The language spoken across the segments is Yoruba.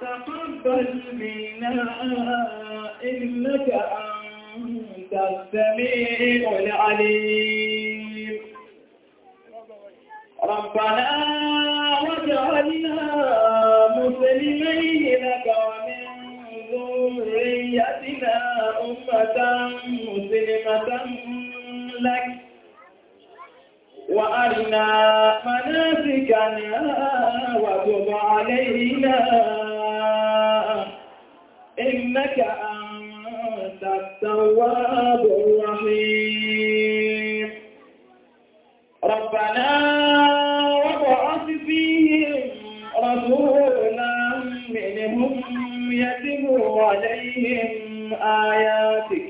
تقبل منا إنك أنت السميع العليم ربنا واجعلنا مسلمين لك ومن ذريتنا أمة مسلمة لك وأرنا مناسكنا وتب علينا إنك أنت التواب الرحيم ربنا وابعث فيهم رسولا منهم يتلو عليهم آياتك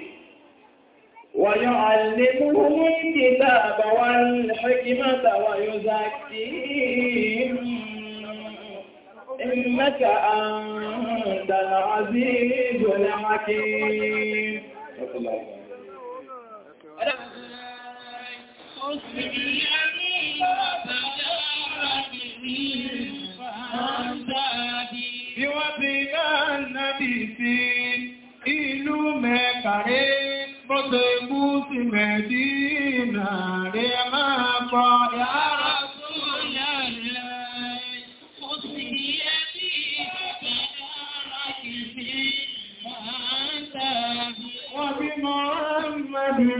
ويعلمهم الكتاب والحكمة ويزكيهم إنك أنت أنت العزيز الحكيم Bí wọ́n ti náà nàbì sí ìlú mẹ́kàrẹ́ bọ́tẹ̀ ikú sí mẹ́dínà rẹ̀ máa pọ̀ yáà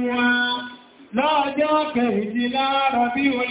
wọn lọ́jọ́ kẹrìndínláà Rabiul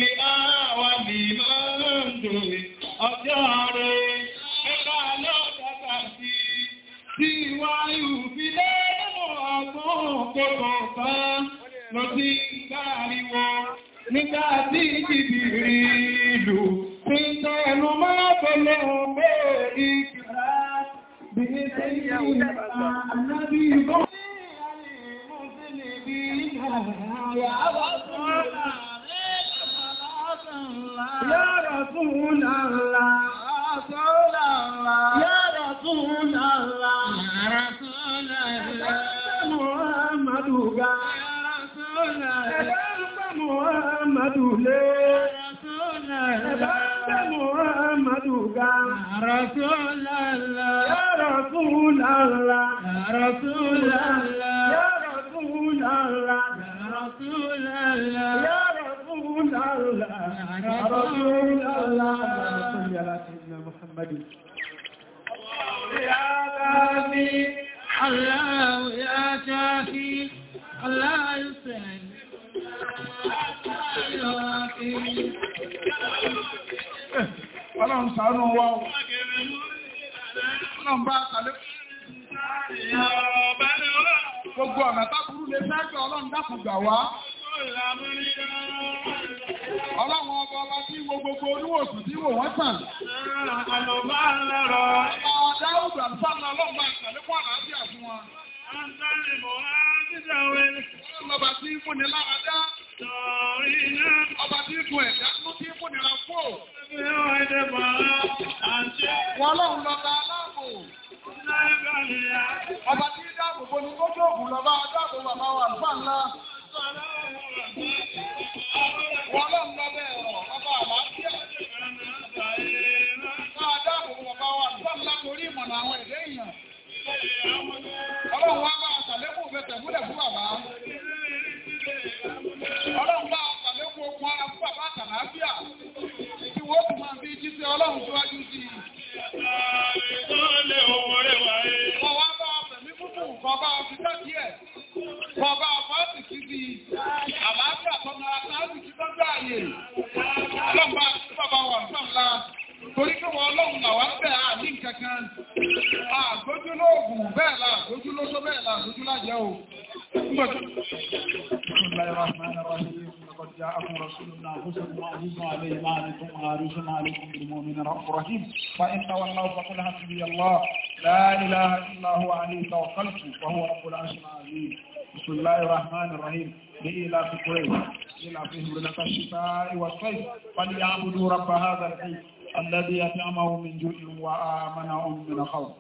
أطعمهم من جوع وآمنهم من خوف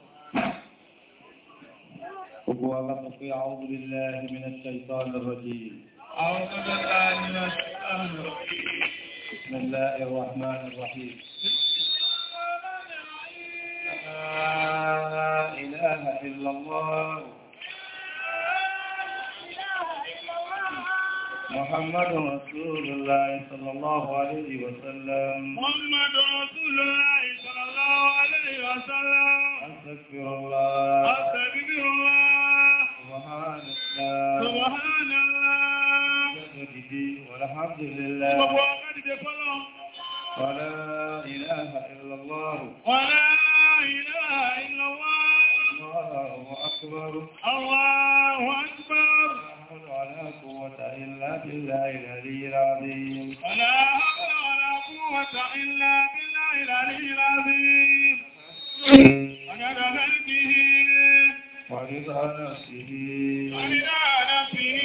وقال في أعوذ بالله من الشيطان الرجيم أعوذ بالله من الشيطان الرجيم بسم الله الرحمن الرحيم لا إله إلا الله محمد رسول الله صلى الله عليه وسلم محمد رسول الله صلى الله عليه وسلم أستغفر الله أستغفر الله سبحان الله سبحان الله والحمد لله ولا إله إلا الله ولا إله إلا الله الله أكبر الله أكبر حول ولا قوة إلا بالله العلي العظيم ولا حول ولا قوة إلا بالله العلي العظيم عدد ملكه ورضا نفسه ورضا نفسه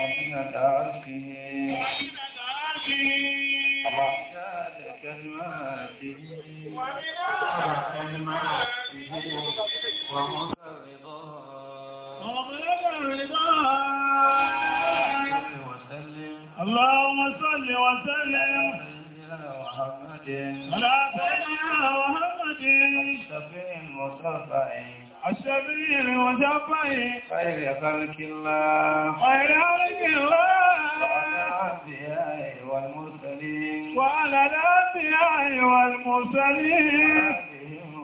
وزنة عرشه وزنة عرشه كلماته ومنع كلماته ومنع اللهم صل وسلم على سيدنا محمد الشفيع المصطفى الشفيع المصطفى خير خلق الله خير خلق الله وعلى الأنبياء والمرسلين وعلى الأنبياء والمرسلين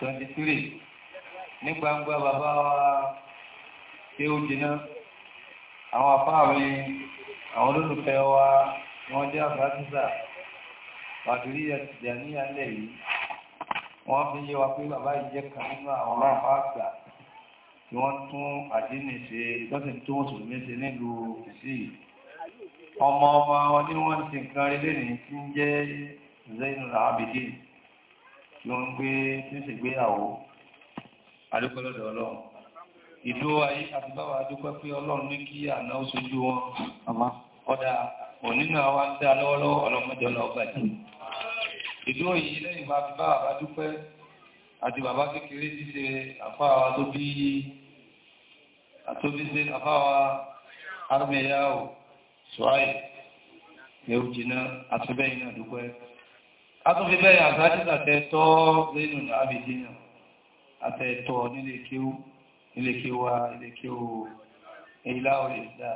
twenty three ní gbangba bàbá wa tí ó jìnà àwọn afáàrí àwọn olólùfẹ́ wa wọ́n jẹ́ àfáàtísà pàtàkì ẹ̀sìdẹ̀ ní alẹ́ yìí wọ́n fi yé wa pé bàbá ìjẹ́ kan nínú àwọn afáàgbà tí wọ́n tún àdínì ṣe lọ́sìn tó wọ́n sùn méṣe nílùú ìsí ọmọ ọmọ wọn ní wọ́n ti nǹkan rí lẹ́nìí tí ń jẹ́ Zainul Abidin ló ń gbé tíṣe gbéyàwó adúpẹ́lọ́dọ̀ ọlọ́run ìlú ayé àti báwa adúpẹ́ pé ọlọ́run ní kí àná ó sojú wọn ọ̀dà ònínú àwọn ń dá ọlọ́mọdé ọlọ́ọ̀bàjì ìlú òyìn lẹ́yìn bá fi báwa dúpẹ́ àti bàbá kékeré ti àfáwa tó bí àtóbí ṣe àfáwa àtúbẹ́yìn náà dúpẹ́ a tó fi bẹ́ẹ̀ àgbájíta tẹ́ẹ̀tọ́ lẹ́nu àbìdínà àtẹ́ẹ̀tọ́ nílé kíó ilé kíó wa ilé kíó ilá orí ìdá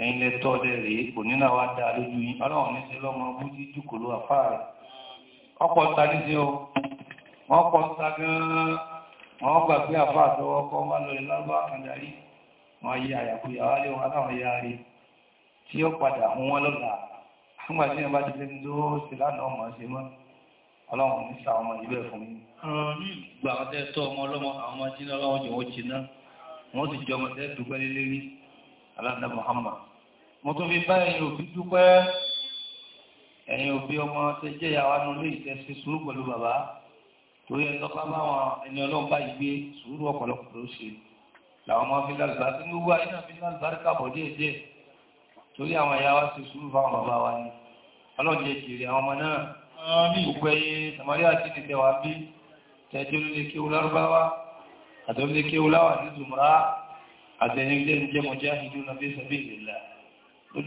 ẹ̀yìn lẹ́tọ́ dẹ̀rẹ̀ kò nínà wá dáa lójú yí ọlọ́run ní sí lọ́mọ bújí jùkòló àfáà rẹ̀ ọkọ̀ ta ní sí o wọ́n kọ́ ta gan-an wọ́n gbà pé àfáà tọwọ́ kọ́ wá lọ ìlọ́gbà àkàndarí nígbà tí wọ́n bá ti tẹ́ni tó ṣe lánàá ọmọ ṣe mọ́ ọlọ́run ní sa ọmọ ìlú ẹ̀ fún mi gbà àwọn tẹ́ tọ́ ọmọ ọlọ́mọ àwọn ọmọ jíná ọlọ́run jẹ́ wọ́n jiná wọ́n sì jọ ọmọ tẹ́ dúpẹ́ lélé aláàdá Muhammad mo tún fi bá ẹ̀yin òbí dúpẹ́ ẹ̀yin òbí ọmọ tẹ́ jẹ́ ìyàwó anú lé ìtẹ́sí sùúrù pẹ̀lú bàbá torí ẹni tọ́pá báwọn ẹni ọlọ́run bá ìgbé sùúrù ọ̀pọ̀lọpọ̀ torí àwọn ẹ̀yà wá sí sùúrù fáwọn bàbá wa ni ọlọ́jẹ́ jèrè àwọn ọmọ náà gbogbo ẹyẹ samari àti ní tẹwàá bí tẹ́jọ́ lè kí o lárúbáwá àtọ́lú lè kí o láwà ní zùmúrá àtẹ̀yìnlẹ́ jẹ́mọ̀já ìlú nàbí sàbílélà ni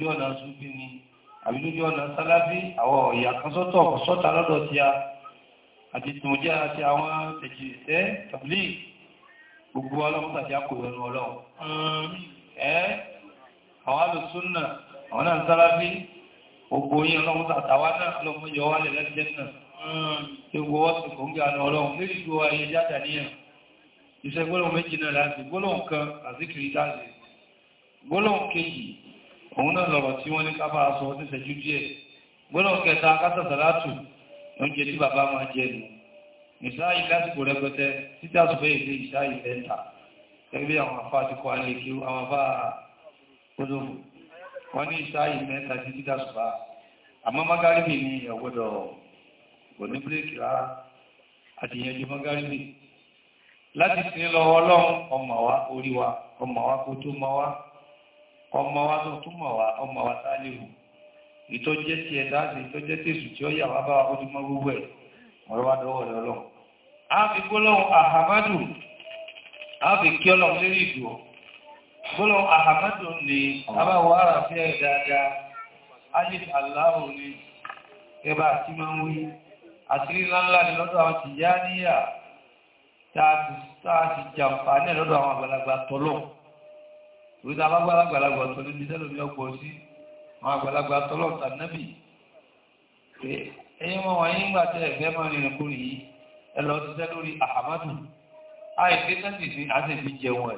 àbí lójú ọ̀nà sálábí àwọn ọ̀yà kan sọ́tọ̀ sọ́tà lọ́dọ̀ ti a àti tìmọ̀já àti àwọn tẹ̀jìrìsẹ́ tàbílì gbogbo ọlọ́mọ́tàjá kò rẹ̀rọ ọlọ́run àwọn alùsúnnà àwọn náà sálábí gbogbo yí ọlọ́run tàtàwà náà lọ́mọ yọ wà lẹ̀ lẹ́gbẹ́ náà tí ó gbọ́wọ́ sí kò ń gbà náà ọlọ́run lórí ìlú ayé jáde níyàn iṣẹ́ gbólóhùn méjì náà láti gbólóhùn kan àzíkiri dáàzì gbólóhùn kejì òun náà lọ̀rọ̀ tí wọ́n ní ká bá sọ ní ìṣẹ́jú díẹ̀ gbólóhùn kẹta kásàtà látù oúnjẹ tí bàbá máa jẹ nù ìsáyì lásìkò rẹpẹtẹ títí olóòmù wọ́n ní ìṣáyì mẹ́ta sí títà ṣùgbà àmọ́ magaribi ni ọ̀gbọ́dọ̀ kò ní bíréèkì rárá àti ìyẹnjú magaribi láti sin lọ́wọ́ ọlọ́run ọmọ wa orí wa ọmọ wa kó tó wa ọmọ wa tó tó wa ọmọ wa tá ìtọ́jẹ́ ìtọ́jẹ́ tí ó yà wá bá mọ́ gbogbo ẹ̀ ọ̀rọ̀ dọ́wọ́ ọlọ́run Gbọ́nà àhàmádù ni abáwọ̀ ara fi ẹ̀ dáadáa, alif aláhù ni ẹba àti máa ń wí, àṣírí ńláńlá ni lọ́dọ̀ àwọn ti yá níyà táà ti jàǹfà ní lọ́dọ̀ àwọn àgbàlagbà tọ́lọ̀. Oríta alágbàlagbà tọ́lọ̀ ní sẹ́lómi ọgbọ̀ sí àwọn àgbàlagbà tọ́lọ̀ tàbí ẹ̀yìn wọn wọ̀nyí ń gbà tẹ́ ẹ̀fẹ́ mọ́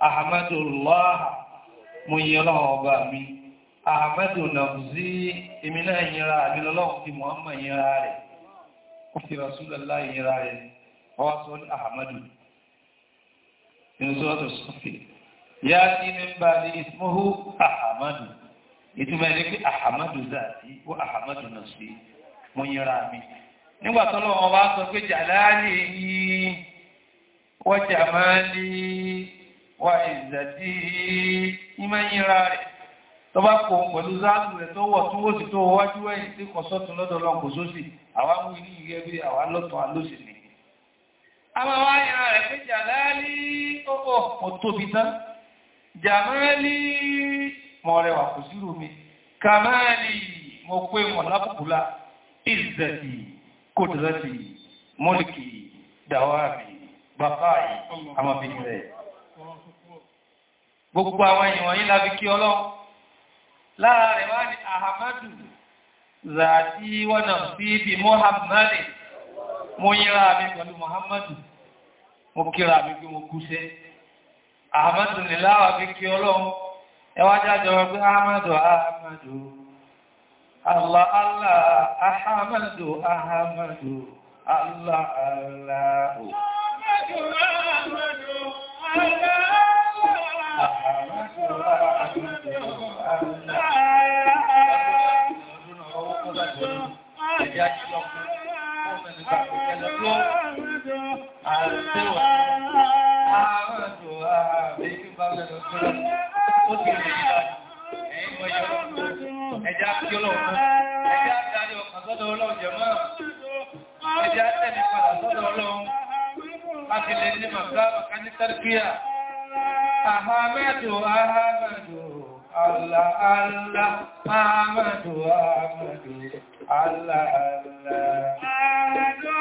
Ahamadullah mo yìn mi. Ahamadu Nàbùzí èmi náà yira àmì ti Muhammad yìnra rẹ̀. Ó fi Rasulallá yìnra rẹ̀ ọwá Ahamadu. ismuhu Ahamadu. Ìtumẹ̀ ní pé Ahamadu Zati ó Ahamadu Nàbùzí mo yìnra mi nígbàtọ́lọ́ ọba sọ pé jàláàlì wà ìzẹ̀tí ìmẹ́yìnra rẹ̀ tó bá kò pẹ̀lú záàtù rẹ̀ tó wọ̀ tún wòsì tó wájú ẹ̀yìn tí kọ̀ sọ́tún lọ́dọ̀ lọ́n sósì àwa ilé ìrí ẹbí àwa lọ́tún àlóṣì ni àmà wá ìran rẹ̀ pé jàlálí tókò mọ̀ tóbi tán jàmálí mọ̀ rẹwà kò sírò mi kàmáàlì mọ̀ pé mọ̀ lápùpùlá ìzẹ̀tì kòdìrẹ́tì mọ́lìkì dàwárì bàbáyì àmàbìnrin rẹ̀ gbogbo àwọn èèyàn wọ̀nyí lábi kí ọlọ́run lára rẹ̀ wá ní ahamadu zàtí wọ́nà sí ibi mohammadi mo yíra mi pẹ̀lú mohammadu mo kíra mi pé mo kúṣẹ́ ahamadu ní láwà bí kí ọlọ́run ẹwà jájọ pé ahamadu ahamadu allah allah ahamadu ahamadu allah allah ahamadu ahamadu allah Ẹjá kí ọlọ́run, ẹjá dárí ọkàn sọ́dọ̀ ọlọ́run jẹ mọ́, ẹjá tẹ́lẹ̀ padà sọ́dọ̀ ọlọ́run, a ti lè ní màbá màkánítàrí kíyà, àhámẹ́dù, àhámẹ́dù. Allah Allah Ahmadu Ahmadu Allah Allah Ahmadu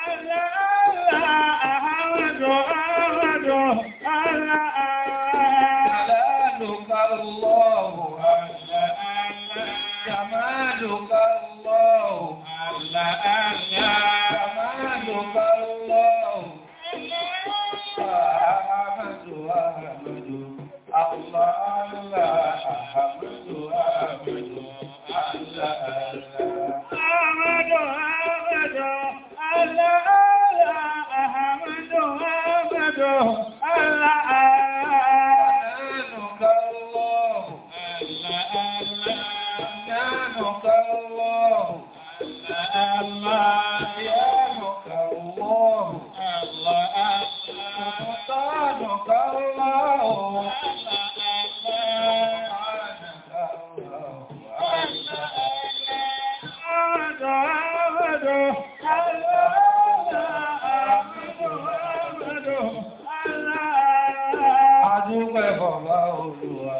Allah Allah Ahmadu Ahmadu Allah Allah Jalaluka Allah Allah Allah Allah Allah Allah Allah Allah Ahmadu Ahmadu Allah, Allah, a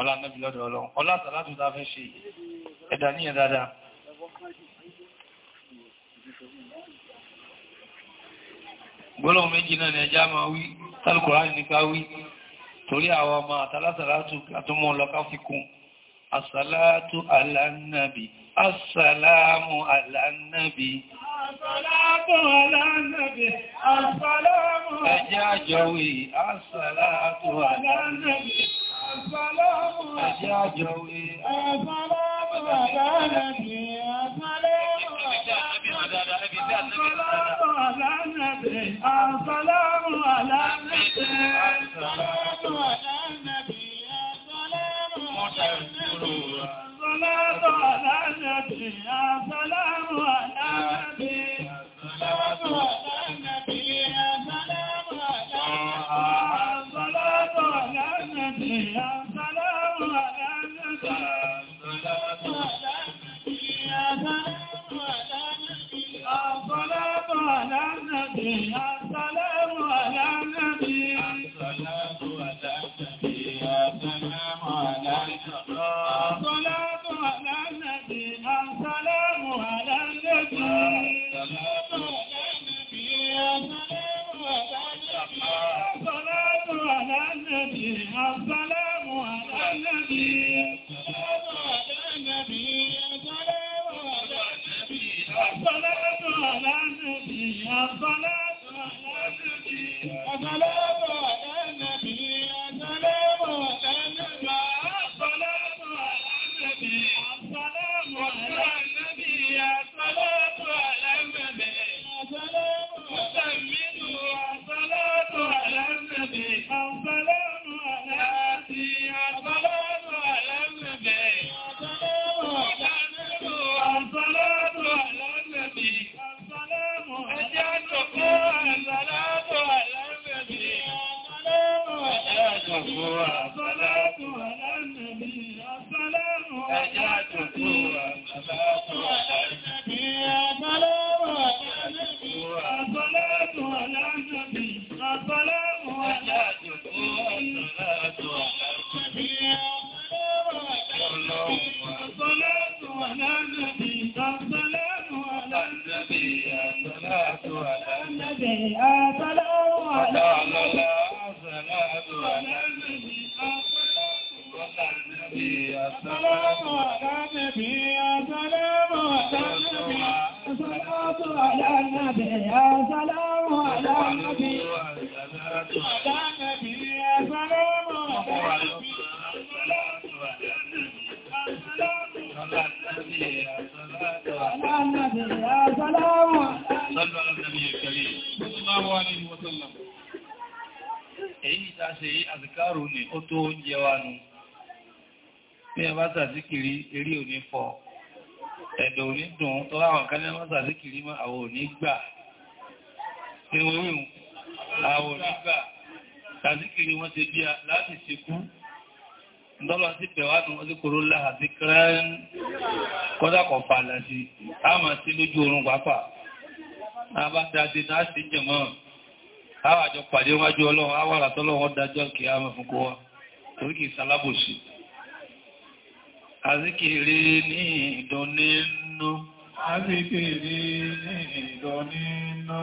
ọlá náàbí lọ́dọ̀ ọlọ́run ọlá sàlátù tá fẹ́ ṣe ẹ̀dà ní ẹ̀dáadáa gbọ́lọ̀wọ̀n méjì náà ni ẹjá máa wí tálùkùránì nípa wí torí àwọn ọmọ àtàlásàlátù àtúmọ̀ lọ́ká fi kún asàlátù alánàbì asàlámù alánàbì asàlámù alánàbì asàlámù ẹjá jọ wí asàlátù alánàbì Àṣàlọ́mù àjájọwé. Àṣàlọ́mù àjánàbì. Àṣàlọ́mù àjánàbì. Àṣàlọ́mù àjánàbì. Àṣàlọ́mù àjánàbì. Àṣàlọ́mù àjánàbì. Àṣàlọ́mù àjánàbì. Àṣàlọ́mù àjánàbì. 你啊。sàzíkìrí eré òní fọ́ ẹ̀dọ̀ òní dùn tó láwọn kan ní wọ́n sàzíkìrí mọ́ àwọn òní gbà tí wọ́n rí àwọn òní gbà sàzíkìrí wọ́n ti bí láti ṣekú dọ́lọ sí pẹ̀wàtún wọ́n sí kòrò láà sí kẹrẹ́n kọ́dàkọ̀ fàlà sí àmà sí lójú oorun pàápàá àbádáde àwàjọ pàdé wájú ọlọ́run àwàràtọ́lọ́run dájọ́ kìí àmà fún kọwa torí kìí sálábòsí Àzíkiri ní Azikiri Àzíkiri ní ìdọ̀nínú.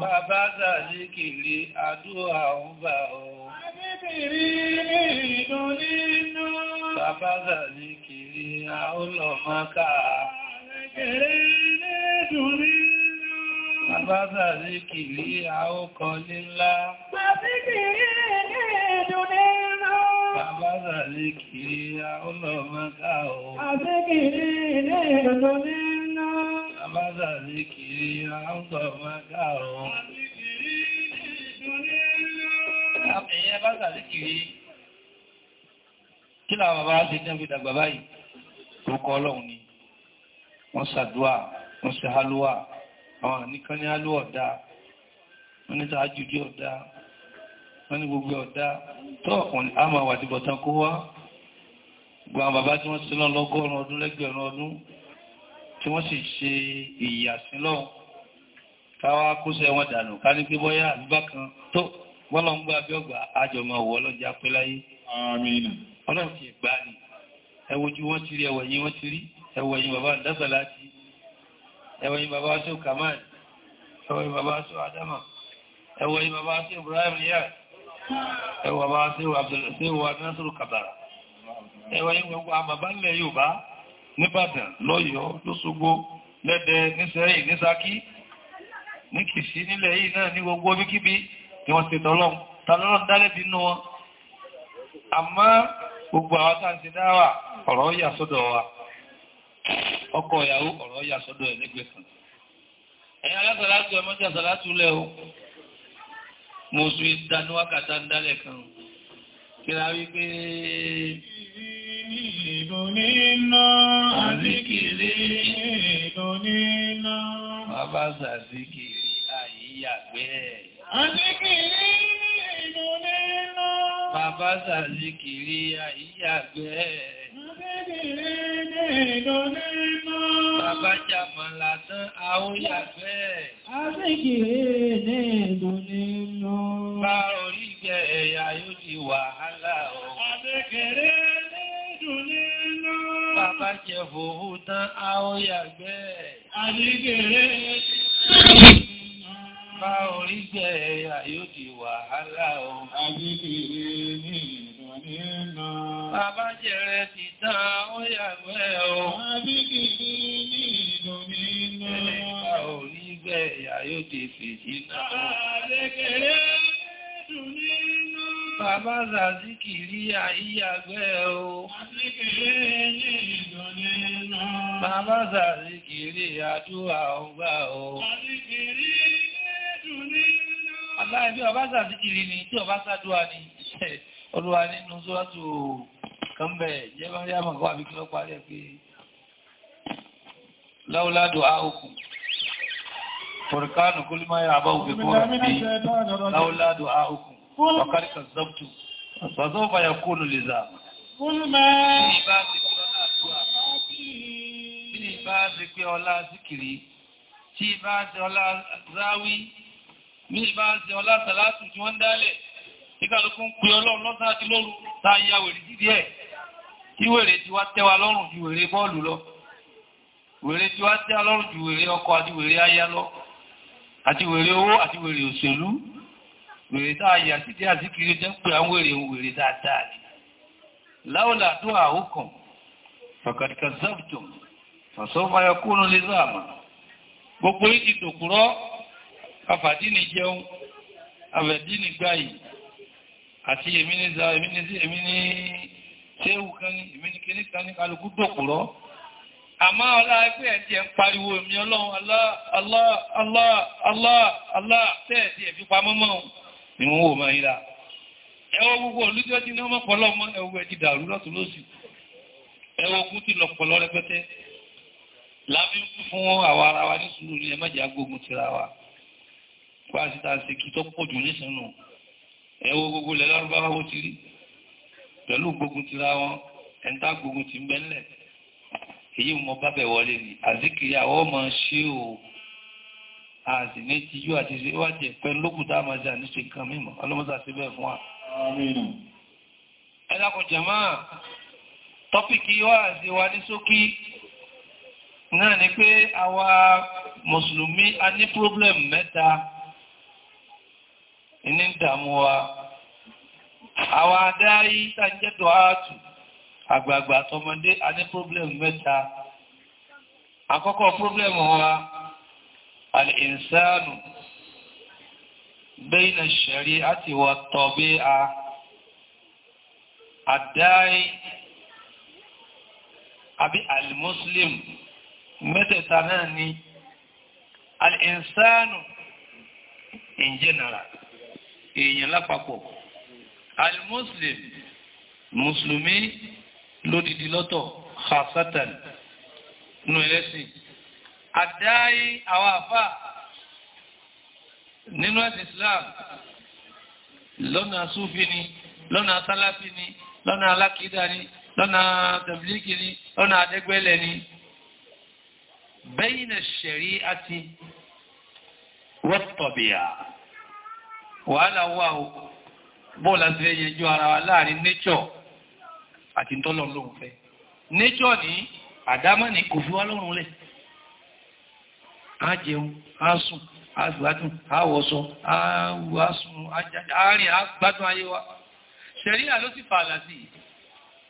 Bàbá sàzíkiri àdúrà ń bà ọ. Àzíkiri ní ìdọ̀nínú. Bàbá sàzíkiri Azikiri, Àzíkiri ní ìdọ̀nínú. Bàbá sàzíkiri àókọ nílá. Àzíkiri ní ìdọ̀nínú. Bàbára lè kiri ọlọ́mọ́ká o. Àdébìrí ilé ìrọ̀lọ́ ní iná. Bàbára lè kiri ọlọ́mọ́ká o. Àdébìrí ilé ìrọ̀lọ́ ní iná. Àmìyàn bá sàrí kiri. Kí làwọn bàbá ti jẹ́ fi báyìí? Tó kọ́ ni. Wọ́n ṣàdúà, wọ́n ṣe hálúwà, àwọn àníkan ní hálúwà ọ̀dá, wọ́n ní tàájú dí ọ̀dá, wọ́n ní gbogbo ọ̀dá tó ọkùnrin a máa wà dìbọ̀tán kó wá gbọ́n bàbá tí wọ́n sí lọ lọ́gọ́rùn ọdún lẹ́gbẹ̀rún ọdún tí wọ́n sì ṣe ìyàsílọ́ káwá kóṣẹ́ wọn dànù ká ní pé bọ́yá àbúbá kan tó wọ́n lọ ń gbá abẹ́ọ̀gbà àjọmọ̀ wọ́ lọ́jà pé láyé ọlọ́run ti gbá ni ẹwojú wọ́n ti rí ẹwẹ̀yìn wọ́n ti rí ẹwẹ̀yìn bàbá dábà Ibrahim Riyadh ẹwà bá síwà násùrù kàtàrà ẹwà ìwọ̀n àmàbálẹ̀ Yorùbá nìbàdàn lọ́yọ́ lóṣogbo lẹ́dẹ nísẹ́yìn nísákí ní kìsí nílẹ̀ yìí náà ní gbogbo bíkíbi tí wọ́n ti tọ́lọ́n tàlọ́rọ̀ dálẹ́bí inú wọn àmọ́ gbogbo àwọn tàà ti dáwà ọ̀rọ̀ yà sọ́dọ̀ wa ọkọ ìyàwó ọ̀rọ̀ yà sọ́dọ̀ ẹ̀ nígbẹ̀kan ẹ̀yà alásàlátù ẹmọ́jà sàlátù lẹ́ mo sún ìdánú wákàtà ń dálẹ̀ kan kí la rí pé ìdò nínú àzíkìrí ìdò bàbá sàzíkìrí àyíyàgbẹ́ àzíkìrí ìdò bàbá sàzíkìrí àyíyàgbẹ́ Bàbájá màlá tán àóyà fẹ́. A fẹ́kìrì ní ìlú nínú. Bá orí jẹ ẹ̀yà yóò di wàhálà o. A fẹ́kìrì ní ìlú nínú. Bàbá jẹ fòhú tán àóyà gbẹ́. A fẹ́kìrì ní Bá orí jẹ ẹ̀yà yóò di wàhálà o. A fẹ́kìrì ní ìlú Bàbá jẹrẹ ti tá ó yàgbẹ́ o. Àbí kì í ní ìdòmí iná. Ẹlẹ́gbà ò ní gbẹ̀ ìyà yóò ti fèsì náà. Àdẹ́kẹ̀rẹ́ dùn nínú. Bàbá Zàzíkìrí àyíyàgbẹ́ o. Àdẹ́kẹ̀rẹ́ ní ìdòmí iná. Bàbá Zàzíkìrí àdúrà ọgbà o. Àdẹ́kẹ̀rẹ́ dùn nínú. Aláìbí ọbá Zàzíkìrí ni tí ọbá sádúwà ni. olúwa nínú sọ́tù kànbẹ̀ jẹ́ bá rí àmàkọ́ àbí kí lọ parí ẹ̀ pé láúládù áhùkù fòrìkánù kó lè máa yà àbáwù pẹ̀kọ́ rẹ̀ pé láúládù áhùkù ọ̀kárí kàzọ́pù bàzọ́ fàyà kóòlù lè zà Bí ìbá ti pé ọlá síkìrí, tí ìbá tí wọ́n dálẹ̀, ìkàlùkù ń pè ọlọ́run lọ́sán àti lóru sáyà wèrè dídí ẹ̀ tí wèrè ti wá tẹ́wa lọ́rùn ju wèrè bọ́ọ̀lù lọ wèrè ti wá tẹ́wa lọ́rùn ju wèrè ọkọ̀ àti wèrè aya lọ àti wèrè owó àti wèrè òṣèlú wèrè táàyà sí tí a kiri jẹ́ pé àwọn wèrè wèrè dáadáa ni láwọ́lá tó àhúkàn fàkàtìkà zaptum fàṣọ́fàyà kúrò lè záàmà gbogbo ìdìdòkúrọ́ afàdínì jẹun afẹ̀dínì gbáyìí àti èmi ní za èmi ní sí èmi ní tẹ́wù kan ní èmi ní kéré kan ní kálukú dòkùrọ́ àmá ọlá ẹgbẹ́ ẹ̀tí ẹ̀ ń pariwo èmi ọlọ́run Allah Allah Allah Allah Allah tẹ́ẹ̀tí ẹ̀fí pamọ́mọ́ ni wọ́n wò máa yíra ẹwọ́ gbogbo olújọ́ tí náà mọ́pọ̀lọ́ mọ́ ẹwọ́ ẹ̀tí dàrú lọ́tún lósì ẹwọ́ ogun ti lọ̀pọ̀lọ́ rẹpẹtẹ láàbí fún àwa ara wa ní sùúrù ní ẹmẹ́jà gbógun tira wa ẹ wo gbogbo ilẹ̀ lárúbáwá ó ti rí pẹ̀lú gbógun ti ra wọn ẹ̀ńtà gbógun ti ń bẹ́ńlẹ̀ èyí mo bá bẹ̀ wọlé ni àzíkiri àwọn ọmọ ṣé o àti méjì yóò àti ṣe wá jẹ pẹ̀lú lókùtà máa jẹ àníṣe nǹkan mímọ̀ ọlọ́mọ́sà sí bẹ́ẹ̀ fún wa. ẹ dákun jàmá tọ́pìkì wá àti wa ní ṣókí náà ni pé àwa mùsùlùmí a ní problem mẹ́ta ní ìdàmú wa àwọn adáyí tàjẹ́dọ̀ áàtù àgbààgbà àtọmọdé a ní problem mẹ́ta àkọ́kọ́ problem wa al'insanu bẹ́ẹ̀nà ṣẹ̀rí àti wà tọ́bí a àdáyí àbí al-muslim mẹ́tẹ̀ta náà ni al'insanu in general èèyàn lápapọ̀ al-muslim mùsùlùmí lódìdí lọ́tọ̀ khasatan nù ẹlẹ́sìn àdáyé àwọn àfà nínú ẹ̀sìn islam lọ́nà súfí ni lọ́nà sálàfí ni lọ́nà alákìídà ni lọ́nà tàbílíkì ni lọ́nà àdẹ́gbẹ́lẹ̀ ni bẹ́yìn ṣẹ̀rí àti wọ́pọ̀bíyà wàhálà wà ó bọ́ọ̀lá sí ẹyẹjọ́ ara wa láàrin nature àti tọ́lọ̀ lóhun fẹ́ nature ní àdámọ́ ní kò fi wá lọ́rùn lẹ̀ á jẹun á sùn á gbádùn á wọṣọ á wù á sùn á rìn á gbádùn ayé wa ṣẹ̀ríà ló sì fà á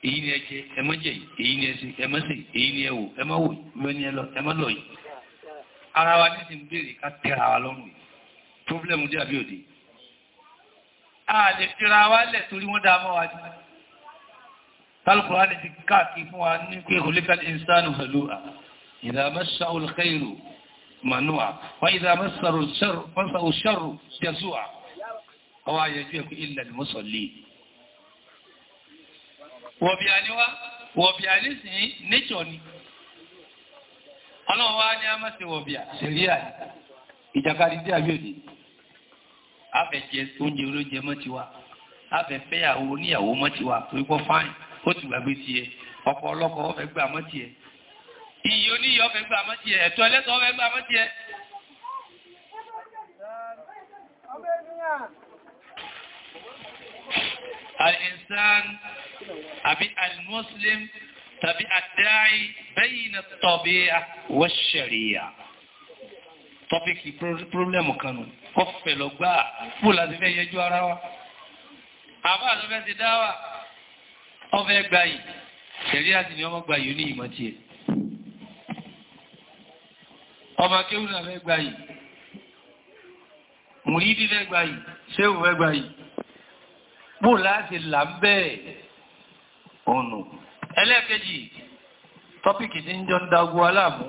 èyí ni ẹjẹ ẹmọ́jẹ èyí ni ẹsẹ ẹmọ́sẹ̀ èyí ni ẹwò ẹmọ́wò mẹ́ni ẹlọ ẹmọ́lọ yìí ara wa ní ti ń béèrè ká tẹ́ra wa lọ́rùn yìí problem dé àbí òde a lè fira wá lẹ̀ torí wọ́n dáa mọ́ wa jù. Tálùkùrá lè ti káàkiri fún wa ní pé Holikal Insanu Halua, ìdàmẹ́ Ṣaul Khairu Manua, wọ́n ìdàmẹ́ Ṣaul Ṣaru Yasuwa, ọwọ́ ayẹjú ẹkù ilẹ̀ Mùsọ̀lì. Wọ̀bí àníwá, ni. wá ní afẹ́ jẹ oúnjẹ olóúnjẹ mọ́ ti wa afẹ́ fẹ́yàwó oníyàwó mọ́ ti wa torí pọ́ fáìn ó ti gbàgbé tiẹ̀ ọkọ ọlọ́kọ ọfẹ́ gbà mọ́ tiẹ̀ iyì oníyì ọfẹ́ gbà mọ́ tiẹ̀ ẹ̀tọ́ ẹlẹ́tọ̀ ọfẹ́ gbà mọ́ tiẹ̀. al-insan àbí al-muslim tàbí ad-da'i bayna at-tabi'a tọ́píkì pírọ́blẹ̀mù kan nù kọfẹ̀ lọ gbá fún láti fẹ́ yẹjú ara wa àbá àti fẹ́ ti dáwà ọfẹ́ gba yìí tẹ̀lé àti ní ọmọ gba yìí ní ìmọ̀ tí ẹ̀ ọmọ kéwù náà fẹ́ gba yìí mùrídí fẹ́ gba yìí ṣéwù fẹ́ gba yìí bó láti là ń bẹ́ẹ̀ ọ̀nà ẹlẹ́ẹ̀kejì tọ́píkì tí ń jọ ń dagun aláàmú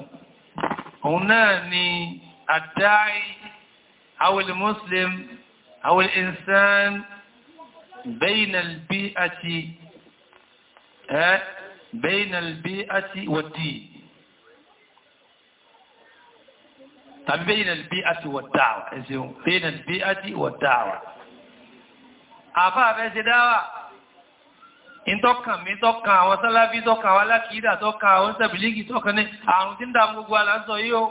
òun náà ni الداعي أو المسلم أو الإنسان بين البيئة بين البيئة والدين tàbí bẹ́yìn albí'ati wà dáwà ẹ̀sìn bẹ́yìn albí'ati wà dáwà àfá àfẹ́ ṣe dáwà ìtọ́kàn mi tọ́kàn àwọn sálábí tọ́kàn àwọn alákìídà tọ́kàn àwọn sẹ́bìlígì tọ́kàn ní àrùn tí ń dá gbogbo aláṣọ yíò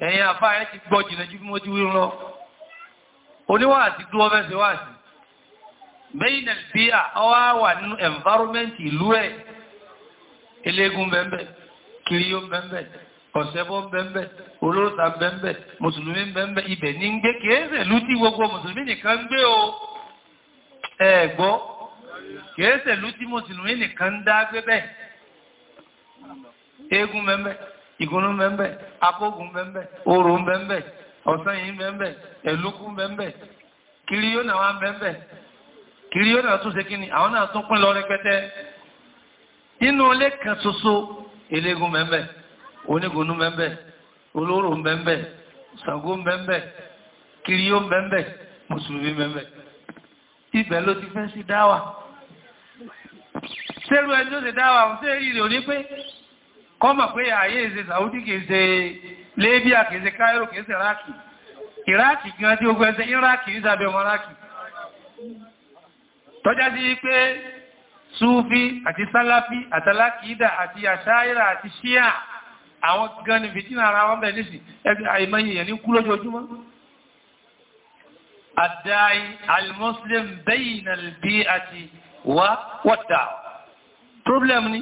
ẹ̀yìn àfá ẹ̀ ti gbọ́ jìnà jú bí mo ti wí rán oníwàásí tó wọ́n fẹ́ ṣe wáàsí bẹ́yìn nàìjíríà ọwá wà nínú environment ìlú ẹ̀ eléégún bẹ́ẹ̀bẹ́ kìrìyó bẹ́ẹ̀bẹ́ ọ̀sẹ́bọ́ bẹ́ẹ̀bẹ́ olóòta bẹ́ẹ̀bẹ́ mùsùlùmí bẹ́ẹ̀bẹ́ ibẹ̀ ní ń gbé kéèsè lú tí gbogbo mùsùlùmí nìkan gbé o ẹ̀gbọ́ kéèsè lú tí mùsùlùmí nìkan dá gbé bẹ́ẹ̀ ìgúnnú bẹ́ẹ̀bẹ́ akógun bẹ́ẹ̀bẹ́ orò bẹ́ẹ̀bẹ́ ọ̀sán yìí bẹ́ẹ̀bẹ́ ẹ̀lúkú bẹ́ẹ̀bẹ́ kiri yóò náà wá bẹ́ẹ̀bẹ́ kiri yóò náà tún ṣe kí ni àwọn náà tún pín lọ rẹpẹtẹ inú ilé kan ṣoṣo eléegun bẹ́ẹ̀bẹ́ onígúnnú bẹ́ẹ̀bẹ́ olóró bẹ́ẹ̀bẹ́ Ṣàngó bẹ́ẹ̀bẹ́ kiri yóò bẹ́ẹ̀bẹ́ mùsùlùmí bẹ́ẹ̀bẹ́ ibẹ̀ ló ti fẹ́ sí dáwà sẹ́rù ẹni tó ṣe dáwà ọ̀sẹ̀ ìrìn òní pé kọ́mọ̀ pé ààyè ìṣe Saudi kìí ṣe Libya kìí ṣe Cairo kìí ṣe Iraki Iraki gan tí ó gbẹ́ ṣe Iraki ní sàbẹ̀ ọmọ Iraki tọ́já sí pé Súfí àti Sálàfí àtàlákìídà àti àṣáírà àti Ṣíà àwọn gan ni fìtínà ara wọn bẹ̀ nísì ẹgbẹ́ àìmọye èèyàn ní kú lójoojúmọ́ àdáyí al-Muslim bẹ́yìn al-bí àti wà wọ́ta problem ni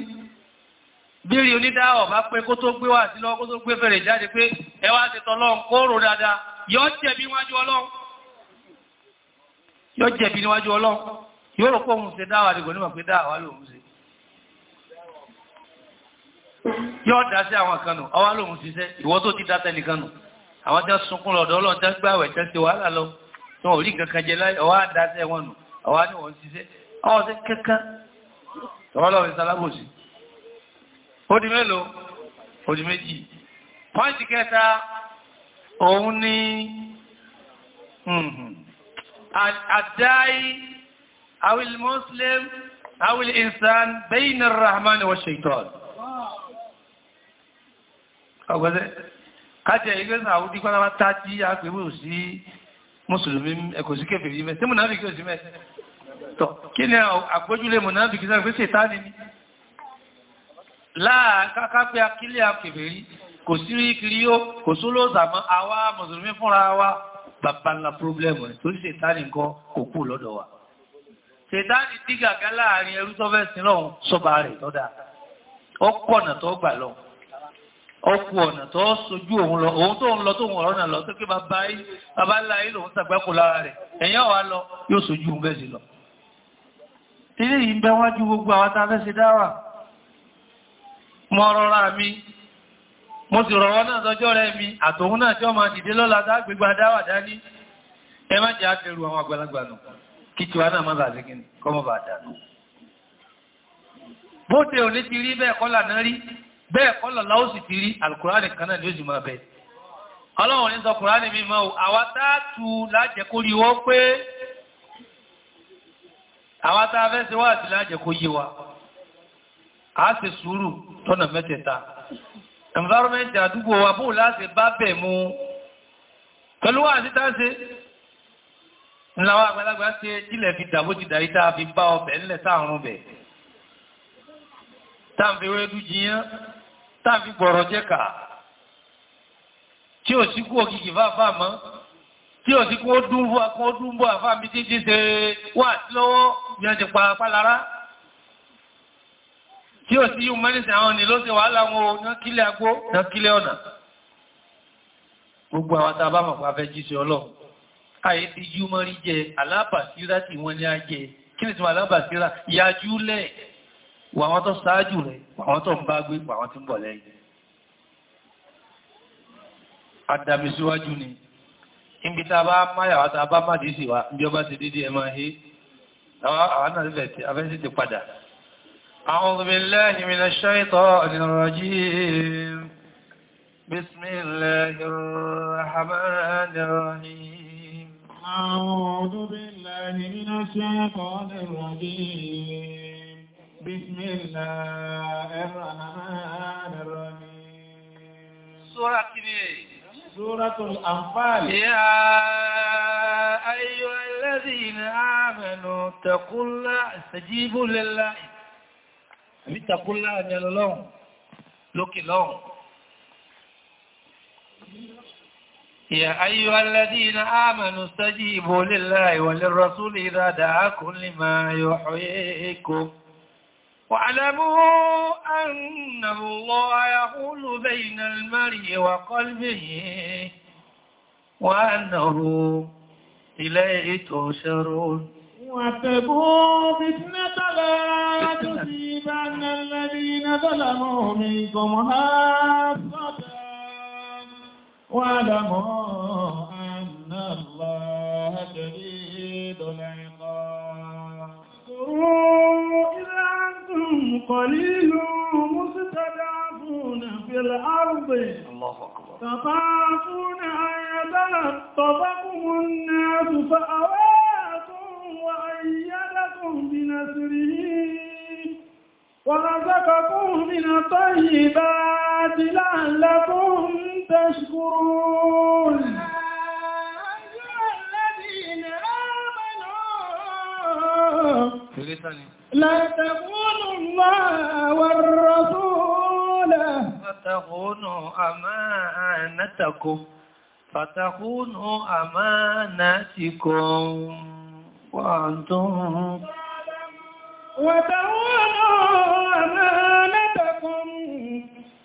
bírí onídáwọ̀ bá pé kó tó gbé wà sí lọ́wọ́ kó tó gbé fèrè jáde pé ẹ wá ti tọ́lọ́run kó rò dáadáa yóò jẹ̀bi níwájú ọlọ́run yóò jẹ̀bi níwájú ọlọ́run yóò rò pé òun ṣe dáwà àdìgbò nígbà pé dáwà lòun ṣe yóò dá sí àwọn kan nù ọwá lòun ṣiṣẹ́ ìwọ tó ti dá tẹnìkan nù àwọn tẹ́ sunkún lọ́dọ̀ ọlọ́run tẹ́ gbàwẹ̀ tẹ́ ṣe wàhálà lọ tí wọn ò rí nǹkan kan jẹ láyé ọwá dá sí ẹ̀wọ̀n nù ọwá ní wọn ṣiṣẹ́ ọwọ́ sí kẹ́kẹ́ ọlọ́run sálámù sí ó di mélòó ó di méjì pọ́ǹtì kẹta òun ni àdáyí mhm. awil muslim awil insan bayna rahman wa shaitan ọgbẹ́sẹ̀ kájẹ̀ ìgbésà àwúdí pátápá tájí àpẹ̀wò sí mùsùlùmí ẹ̀kọ̀ sí kẹfẹ̀ẹ́ yìí mẹ́ tí mùnáfíkì ò sí mẹ́ tọ̀ kí ni àpójúlé mùnáfíkì sáà pé ṣètáni ni láà káká pé akílẹ̀ akèbèrí kò sí rí kiri yóò kò sólóòsà mọ́ àwa mùsùlùmí fúnra wa babalá pírọ́blẹ́mù ẹ̀ tó sì ṣètánì nǹkan kò kú lọ́dọ̀ wa ṣètánì dígàgá láàrin ẹrú tó fẹ́ sin lọ́hùn sọ́ba rẹ̀ tọ́da ọkọ̀ ọ̀nà tó gbà lọ ọkọ̀ ọ̀nà tó sojú òun lọ òun tó ń wa mọ́ rọra mi mo sì rọ̀wọ́ náà sọjọ́ rẹ̀ mi àtòun náà tí ó máa dìde lọ́la dágbégbà dáwà dání ẹ má jẹ́ àtẹrù àwọn àgbàlagbà nù kí tí wá náà má bàá síkín kọ́mọ̀ bàá dànù bó tẹ ò ní ti rí bẹ́ẹ̀ kọ́là náà rí bẹ́ẹ̀ kọ́là láó sì ti rí alukùránì kan náà ni máa bẹ tọ́nà mẹ́tẹ̀ẹ̀ta environment àdúgbò wa bóò láti bá bẹ̀ mú pẹ̀lú wà ní táṣe ńláwà àgbàlagbà ṣe jílẹ̀ fi dàbó ti dàrí táà fi bá ọbẹ̀ ńlẹ̀ sáàrùn bẹ̀ táàfi rẹ́dú jiyán táàfi gbọ̀rọ̀ jẹ́kà tí ò síkú òkìkì fáfá mọ́ tí ò síkú ó dúnbọ̀ àkọ́ dúnbọ̀ àfáàmì títí ṣe wà lọ́wọ́ yẹn ti pa pálára tí ó sí humanist àwọn ni ló ṣe wàhálà wọn náà kílẹ̀ agbó náà kílẹ̀ ọ̀nà gbogbo àwọn tàbá mọ̀ pàfẹ́ jíṣẹ́ ọlọ́run ayé ti jú mọ́ rí jẹ alábàsírá tí wọ́n ní ajẹ́ kí ni tí wọ́n alábàsírá yájú lẹ̀ wà wọ́n tó ṣáájú rẹ̀ wà wọ́n tó ń bá gbé wà wọ́n tí ń bọ̀ lẹ́yìn أعوذ بالله من الشيطان الرجيم بسم الله الرحمن الرحيم أعوذ بالله من الشيطان الرجيم بسم الله الرحمن الرحيم سورة سورة الأنفال يا أيها الذين آمنوا اتقوا الله استجيبوا لله àbí takúnlá ni ọlọ́run lókè lọ́run يا أيها الذين آمنوا استجيبوا لله وللرسول إذا دعاكم لما يحييكم واعلموا أن الله يحول بين المرء وقلبه وأنه إليه تهشرون واتقوا فتنة لا تصيبن الذين ظلموا منكم خاصة واعلموا أن الله شديد العقاب اذكروا إذا أنتم قليل مستضعفون في الأرض الله أكبر تخافون أن يتلطفكم الناس فأواه المسلمين ورزقكم من الطيبات لعلكم تشكرون لا تقولوا الله والرسول فتخونوا أمانتكم فتخونوا أماناتكم وأنتم وتخونوا أمانتكم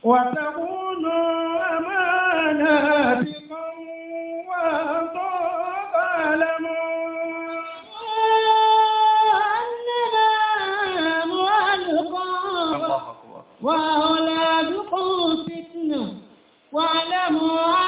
وتخونوا أماناتكم وأنتم تعلمون وأننا أموالكم وأولادكم فتنة واعلموا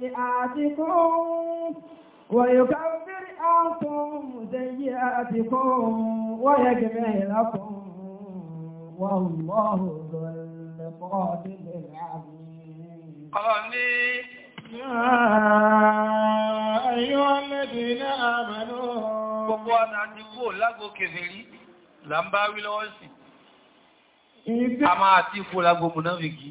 سيئاتكم ويكفر عنكم سيئاتكم ويجمع لكم والله ذو القادر العظيم آمين يا أيها الذين آمنوا Gbogbo ọ̀nà àti kúrò lágbo kèfèrí, là ń bá wí lọ́wọ́ sí. A máa àti kúrò lágbo mùnáfìkì.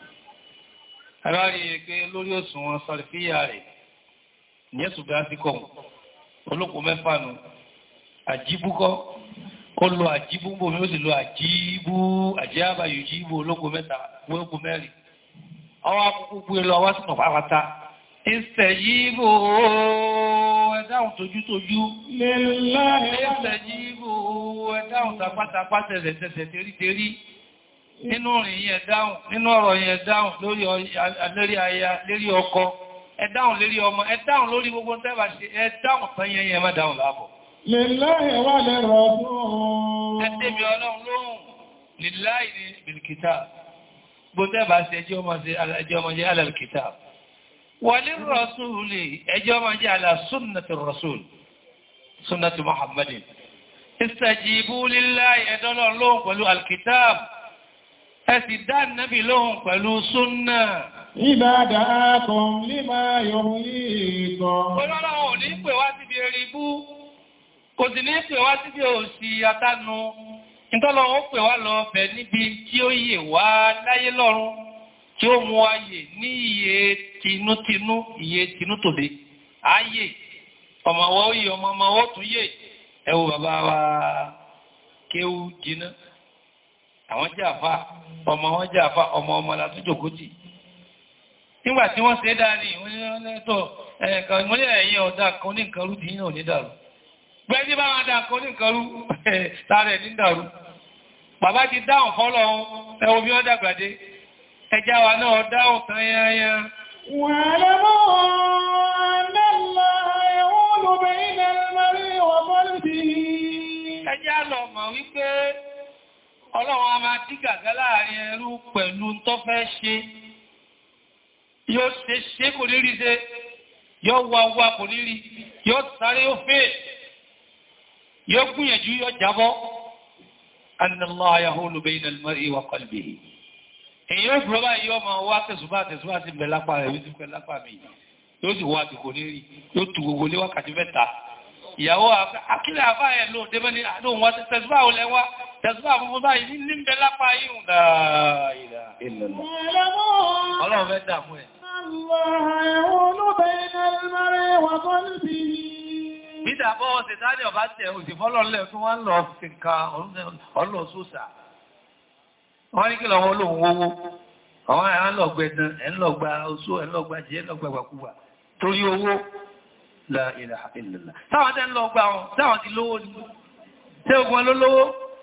aráàrí pé lórí òsùn wọn sọ̀rọ̀ fi yà rẹ̀ ní ẹ̀sùn bí a ti kọ̀ olóko mẹ́fà nù àjíbúkọ́ ó lo àjíbú bòmí ó sì lo àjíbú àjíábà yóò jíbú olóko mẹ́ta olóko mẹ́rin ọwọ́ akókó gbé lọ wá sínú pàpàtà ìsẹ̀ yíbò ẹ̀dáhùn tójútójú ìsẹ̀ yíbò ẹ̀dáhùn tapátapá tẹ̀sẹ̀ tẹ̀sẹ̀ teríterí nínú rìn yẹn dáhùn nínú ọ̀rọ̀ yẹn dáhùn lórí aya lérí ọkọ ẹ dáhùn lérí ọmọ ẹ dáhùn lórí gbogbo tẹ́bà ṣe ẹ dáhùn tán yẹn yẹn má dáhùn láàbọ̀ Lillahi wà lẹ́rọ̀ ọdún. Ẹ tẹ́mi ọlọ́run lóhùn, lillahi ni bilkita. Gbọ́dẹ́bà sí ẹjọ́ ọmọ jẹ́ alàlkita. Wà lérọ̀ ẹ sì dá nàbì lóhun pẹ̀lú súnnà ìbádà kan límà yọ̀hún ìkọ̀ ọlọ́rọ̀ ò ní pè wá síbi eribú kò sì ní pè wá síbi òsì àtànù ìtọ́lọ ó pè wá lọ níbi tí ó yè wá láyé yìí ọmọ ọmọ yè ẹ bàbá wa kéwú àwọn jẹ́ àfá ọmọ wọn jẹ́ àfá ọmọ ọmọ látújòkótì nígbà tí wọ́n ṣe dáa ní ìwọ́nlẹ́tọ̀ ẹ̀ẹ̀kan ìmọ́lẹ̀ ẹ̀yẹ ọ̀dá kan ní nǹkan rú dìí ní dàrú gbẹ́jí bá wọn dá kan ní nǹkan rú tààrẹ̀ ní dàrú bàbá ti dáhùn fọ́lọ́ ẹwọ bí wọ́n dàgbàdé ẹjá wa náà dáhùn kan yányán wọ́n lọ́wọ́ ọ̀nà ọlọ́wọ́ máa dí gàgá láàrin ẹrú pẹ̀lú tó fẹ́ ṣe yóò ṣe ṣe kò ní rí ṣe yóò wá wá kò ní rí yóò sáré ó fẹ́ yóò gbìyànjú yóò jábọ́ annallaha yahulu bayna al-mar'i wa qalbihi èyí ó bùrọ̀ báyìí yóò máa wá tẹ̀sùbá tẹ̀sùbá sí bẹ̀ lápá rẹ̀ wíjú pẹ̀ lápá mi yóò sì wá kò ní ìyàwó akílẹ̀ àbáyẹ̀ lóòdébẹ́ ní àdóhùn wá tẹ̀sùbá ò Tẹ̀sùbà fún báyìí ní ń bẹ lápá ìhùn dáadáa. Ọlọ́run fẹ́ dà fún ẹ̀. Bídà bọ́ ọ̀sẹ̀ tàbí ọba tẹ̀ òsìfọ́lọ́lẹ̀ tó wá ń lọ sí ká ọlọ́ sósà. Wọ́n ní kí lọ wọn lóhun owó. Àwọn ẹ̀rọ ń lọ gbẹ̀dán, ẹ̀ ń lọ jẹ́, ẹ̀ ń torí owó la ilaha illallah. Táwọn tẹ́ ń lọ gba wọn, táwọn ti lówó ni. Tẹ́ ogun olólówó.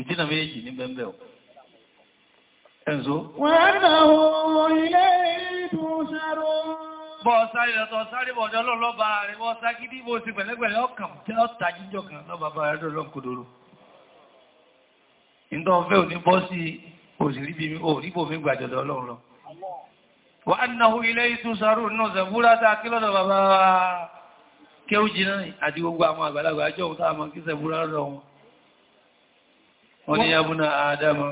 ìtínà méjì ní bẹ́m̀bẹ̀ ọ̀. ẹ̀nso. wọ́n náà ilé ìdúnṣẹ́rọ. bọ́ sáré lọ́tọ̀ sáré bọ̀dọ̀ lọ́lọ́bà rẹ̀ wọ́n sá gidi bó ti pẹ̀lẹ́pẹ̀lẹ́ ọkàn tí ó jíjọ kan lọ́bà bá rẹ̀ lọ́kòdòrò. ìndọ́ fẹ́ òní bọ́ sí òsìríbò mi gbàjọ̀dọ̀ ọlọ́run lọ. wọ́n náà ilé ìdúnṣẹ́rọ náà zẹ̀búrá tá a kí lọ́dọ̀ bàbá wa kéwú jiná àti gbogbo àwọn àgbàlagbà àjọ òun tá a mọ̀ kí zẹ̀búrá lọ́dọ̀ ó ni yábúnà àádámà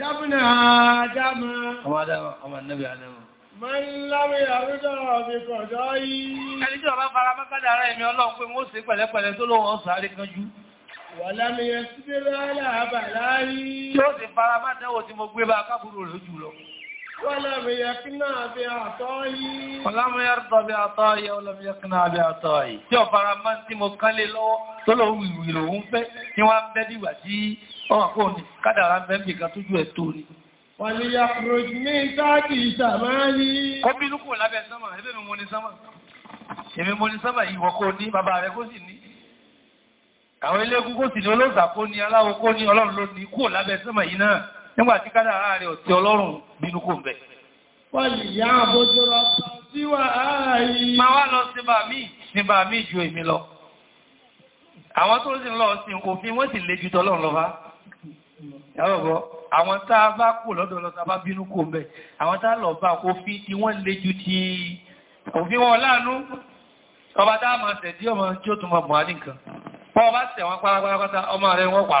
yábúnà àádámà ọmọ àádámà ọmọ annabi àádámà Mọ́láwé àrúdọ̀ ọ̀bẹ̀kọ̀dọ̀ yìí. Ẹni tí ọba fara mọ́kàdà ara ẹ̀mí ọlọ́run pé wọ́n sì pẹ̀lẹ́pẹ̀lẹ́ tó lóun ọ̀sàárẹ́ kanjú. Wà lámìyàn sí bẹ́rẹ̀ aláàbà láàrí. Tí ó sì fara mọ́dáwò tí mo gbé bá ولم يقنع بعطائي ولم يرضى بعطائي ولم يقنع بعطائي tí ó fara mọ́ tí mo kán lé lọ́wọ́ tó lọ wùlù òun fẹ́ ní wọ́n bẹ́ dìgbà tí ọwà kò من تحت ثماني kó bínú kò lábẹ́ sánmà ẹgbẹ́ mi mo ní sánmà èmi mo ní sánmà ìwọ kò ní bàbá rẹ kò sì ní àwọn ilé ní olóòsà kò nígbàtí kádà ààrẹ ọ̀tí ọlọ́run bínú kò bẹ̀. wọ́n lè yá àbójọ́rọ̀ sí wà áàrí. ma wá lọ síbà míì síbà míì ju èmi lọ. àwọn tó sì lọ sí òfin wọ́n sì lè ju tọ́lọ́run lọ bá. yàrọ̀bọ̀ tá a bá kò lọ́dọ̀ lọ a bá bínú kò bẹ̀. àwọn tá a lọ bá òfin tí wọ́n lè ju ti òfin wọn láàánú. ọba tá a máa tẹ̀ tí ọmọ tí ó tún máa á ní nǹkan. bọ́ọ̀ bá tẹ̀ wọ́n pátápátá ọmọ rẹ̀ wọ́n pa.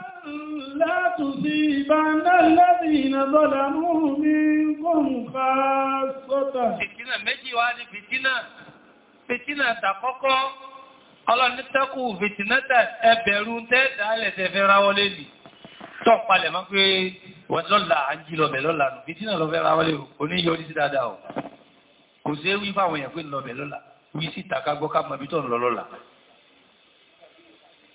láti sí ìbáńdá láti ìnàbọ́lá mú mi kóhùn ká sọ́tà. Fìtínà méjì wá ní fìtínà, fìtínà tàkọ́kọ́, ọlọ́nítẹ́kù fìtínátà ẹbẹ̀rú tẹ́ẹ̀dà alẹ́sẹ̀fẹ́ ráwọlé nì. Tọ́ palẹ̀ máa pé wọ́n lọ́la àjí lọ́bẹ̀ lọ́la nù, fìtínà lọ́fẹ́ ráwọlé oníyọrí sí dáadáa ò. Kò sí wí fáwọn èèyàn pé lọ́bẹ̀ lọ́la, wí sí tàkágbọ́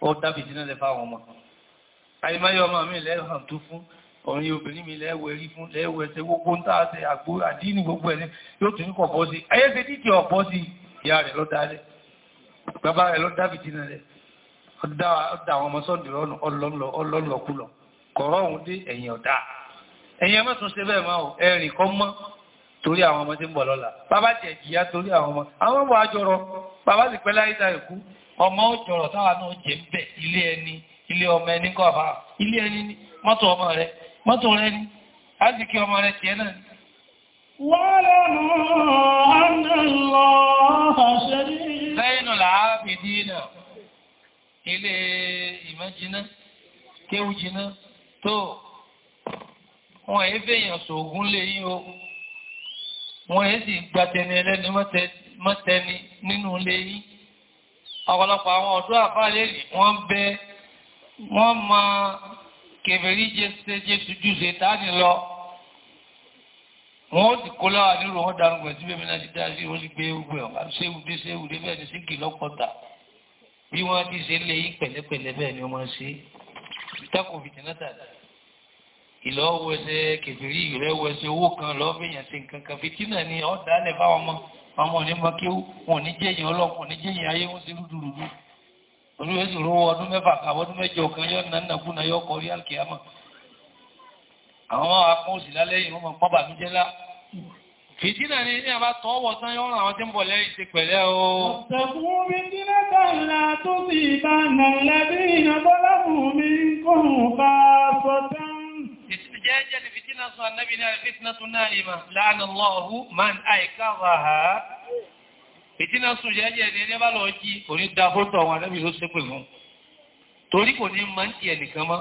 ó dábì tí náà lẹ fáwọn ọmọ àìmáyé ọmọ mi lẹ́hàn tó fún ọ̀rin obìnrin mi lẹ́wọ̀ erí fún lẹ́wọ̀ ẹsẹ̀ gbogbo ń tààtẹ àgbó àdínì gbogbo ẹni yóò tún kọ̀ bọ́ sí ayé ṣe díkì ọ̀pọ̀ sí ìyá rẹ̀ ló dálẹ̀ bàbá rẹ̀ ló dábì tí náà lẹ ọ̀dá àwọn ọmọ sọ́ndì ọlọ́lọ́kulọ̀ kọ̀rọ̀ ọ̀hún dé ẹ̀yìn ọ̀dá ẹ̀yìn ọmọ tún ṣe bẹ́ẹ̀ máa ẹ̀rìn kọ́ mọ́ torí àwọn ọmọ tí ń bọ̀ lọ́la bàbá jẹ̀ jìyà torí àwọn ọmọ àwọn ọmọ àjọrọ bàbá sì pẹ́ láyé ọmọ òjòrò táwà náà jẹ ń bẹ̀ ilé ẹni ilé ọmọ ẹni kọfà ilé ẹni ni mọ́tò ọmọ rẹ mọ́tò rẹ ni a sì kí ọmọ rẹ tiẹ̀ náà ni lẹ́yìn làábìdí náà ilé ìmọ́jiná kéwú jiná tó sì gbàtẹni ẹlẹ́ni mọ́tẹni nínú lè yí ọ̀pọ̀lọpọ̀ àwọn ọ̀dọ́ àfáàlẹ́lì wọ́n bẹ wọ́n ma kèfèrí jẹ́sẹ́jẹ́sújú ṣe tání lọ wọ́n ti kó láwà nílò wọ́n darun pẹ̀lú bí mẹ́ta ti dáa sí wọ́n ti gbé ogun ọ̀gá séwùdé séwùdé bẹ́ẹ̀ ni síkì lọ́pọ̀ta bí wọ́n ti ṣe lé yí pẹ̀lẹ́pẹ̀lẹ́ bẹ́ẹ̀ ni wọ́n ṣe ìtàkùn fìtínátà ìlọ́wọ́ ẹsẹ̀ kèfèrí ìrẹ́wọ́ ẹsẹ̀ owó kan lọ́fẹ̀yàn sí nǹkan kan fìtínà ni ọ̀dà alẹ́ báwọn mọ́ àwọn òní mọ́ kí wọ́n ní jẹ́yìn ọlọ́pọ̀ ní jẹ́yìn ayé wọ́n sí rúdurùdú olúwẹ́sì rówó ọdún mẹ́fà kàbọ́dún mẹ́jọ kan yọ́ nà nàkúnà yọ́ kọrí alkiyama àwọn akọ́ọ̀sì lálẹ́yìn wọ́n mọ́ bà mí ni ní àbá tọ́wọ́ tán yọ́ àwọn tí ń o jẹ́jẹ́ ni fitina sọ annabi ní àrífìtínà tún ma. lè man láàánà lọ́ọ̀hú máa ha fìtínà sọ jẹ́jẹ́ ni ẹni bá da fótó àwọn annabi ló ka mú torí kò ní máa ń tiẹ̀ nìkan mọ́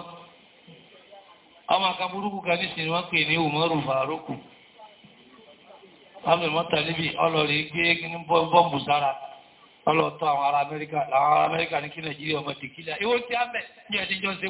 ọmọ kan burúkú kan ní sinimá Umaru Faruku Abdul Mutalibi ọlọ́rin gbé ní bọ́m̀bù sára ọlọ́tọ́ àwọn ará Amẹ́ríkà ti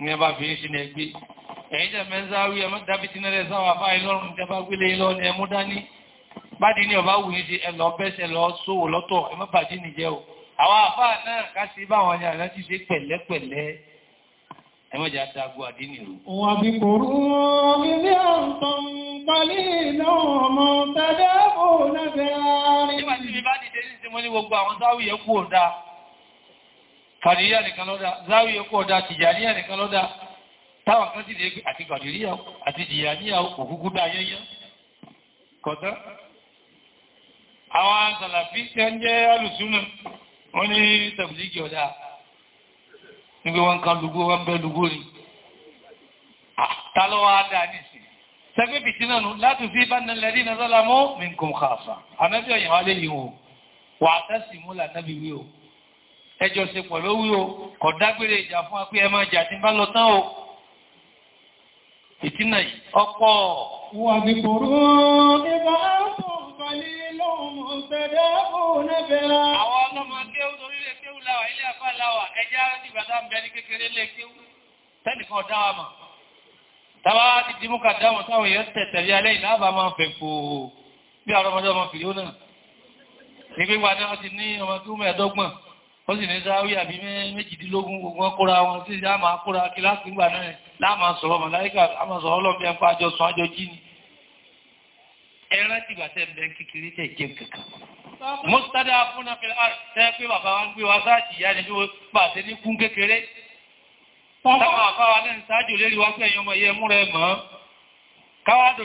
ní ẹbá fi ń sínú ẹgbẹ́ ẹ̀yìn jẹ́ mẹ́sáwí ẹmọ́ dábítí nẹ́rẹ́ sáwà fáà ìlọ́run jẹba gbélé lọ ní ẹmú dání bádìí ní ọba wù ní ti ẹlọ bẹ́sẹ̀ lọ sówò lọ́tọ̀ ẹmọ́ bàjí nìjẹ́ o àwọn àfáà náà kásí báwọn ni àná ti ṣe pẹ̀lẹ́pẹ̀lẹ́ ẹmọ́jà dágbó àdínìrú fàdíríà nìkan lọ́dá záwíyà kó ọ̀dá tìjàníyà nìkan lọ́dá táwọn kan sì lè gbé àti fàdíríà àti tìjàníyà kò kúkú dá yẹ́yẹ́ kọ̀tán àwọn sàlàfí tí ń jẹ́ alùsúnà wọ́n ní tàbílíkì ọ̀dá nígbé wọn kan lùgbó wọn bẹ́ lùgbó ni tálọ́wọ́ adá nìsí ẹjọ́ ṣe pọ̀ lówí o kọ̀ dágbére ìjà fún wa pé ẹ máa jà tí bá lọ tán o ìtínà yìí ọ̀pọ̀ wà ní kòrò nígbà tó ń falẹ̀ lọ́wọ́ ọ̀sẹ̀dẹ̀ òun ẹ̀bẹ̀rẹ̀ àwọn ọlọ́mọdé orílẹ̀ kéwú láwà ilé àfà láwà ẹjá dìbàtà ń bẹ ní kékeré lé kéwú tẹ́nìkan dáwà mà tàbá ti dìmú ka dáwọn táwọn èèyàn tẹ̀tẹ̀lé alẹ́ ìlàbà máa fẹ́ kò bí àwọn ọmọdé ọmọ fìlú náà ní gbígbà náà ti ní ọmọ tó mẹ́ẹ̀dọ́gbọ̀n ó sì ní sáwí àbí méjìdínlógún gbogbo ọkọ́ra wọn sí àmà kóra kí lásìgbà náà láàmà sọ̀rọ̀ màláíkà àmà sọ̀rọ̀ ọlọ́bí ẹ̀kọ́ àjọ sọ àjọ jí ni ẹran ti bàtẹ́ ń bẹ kékeré tẹ̀ jẹ́ kankan mọ́sítádà fúnna fẹ́ tẹ́ pé bàbá wa ń gbé wa sáàtì ìyá ni tó bàtẹ́ ní kún kékeré táwọn àfáwa náà ń sáájú lérí wá pé ẹ̀yọ́mọ yẹ múra ẹ̀ mọ́ káwádò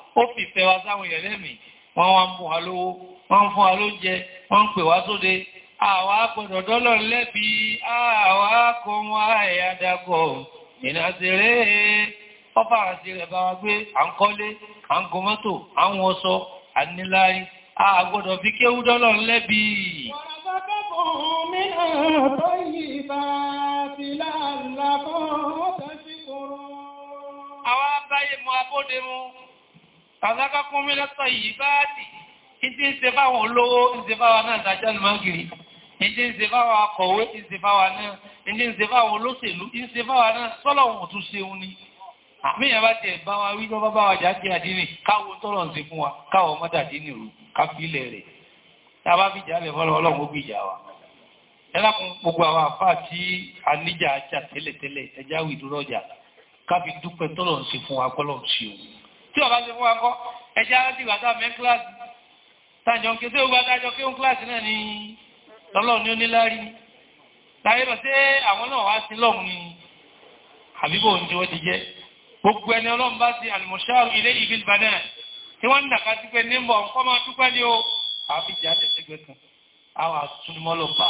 ó fi ìfẹ́ wa sáwọn èèyàn lẹ́mìí wọ́n wá ń fún wa lówó wọ́n ń fún wa lóúnjẹ wọ́n ń pè wá sóde àwa gbọ́dọ̀ dọ́lọ̀ lẹ́bi àwa kò wá ẹ̀yà dàgọ̀ ìnàṣeré àti rẹ̀ bá wa gbé à ń kọ́lé à ń gọmọ́tò à ń wọṣọ à a gbọ́dọ̀ fi kéwú dọ́lọ̀ lẹ́bi Àwọn abáyé mú abóde mú Àzákákún mílẹ̀ sọ yìí báàdì, ìdí ń ṣe fáwọn olówó, ń ṣe fáwọn náà dájọ́ ni máa ń gìrì, ìdí ń ṣe fáwọn akọ̀wé, ń ṣe fáwọn náà, ìdí ń ṣe fáwọn olóṣèlú, ń ṣe fáwọn náà, sọ́lọ̀ wọn tún ṣe òun ni. Àmìyàn bá tẹ̀ bá wa wí lọ́bá bá wa jáde àdínì, káwọn tọ́lọ̀ ń ṣe fún wa, káwọn mọ́tà àdínì rú, ká tí ọba ṣe fún akọ́ ẹjá ti wà sáà mẹ́rin kíláàsì tàjọ ń ké tí ó gbá dájọ kí ó kíláàsì náà ni lọ́lọ́ ní onílárí láyé lọ sí àwọn náà wá sí lọ́hùn ni àbíbò ń jẹ́ ó ti jẹ́ gbogbo ẹni ọlọ́run bá ti àlùmọ̀ṣáà ilé ìbíl banan tí wọ́n ń dàka sí pé nímbọ̀ nǹkan máa dúpẹ́ ni ó àfi jẹ́ àtẹ̀sígbẹ́ kan àwọn àtúnmọ́lọ́pàá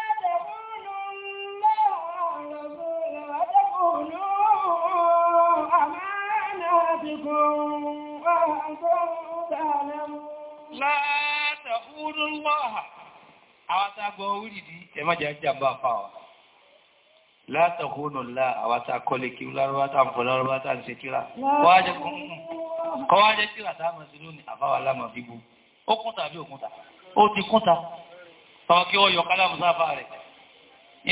أيديكم وأنتم تعلمون لا تقولوا الله àwọn àtàgbọ̀ orílẹ̀-èdè ẹmọ́jà jàmbá fáwà látàkónù láà àwọn àtàkọlẹ̀ kí lárúbátà fún lárúbátà ṣe kíra kọwàá jẹ́ kíra táàmà sí lónìí àfáwà láàmà fígbó ó kúnta ti kúnta tọ́wọ́ kí ó yọ kálámù sáfà rẹ̀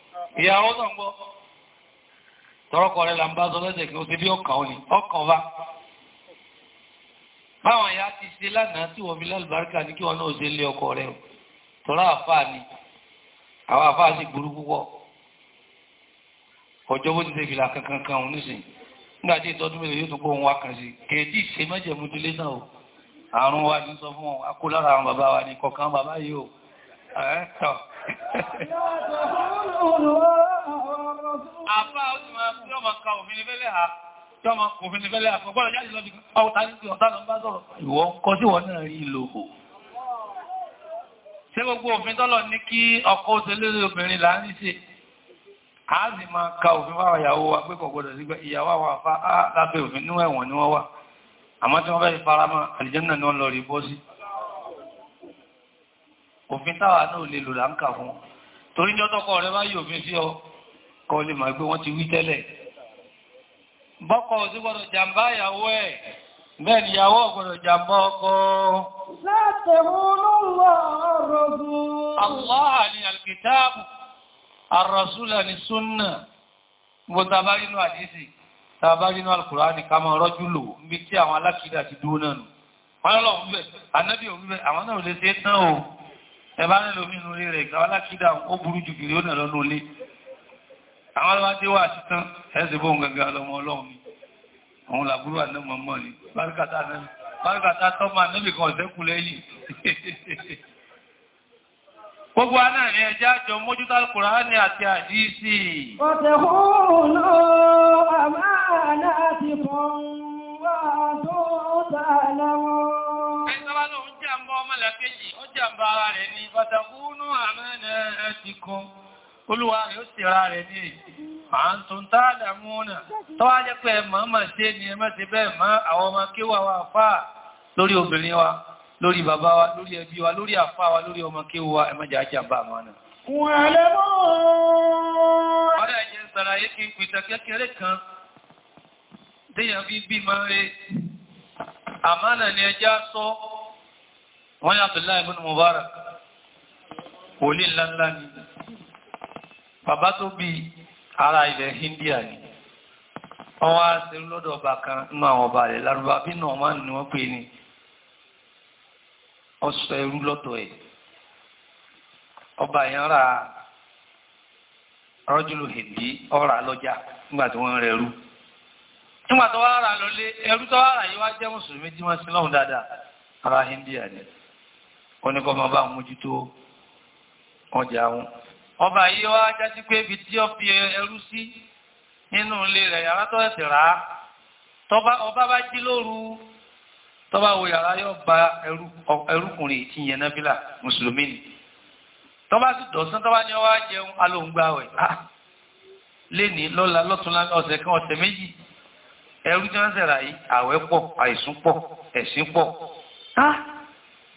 ìyàwó náà gbọ́ tọ́rọkọ̀ rẹ̀ là ń bá sọ lẹ́sẹ̀ kí ó ti bí ọkàn òní ọkàn bá báwọn ìyá ti ṣe lánàá tí wọ́n fi lálùbáríkà ní kí wọ́n náà ṣe lé ọkọ rẹ̀ tọ́rọ àfáà ni àwọn àfáà sì burú púpọ̀ ọjọ́ bó ti ṣe fìlà kankan kan òun nísìn nígbàtí ìtọ́jú mẹ́lẹ̀ yóò tún kó òun wá kan sí kèèdì ṣe mẹ́jẹ̀mú ti lé náà àrùn wa ní sọ fún akó lára àwọn bàbá wa ní kọ̀ọ̀kan bàbá yìí ò ẹ̀ẹ́tọ̀ Àbá ó ti máa fi ọmọ ka òfin ní fẹ́lẹ́ ha, tí ọmọ kò fi ní fẹ́lẹ́ àfọ́gbọ́n jáde lọ́bí ọta ní pé ọ̀tá lọ bá sọ̀rọ̀. Ìwọ ń kọ sí wọ́n náà rí lòhò. Ṣé gbogbo òfin tọ́lọ ní kí ọkọ oṣù lérè obìnrin là ń ṣe? A sì máa ka òfin fáwọn ìyàwó wa pé kò gbọdọ̀ sí òfin táwa náà lè lò láǹkà fún torí jọ́tọ́kọ̀ rẹ bá yóò fi sí ọ kọ lè mọ̀ pé wọ́n ti wí tẹ́lẹ̀ bọ́kọ̀ ò sí gbọ́dọ̀ jàmbá ìyàwó ẹ̀ bẹ́ẹ̀ níyàwó ọ̀gbọ̀dọ̀ jàmbá ọkọ láti Allah ni alkitabu ar-rasula ni sunna gbogbo tàbárí inú àdísì tàbárí inú alkùránì ká máa rọ́jú lò níbi tí àwọn alákìdá ti dúró náà nù wọ́n lọ́wọ́ wíbẹ̀ anábì òwúbẹ̀ àwọn náà lè ṣe tán o ẹ̀bá nílò mínú rí rẹ̀ káwọ́ lákídà ó burú jù kìrì ó nàlọ́ lólé àwọn ọlọ́wà tí wà sí tán ẹ̀sì bóhun gangan lọmọ ọlọ́run ni àwọn làbúrú àdánmọ̀ mọ́ ni bárúkàtà tọ́mà níbi kan ọ̀sẹ́kù lẹ́yìn gbogbo aná ní ẹjá jọ tó tààlà wọn ọmọlàkejì ó jàmbá ara rẹ̀ ní pàtàkùnú àmẹ́nà ẹ̀tì kan olúwa rẹ̀ ó sì rẹ̀ ní àǹtún tààdà tó wá jẹ́ pé mọ́mọ̀ sí ni ẹmọ́ ti bẹ́ẹ̀ mọ́ àwọn ọmọ kéwà wa fáà lórí obìnrin wa lórí bàbá wa lórí ẹbí wa lórí àfáà wa lórí ọmọ kí n pìtà kékeré kan déyàn bí Àmánà ni ẹjá sọ wọ́n yá Abdullahi ibn Mubarak wòlí ńláńlá ni bàbá tó bí ara India wọ́n wá sí lọ́dọ̀ ọba kan nínú àwọn ọba rẹ̀ lárúbá bí náà ni ní wọ́n pè ní ọ̀sọ̀ ẹrú lọ́dọ̀ ẹ̀ ọba yẹn ra rọ́júlù ọ̀rà lọ́jà nígbà tí wọ́n rẹ̀ rú nígbà rà lọ́lé ẹrú rà yìí wá jẹ́ mùsùlùmí oníkọ́ ma bá mójútó ọjà wọn ọba yìí wá jájí pé ibi tí ó fi ẹrú sí nínú ilé rẹ̀ yàrá tó ẹ̀sẹ̀ rà á tọba ọba bá jí lóru tọba wo yàrá yóò ba ẹrúkùnrin tí yẹn nábìlà mùsùlùmí ni tọba sì dọ̀sán tọba ni ọwá jẹun alóhùngbà wẹ̀ ah, léni lọ́la lọ́túnlá ọ̀sẹ̀ kan ọ̀sẹ̀ méjì ẹrú tí wọ́n sẹ̀rà yìí àwẹ̀ pọ̀ àìsùn pọ̀ ẹ̀sìn pọ̀ ah,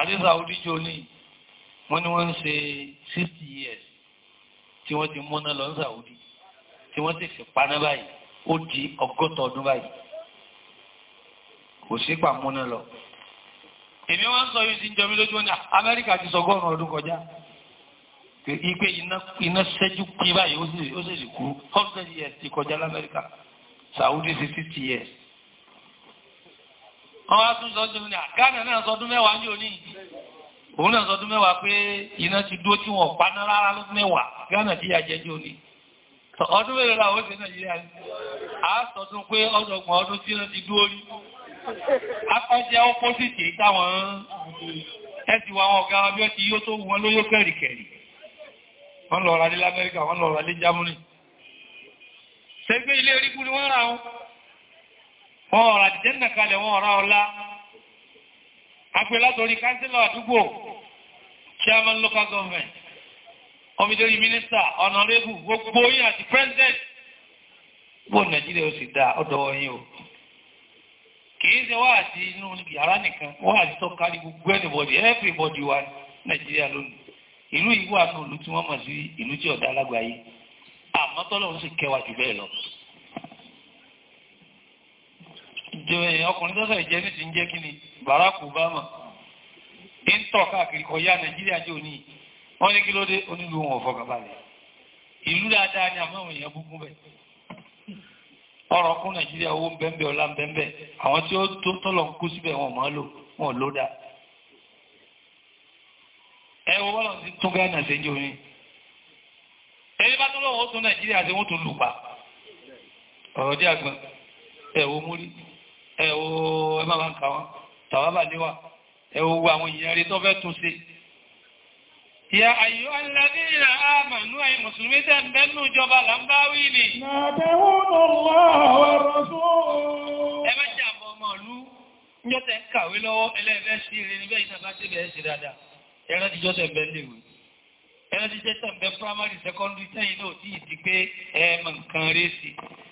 àdísà oríjò ní wọ́n ni wọ́n ń ṣe 60 years tí wọ́n ti múná lọ ń sàúdí tí wọ́n ti fi paná báyìí ó di ọgọ́ta ọdún báyìí kò sí pà múná lọ èmi wọ́n sọ yìí sí jọmí lójú ní Amẹ́ríkà ti sọ gọ́ọ̀rùn ọdún kọjá ipe iná ṣẹ́jú pín báyìí ó sì years wọ́n wá tún sọ́dún ní àgánà náà sọdún mẹ́wàá ní òní òun náà sọdún mẹ́wàá pé iná ti dúó tí wọ́n paná rárá ló mẹ́wàá gánà tí yà jẹjọ ní ọdún mẹ́rẹ̀ láwọ́ sí nàìjíríà ní àásọdún pé ọdọ̀gbọ̀n ọdún tí wọ́n ti dúó rí apájẹ́ ọpọ́sìtì táwọn ẹ̀sì wa wọn ọ̀gá ọjọ́ ti yóò tó wọn lóyó kẹ̀rìkẹ̀rì wọ́n lọ rà ní Amẹ́ríkà wọ́n lọ rà ní Jámánì ṣẹgbẹ́ ilé orí wọn ọ̀rọ̀ àdìjẹ́nà kalẹ̀ wọn ọ̀rọ̀ ọlá agbé látorí kánsílọ̀ àdúgbò chairman local government omidori minister honorable gbogbo ati àti president gbogbo nàìjíríà ó sì dá o kìí ṣe wá àti inú yàrá nìkan wá àti tó kárí gbogbo anybody everybody wa nàìjíríà lónìí ìlú ìwà náà ló wọ́n mọ̀ sí ìlú tí alágbàáyé ọkùnrin tó sọ̀rọ̀ jẹ́ ní ti ń jẹ́ kí ni Barack Obama ń tọ̀ káàkiri kọjá Nàìjíríà jẹ́ òní wọ́n ní kí ló dé onílù wọn ò ìlú dáadáa ni àmọ́ èèyàn búkú bẹ̀ ọrọ̀ kún Nàìjíríà owó bẹ́ẹ̀bẹ́ ọlá bẹ́ẹ̀bẹ́ àwọn tí ó tó tọ́lọ̀ ń kú síbẹ̀ wọn máa lò wọn ló dá ẹ wo bọ́lọ̀ ti tún Ghana ṣe jẹ́ orin ẹni bá tọ́lọ̀ wọn tún Nàìjíríà ṣe wọ́n tún lù pa ọ̀rọ̀ dí àgbọn ẹ wo múrí ẹ o ẹ má bá ń kà wọ́n tàwábà níwà ẹ o àwọn èèyàn rí tó fẹ́ tún sí Ya ayyu alladhina amanu ay muslimi tan benu jọba la nbawi ni. Na tawun Allah wa rasul. Ẹ má jabo mo lu. Njo te kàwé lọ́wọ́ elebe sire ni be isaba se be se dada. Era di jo se be lewe. Era di se tan be primary secondary tan ino ti ti pe e man kan resi.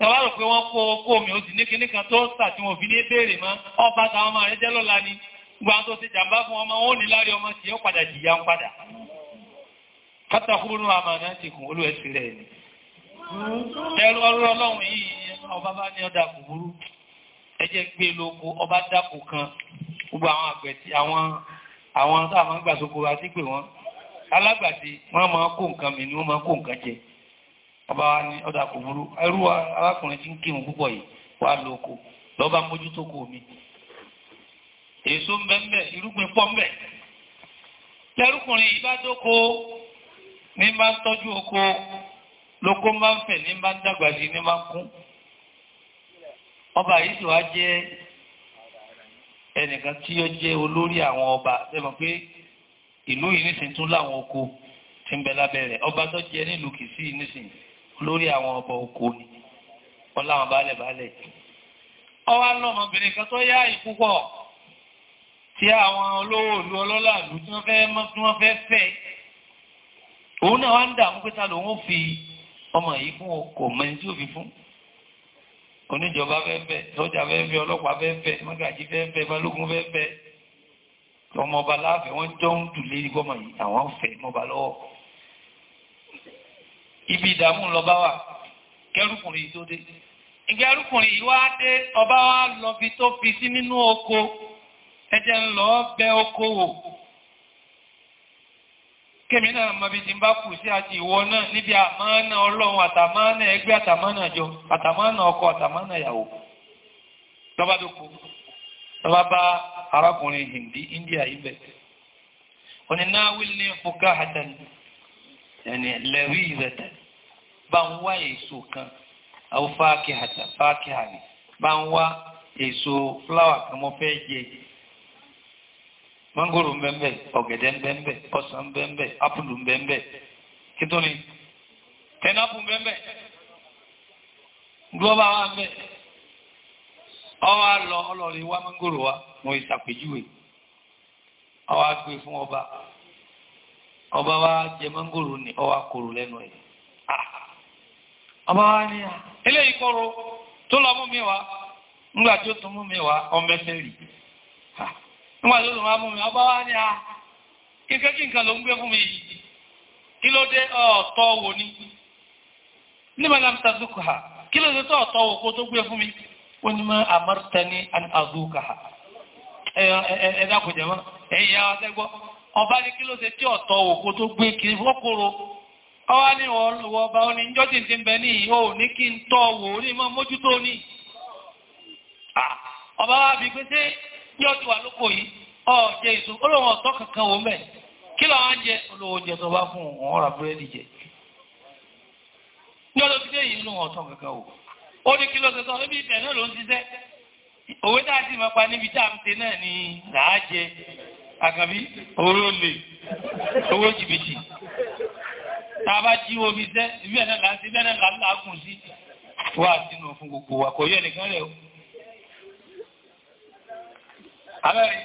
tàbá rò pé wọ́n kó owó mi ó sì ní kíní kan tó sàtí wọn fi ní béèrè mọ́ ọba táwọn máa rẹ jẹ́ lọ́la ni gbogbo tó ti jàmbá fún ọmọ wọn ò ní lárí ọmọ tí ó padà jìyà ń padà pátákúrú àmà náà ti kùn olú ẹ̀sì rẹ̀ ni ẹ̀rọ ọlọ́run yìí ọba bá ní ọdá kò burú ẹjẹ́ gbé e lóko ọba dákò kan gbogbo àwọn àgbẹ̀ tí àwọn àwọn táwọn gbàsókò àti pé wọn alágbàtí wọn máa kó nǹkan mi ni wọn ọba wa ní ọdá kò múrú ẹrú arákùnrin tí ń kírun púpọ̀ yìí wà lóko lọ́ba mójútó kò mi èso mbẹ́mbẹ́ irúgbìn pọ̀ mbẹ́ lẹ́rùkùnrin yìí bá dóko ní bá ń tọ́jú oko lóko máa ń fẹ̀ ní bá ń dàgbà sí ní bá ń kún ọba yìí sì wá jẹ́ ẹnìkan tí ó jẹ́ olórí àwọn ọba lẹ́mọ̀ pé ìlú yìí nísìn tún láwọn oko tí ń bẹ lábẹ́ rẹ̀ ọba tó jẹ nílùú kìí sí lórí àwọn ọba oko ni ọláwọn baálẹ̀ baálẹ̀ ọwá lọ́mọbìnrin kan tó yá ìpúpọ̀ tí àwọn olówó ìlú ọlọ́lá ìlú tí wọ́n fẹ́ mọ́ tí wọ́n fẹ́ fẹ́ òun náà wá ń dààmú pé ta lòun fi ọmọ yìí fún ọkọ̀ mẹ́rin tí ó fi fún oníjọba fẹ́fẹ́ sọ́jà fẹ́fẹ́ ọlọ́pàá fẹ́fẹ́ mọ́gàjí fẹ́fẹ́ balógun fẹ́fẹ́ ọmọọba láàfẹ́ wọ́n jọ ń dùn lérí gọ́mọ̀ yìí àwọn fẹ́ mọ́ba lọ́wọ́ ibi ìdààmú lọba wà kẹrùkùnrin tó dé ìgbẹ́ arúkùnrin lọ tó fi sí nínú oko ẹjẹ́ ń bẹ oko wò kémi náà mọ̀ bí ti ń bá kù sí àti ìwọ náà níbi àmánà ọlọ́run àtàmánà ẹgbẹ́ àtàmánà jọ àtàmánà ọkọ àtàmánà ìyàwó lọ́ba tó lọ́ba bá arákùnrin hindi india ibẹ̀ ní fúkà ẹni bá ń wá èso kan àwọn fáàkì àtà fáàkì àní bá ń wá èso fúláwà kan mo fẹ́ jẹ mọ́ngòrò mbẹ́mbẹ́ ọ̀gẹ̀dẹ̀ mbẹ́mbẹ́ ọsàn mbẹ́mbẹ́ ápùlù mbẹ́mbẹ́ kí tó ni ọwọ́ lọ ọlọrị wa mangoro wa mo ìsàpèjúwe ọwọ́ gbé fún ọba ọba wa jẹ mangoro ni ọwọ́ àbáwá ní eléyìí kọ́rọ̀ tó lọ mú mi wá ńgbà tí ó tún mú mi wá ọmọ ẹsẹ̀ rí ńgbà tí ó tún mú mi àbáwá ní a kíkẹ́ kí nǹkan ló ń gbé fún mi yìí kí ló dé ní kí ló dé kó tó gbé fún mi ó ní mọ́ ẹ̀yà ọ̀tẹ́gbọ́ ọwá ní ọ̀rọ̀ ọba oní jọ́jì ti ń bẹ ní ìhò ní kí n tọ́ wò ní mọ́ mójútó ní ọba wá bí pé tí yóò ti wà lóko yìí ọ̀jẹ́ èso olóhùn ọ̀tọ́ kankan wò mẹ́ kí lọ wá jẹ olówó jẹ tó bá fún ọ̀rọ̀ àbúrẹ́dì jẹ ní ọdún tí èyí olóhùn ọ̀tọ́ kankan wò ó ní kí lọ sọ ebi ìbẹ̀ náà ló ń ṣiṣẹ́ òwe tá a sì máa pa níbi tá a ń ṣe náà ni làá jẹ àkàbí owó lè owó jìbìtì tàbá jí omi sẹ́ ìbẹ̀rẹ̀ láàkùn sí wà sínú fún gbogbo wa kò yẹ nìkan rẹ̀ o abẹ́rẹ̀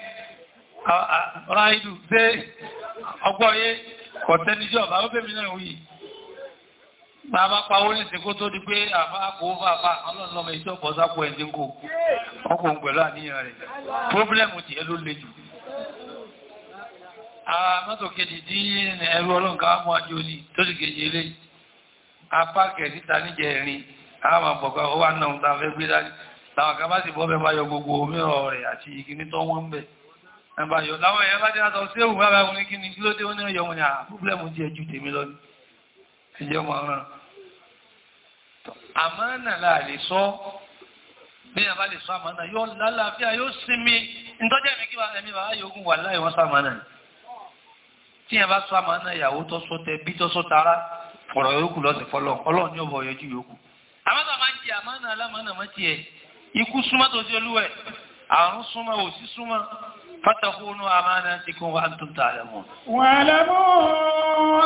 ráìdù pé ọgbọ́ yé kọ̀tẹ́níjọ́ bá ó bèmí náà wí bàbá pàwó ní ṣe kó tó di pé àbá kò bàbá ọlọ́lọ́mọ ìṣọ́pọ̀ sápò ẹ̀ mọ́tò kejì dí ẹrù ọlọ́nkà mọ́ àjò ní tó sì kejì ilé apá kẹ̀síta níjẹ̀ ẹ̀rin àwọn àpọ̀kọ̀ wà náà ta fẹ́ gbé dájú láwọn kan bá sì bọ́ bẹ́ bá yọ gbogbo omíràn rẹ̀ àti igi ní wọ́n bẹ̀ ẹ̀bá yọ láwọn èèyàn bá jẹ́ ni kí ló dé ó ní ọyọ wọn ni àpúblẹ̀mù jẹ́ ju tèmi lọ ní ẹjẹ́ ọmọ ọ̀ràn àmánà láà lè bí a bá lè sọ àmánà yóò lálàáfíà yóò sinmi ìtọ́jẹ́ mi kí ẹ̀mí bàbá yóò gùn wà láì wọ́n sàmánà tí ẹ bá sọ àmà náà ìyàwó tó sọ tẹ bí tó sọ tara ọ̀rọ̀ yòókù lọ́sẹ̀ fọlọ́ ọlọ́run ní ọ̀bọ̀ yọjú yòókù. àmọ́tà máa ń jẹ àmọ́ ti olúwẹ̀ àrùn súnmọ́ òsì súnmọ́ fátàkùnú àmà náà ti kún wa tó ta rẹ̀ mọ́. wàlámù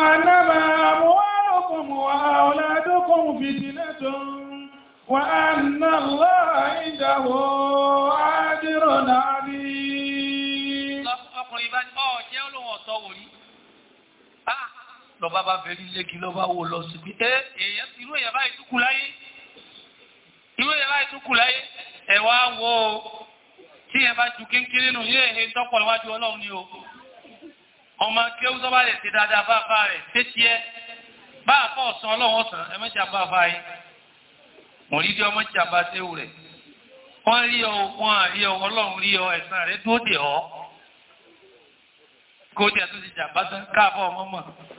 anábà àmúwálòkùn wà ọ̀làdókùn fìdílẹ́tọ̀ ọkùnrin bá ọ̀jẹ́ olóhùn ọ̀tọ̀ wò lọ́ba bá fẹ́ lílé kí lọ́ba wò lọ sí pé eh, irú èèyàn báyìí tún kù láyé irú èèyàn báyìí tún kù láyé ẹ̀wà wo tí ẹ bá ju kéńkéré nù yé èhe tọ́pọ̀ níwájú ọlọ́run ni o ọmọ kéwú sọ́ba lè ṣe dáadáa bá bá rẹ̀ tẹ́tí ẹ bá àfọ̀ ọ̀sán ọlọ́run ọ̀sán ẹ mẹ́ta bá bá yín wọ́n rí bí ọmọ ìjà bá tẹ́wù rẹ̀ wọ́n rí ọ wọ́n àrí ọ ọlọ́run rí o tẹ̀ tó ti jà bá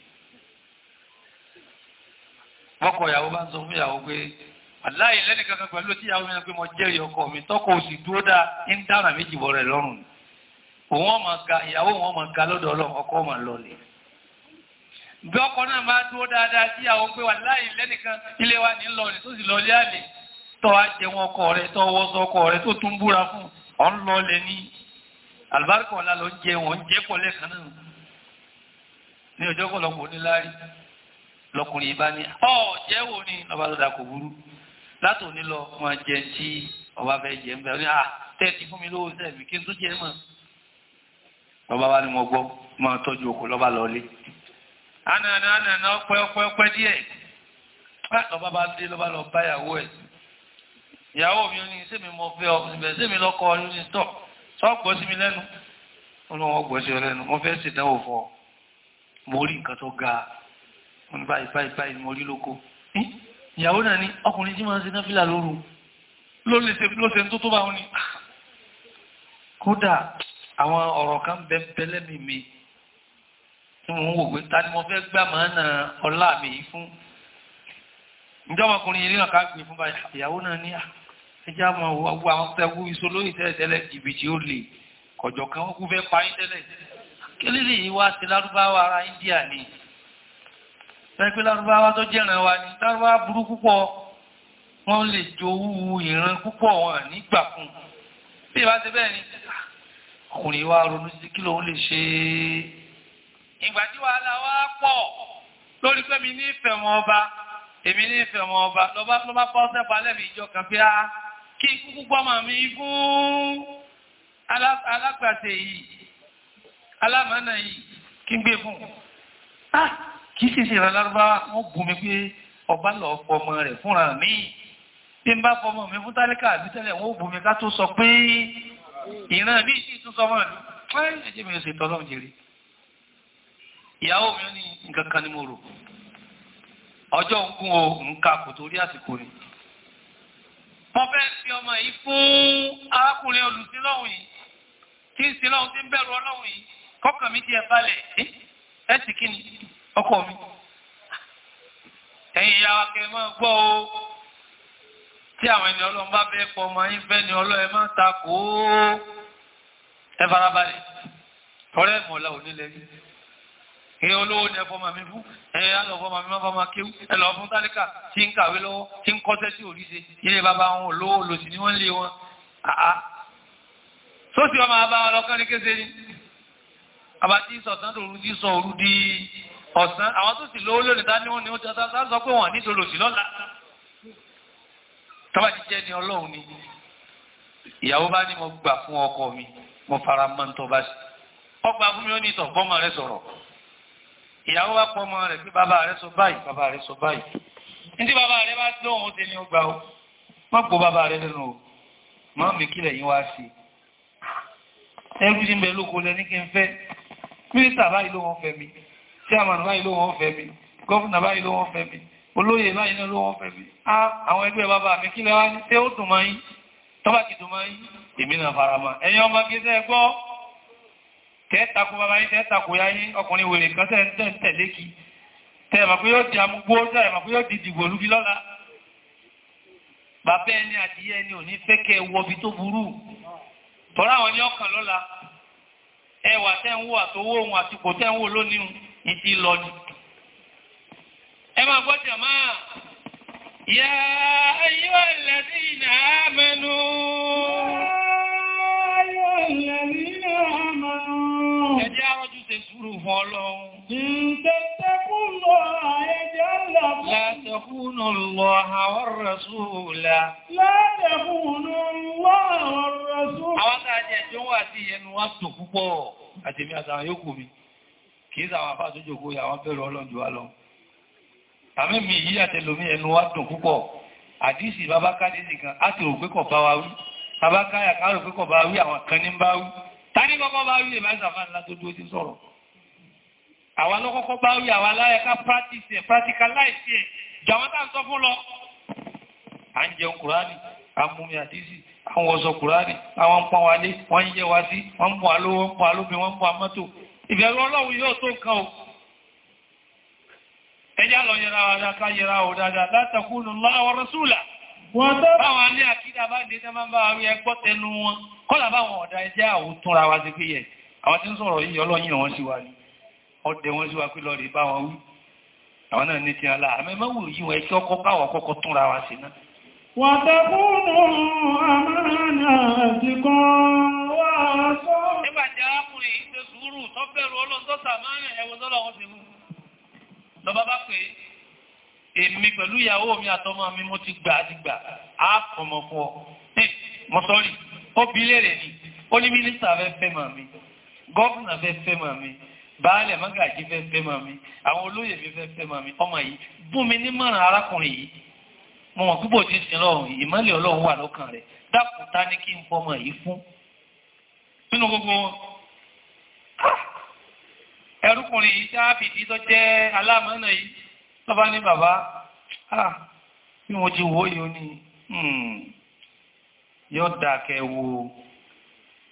mọ́kọ̀ ìyàwó bá ń sọ fún ìyàwó pé aláì lẹ́nì kankan pẹ̀lú tí ìyàwó mìíràn pé mo jẹ́rìí ọkọ mi tọ́kọ òsì dúró dá ń dára méjì bọ̀ rẹ̀ lọ́rùn òun ọmọ ga ìyàwó wọn ọmọ ga lọ́dọ̀ ọlọ́run ọkọ ọmọ lọlẹ̀ bí ọkọ náà máa dúró dáadáa tí ìyàwó pé wà láì lẹ́nì kan ilé wa ní lọlẹ̀ tó sì lọlẹ̀ jẹ wọn jẹ́ pọ̀ lẹ́kan ní ọjọ́ pọ̀lọpọ̀ oníláárí lọkùnrin bá ní ọ jẹ́ wo ni ọba tó dàkò burú látò ní lọ wọn jẹ tí ọba fẹ́ jẹ ń bẹ ní à tẹ́ẹ̀tì fún mi lówó sẹ́ẹ̀bì kí n tó jẹ mọ́ ọba wa ni mo gbọ́ máa tọ́jú oko lọ́ba lọ́lé ànàna ànàna ọpẹ́ ọpẹ́ ọpẹ́ díẹ̀ lọ́ba bá dé lọ́ba lọ bá ìyàwó ẹ̀ ìyàwó mi ní sẹ́mi mo fẹ́ ọ sẹ́mi lọ́kọ ọ ní tọ́ sọ́ọ̀gbọ́ sí mi lẹ́nu ó ní wọ́n gbọ́ sí ọ lẹ́nu mo fẹ́ ṣèdánwò fún ọ mo rí nǹkan tó ga ń báyìí báyìí báyìí mo rí lóko ìyàwó náà ni ọkùnrin tí máa ń ṣe náfìlà lóru ló lè ṣe ló ṣe tó tó bá wọn ni kódà àwọn ọ̀rọ̀ kan bẹ bẹlẹ́mì mi tí mo ń wò pé ta ni mo fẹ́ gbà máa na ọlá mi yìí fún ìjọba ọkùnrin yìí náà ká fún báyìí ìyàwó náà ni ah, ẹjẹ́ àwọn ọgbọ àwọn tẹ́wú ìsolóyè tẹ́lẹ̀tẹ́lẹ̀ ìbìtì ó lè kọ̀jọ̀ kan ó kú India ni. Sẹ́pẹ́ lárúbáwá tó jẹ́ràn wa ní lárúbáwá burú púpọ̀ wọ́n lè jowú ìran púpọ̀ wọn nígbà fún. Bí ìbá ti bẹ́ẹ̀ ni, ọkùnrin wa ronú sí kí lòun lè ṣe ìgbà tí wàhálà wá pọ̀ lórí pé mi ní ìfẹ́ wọn ọba èmi ní ìfẹ́ wọn ọba lọ́bá lọ́bá pọ́sẹ̀ palẹ́bì ìjọ kan bí a ah, kí kúkú pọ́mà mi fún alágbàtẹ̀ yìí alámọ́nà yìí kí gbé fún ah kì í sì ṣe ìrànlárúbá wọ́n bú mi pé ọba lọ fọmọ rẹ̀ fúnra mi tí ń bá fọmọ mi fún tálíkà àbí tẹ́lẹ̀ wọ́n bú mi ká tó sọ pé ìran mi sì tún sọmọ rẹ̀ fún ẹ̀jẹ̀ mi ò sì tọ́lọ́ jèrè ìyàwó mi ní nǹkan kan ni mo rò ọjọ́ ń gún o nǹka kò torí àsìkò ni wọ́n fẹ́ fi ọmọ yìí fún arákùnrin olùsílọ́hùn yìí tí ń sílọ́hùn tí ń bẹ̀rù ọlọ́hùn yìí kọ́kàn mi díẹ̀ balẹ̀ ẹ́ sì kí ni ọkọ mi ẹ̀yin ìyá wa kẹ́ máa gbọ́ o tí àwọn ẹni ọlọ́run bá bẹ́ẹ̀ pọ̀ máa ń fẹ́ ni ọlọ́run máa ń ta kó ẹ farabalẹ̀ ọ̀rẹ́ mọ̀lá onílẹ̀ yìí èyí olówó ni ẹfọ́ màmí fún ẹ̀yẹ alọ́fọ́ màmí máa fọ́ máa kéwú ẹlọ́ fún tálíkà tí ń kàwé lọ́wọ́ tí ń kọ́ṣẹ́ tí ò ríṣe ilé bàbá wọn olówó lòsì ni wọ́n lé wọn àá sósì ọmọ abá ọlọ́kàn ní kése ni àbátí sọ̀tán lòrú tí sọ òru ọ̀sán àwọn tó sì lówó lónìí tá ní wọ́n ni ó tẹ́ta sọ pé wọ́n ní tó lòsì lọ́la tọ́bà ti jẹ́ ni ọlọ́run ni ìyàwó bá ní mo gbà fún ọkọ mi mo fara mọ́ ní tọ́ba sí ọgbà fún mi ó ní ìtọ̀ bọ́mọ rẹ sọ̀rọ̀ ìyàwó bá pọ́ ọmọ rẹ̀ pé bàbá rẹ sọ báyìí bàbá rẹ sọ báyìí ní bàbá rẹ bá lóhun ó ti ní ó ó má gbó bàbá rẹ lẹ́nu o má mi kílẹ̀ yín wá sí ẹrú sí ń bẹ lóko lẹ ní kí n fẹ́ mínísítà báyìí ló wọ́n fẹ́ mi chairman báyìí ló wọ́n fẹ́ mi gọ́fúnà báyìí ló wọ́n fẹ́ mi olóyè báyìí ló wọ́n fẹ́ mi àwọn ẹgbẹ́ bàbá mi kí lẹ́wà ní tẹ́ ó dùn máa yí tọ́bà ti dùn máa yí èmi náà fara mọ́ ẹ̀yin ọmọ gẹ́sẹ́ gbọ́ kẹ́ẹ̀takù bàbá yín kẹ́ẹ̀takù yá yín ọkùnrin wèrè kan tẹ́ ń tẹ̀lé kí tẹ́ẹ̀mà pé yóò di ìtì lọ ní. ẹ máa gbọ́ jẹ̀ máa yà ayọ́ ẹ̀lẹ́dí ìnà àmẹ́nu ẹjẹ́ arọ́jú ṣe sùúrù fún ọlọ́run ìtẹ́tẹ́kùn lọ ẹjẹ́ lọ́pọ̀ látẹ̀kùnù lọ àwọn rẹ̀súùlá látẹ̀kùnù lọ àwọn rẹ̀súùlá àwọn tààjẹ̀ tó wà sí ẹnu mi àtàwọn yóò mi kìí sàwọn afá tó jòkó àwọn fẹ́rọ ọlọ́njù wá lọ. àmì mi yí àtẹlómi ẹnu wá dùn púpọ̀ àdísì bàbá kádìsì kan á ti rò pé kọ̀ bá wa wí bàbá káyà ká rò pé kọ̀ bá wí àwọn kan ní bá wí tání kọ́kọ́ bá wí ìbáṣà fún àná tó dúró sí sọ̀rọ̀ àwọn alọ́kọ́kọ́ bá wí àwọn aláyẹ̀ká practice ẹ̀ practical life ẹ̀ jàwọn tá à ń sọ fún lọ à ń jẹun kùránì à ń múmi àdísì àwọn ń pọ́n ìbẹ̀rù ọlọ́run yóò tó kan ẹjá lọ yẹra wa dáká yẹra o dáadáa látàkùnù láwọ báwọn alẹ́ àkídà bá dé tẹ́mà bá rí ẹgbọ́ tẹnu wọn kọ́lá báwọn ọ̀dá ẹjá àwòtúnra wa ti péye àwọn tí ń sọ̀rọ̀ yìí ọlọ́yìn wọn sí wa ní ọdẹ wọn sí wa pé lọ bá wọn wí àwọn náà ní ti alá àmẹ́mẹ́wò yìí wọn ẹkẹ́ ọkọ̀ báwọn kọ́kọ́ túnra wa sí náà Wàtàkùnù àmàrànà àti kan wà sọ́ọ̀. Nígbàtí arákùnrin tó bẹ̀rù ọlọ́run tó sàmánà ẹwọ tọ́lọ́run sí mú lọ́ba bá pé èmi pẹ̀lú ìyàwó mi àtọmọ mi mo ti gbà àti gbà á fọmọ fún ọ mọ́sọ́rì ó bí lèrè ní ó ní mínísítà fẹ́ fẹ́ mọ̀ mi gọ́ọ̀nà fẹ́ fẹ́ mọ̀ mi baálẹ̀ mọ́gàjí fẹ́ fẹ́ mọ̀ mi àwọn olóyè mi fẹ́ fẹ́ mọ̀ mi ọmọ yìí bùn mi nímọ̀ràn arákùnrin yìí mo mọ̀ púpọ̀ tí sin lọ́rùn ìmọ́lẹ̀ ọlọ́run wà lọ́kàn rẹ̀ dákùn ta ní kí n fọmọ yìí fún nínú gbogbo ẹrúkùnrin yìí sáàbì tí tó jẹ́ aláàmọ́nà yìí tó bá ní bàbá ah, bí wọ́n ti wó hmm, yóò ní yóò dákẹ́ wo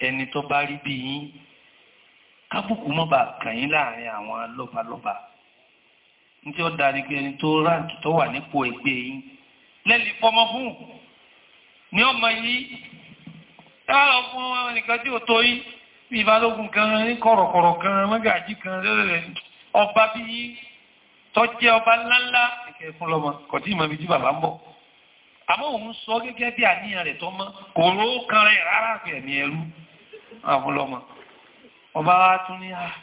ẹni tó bá rí bí yín kábùkù mọ́bà kàyín láàrin àwọn lọ́balọ́ba ní tí ó darí pé ẹni tó ráǹkì tó wà nípò ẹgbẹ́ yín lẹ́lì fọmọ fún ní ọmọ yìí táàrọ̀ fún ẹnìkan tí ò tó yìí bí balógun kan ní kọ̀rọ̀kọ̀rọ̀ kan mọ́gàjí kan lẹ́rẹ̀ ọba bí tọ́jẹ́ ọba ńláńlá ẹ̀kẹ́ fún lọ́mọ kọ̀ tí ìmọ̀ bí jí bàbá ń bọ̀ àmọ́ òun sọ gẹ́gẹ́ bí àníyàn rẹ̀ tọ́mọ́ kò ró kan rẹ̀ rárá pẹ̀ ní ẹrú àwọn ọba wa tún ní ah,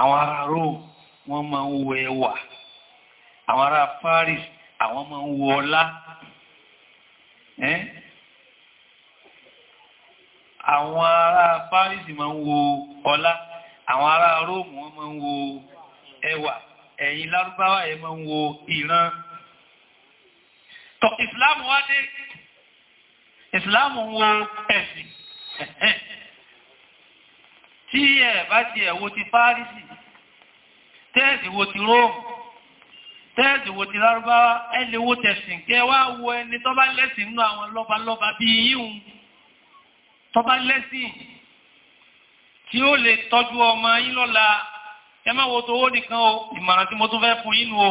àwọn ará Rome wọ́n máa ń wo ẹwà àwọn ará Paris àwọn máa ń wo ọlá àwọn ará Paris máa ń wo ọlá àwọn ará Rome wọ́n máa ń wo ẹwà ẹ̀yin lárúbáwá ẹ máa ń wo ìran ìsìláàmù wá dé ìsìláàmù wo ẹ̀sìn tí ẹ̀ bá ti ẹ̀wò ti fárísì tẹ́ẹ̀sì wo ti róòmù tẹ́ẹ̀sì wo ti lárúbáwá ẹni wo tẹ̀sìn kẹ wá wo ẹni tó bá lẹ́sìn nínú àwọn lọ́balọ́ba bí yíhun tó bá lẹ́sìn tí ó lè tọ́jú ọmọ yín lọ́la ẹ má wo tówó nìkan o ìmọ̀ràn tí mo tún fẹ́ fún yín o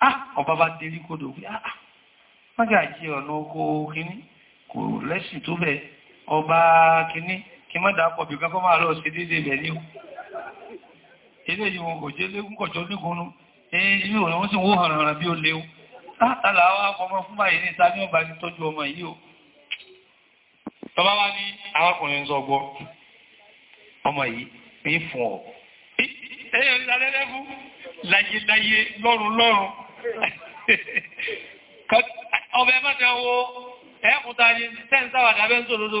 ah, ọba bá ti rí kodò pé ah, ah, mágàjí ọ̀nà oko kìíní kò lẹ́sìn tó bẹ̀ ọba kìíní kí mọ́ dápọ̀ bí kankan máa lọ sí dédé ilẹ̀ ní ilé yìí wọn kò jẹ́ légún kọjọ́ nígunú inú rẹ̀ wọ́n sì wó hànàrà bí ó léwu látàláwà ọmọ fún báyìí ní ìta ní ọba ní tọ́jú ọmọ yìí o tọba wá ní arákùnrin sọgbọ́ ọmọ yìí ní fún ọ ẹ̀yẹ̀ ìdálẹ́lẹ́ fún láyéláyé lọ́rùn lọ́rùn ọbẹ̀ mẹ́ta wo ẹ̀kùnta ní tẹ́ǹsáwàdà bẹ́ńsòdodo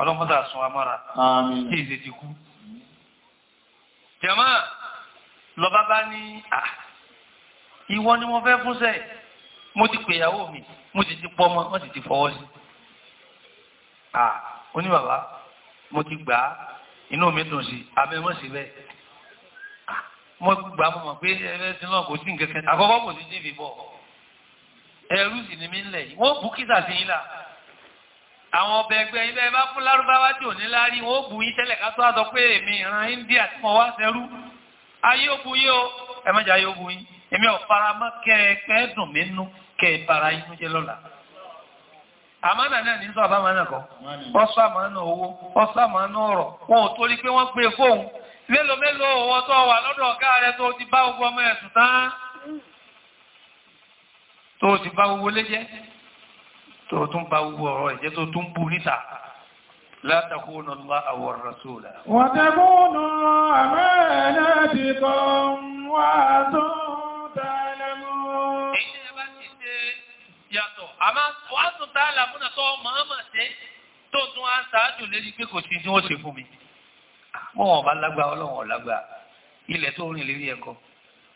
ọlọ́mọ́dá sun amára tí èsè ti kú jẹ́mọ́ lọba bá ní à ìwọ ni mo fẹ́ fúnṣẹ́ mo ti pèyàwó mi mo ti ti pọ́ mọ́ wọ́n sì ti fọwọ́ sí à oní bàbá mo ti gbà á inú mi dùn sí abẹ́mọ́ sí bẹ́ẹ̀ mo gbà mo mọ̀ pé ẹgbẹ́ tí náà kò sí nǹkan kan àkọ́kọ́ kò sí jíìbì bọ̀ ẹrú sì ni mí ń lẹ̀ yìí wọ́n bú sí yín là àwọn ọbẹ̀ ẹgbẹ́ yín bẹ́ẹ̀ bá fún lárúbáwá jò ní láàrin wọn ó bù yín tẹ́lẹ̀ ká tó á sọ pé èmi ìran India tí wọ́n wá sẹ́rú ayé ó bu yín o ẹ má jẹ́ ayé ó bu yín èmi ò fara mọ́ kẹ́ ẹ pẹ́ dùn mí nú kẹ́ ẹ bara inú jẹ́ lọ́la. àmánà náà ní sọ àbámánà kọ ọsọ àmánà owó ọsọ àmánà ọ̀rọ̀ wọn ò torí pé wọ́n gbé e fóun mélòó mélòó tó tún bá gbogbo ọ̀rọ̀ ẹ̀jẹ́ tó tún bú níta látàkùnà lọ àwọn rasúlà. wọ́n tẹ́kùnà àmẹ́ẹ̀lẹ́ ti kọ́ wà tó tààlẹ́mú. èyí ni ẹ bá ti ṣe yàtọ̀ àmá wà tó tààlẹ́múnà tó mọ̀ọ́mọ̀ sí tó tún á sáájú lérí pé kò sí tí wọ́n ṣe fún mi. mọ́ wọn bá lágbà ọlọ́run ọ̀lágbà ilẹ̀ tó rìn lérí ẹ̀kọ́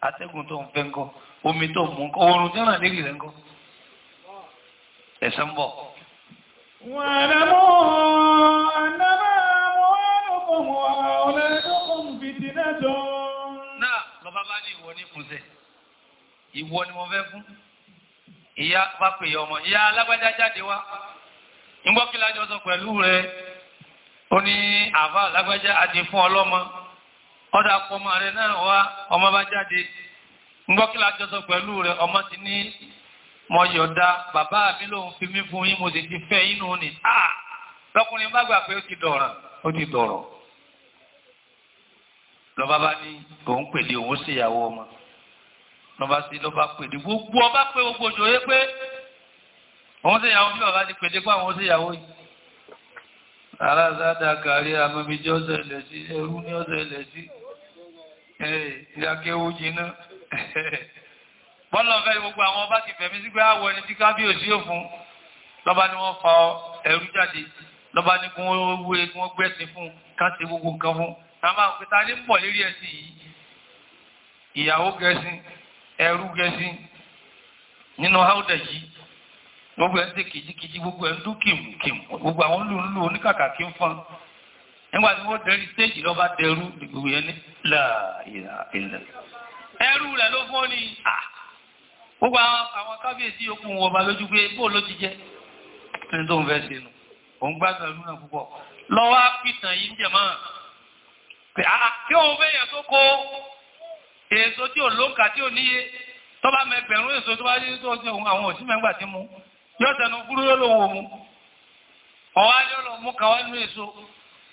atẹ́gùn tó ń fẹ́ ńkọ́ omi tó mú ńkọ́ oorun ẹ̀sẹ̀ mbọ. bọ̀. náà bàbá bá ní ìwọ ní ìfúnṣẹ́ ìwọ ni mo fẹ́ fún ìyá bá pè ọmọ ìyá alágbájá jáde wá ìgbọ́kílájọ́ sọ pẹ̀lú rẹ̀ ó ní àbá alágbájá àti fún ọlọ́mọ ọdá pọmọ rẹ̀ náà wá ọmọ bá jáde ìgbọ́kílájọ́ sọ pẹ̀lú ọmọ mo yọ̀dá bàbá mi lòun fi mí fún yín mo sì ti fẹ́ inú ni àà lọ́kùnrin bá gbà pé ó ti dọ̀ràn ó ti dọ̀rọ̀ lọ́ba bá ní òun pèlè òun sí ìyàwó ọmọ lọ́ba sí lọ́ba pèlè gbogbo ọba pé gbogbo òṣèré pé òun sí ìyàwó bí bàbá ti pèlè pé àwọn sí ìyàwó yìí aláàzádà kàrí amẹ́bíjọ́ ọ̀sẹ̀ ilẹ̀ sí ẹrú ní ọ̀sẹ̀ ilẹ̀ sí ẹ̀ẹ́ ìdákéwó jiná bọ́lọ̀ fẹ́ gbogbo àwọn ọba ti fẹ̀mí sí pé àwọ̀ ẹni tí kábíyèsí ò fún lọ́ba ni wọ́n fa ẹ̀rú jáde lọ́ba ní kún owó egun ọgbẹ́sìn fún káàtì gbogbo nǹkan fún tàbá òkúta ní pọ̀ lérí ẹ̀sìn yìí ìyàwó gẹ̀ẹ́sìn ẹ̀rú gẹ̀ẹ́sìn nínú haúdà yìí gbogbo ẹ̀ ń tẹ kìjikìji gbogbo ẹ̀ ń dún kìmùkìmù gbogbo àwọn lùlù oníkàkà kí ń fọn nígbà tí wọ́n rẹ̀ ló fọ́ ni à ah! Gbogbo àwọn kábíyèsí yòókù wọn bá lójú pé bóò ló ti jẹ́ ẹni tó ń fẹ́ sí inú. Òun gbádùn ìlú náà púpọ̀. Lọ́wọ́ pìtàn yìí ń jẹ máa. Ah, ah, kí òun fẹ́yẹ̀ tó kó èso tí ò lóǹkà tí ò níye tó bá mẹ́gbẹ̀rún èso tó bá yé tó ṣe òun àwọn òsì mẹ́gbà tí mú. Yóò tẹnu gúrú yóò lòun òun. Ọ̀wá yóò lọ mú kàwá nínú èso.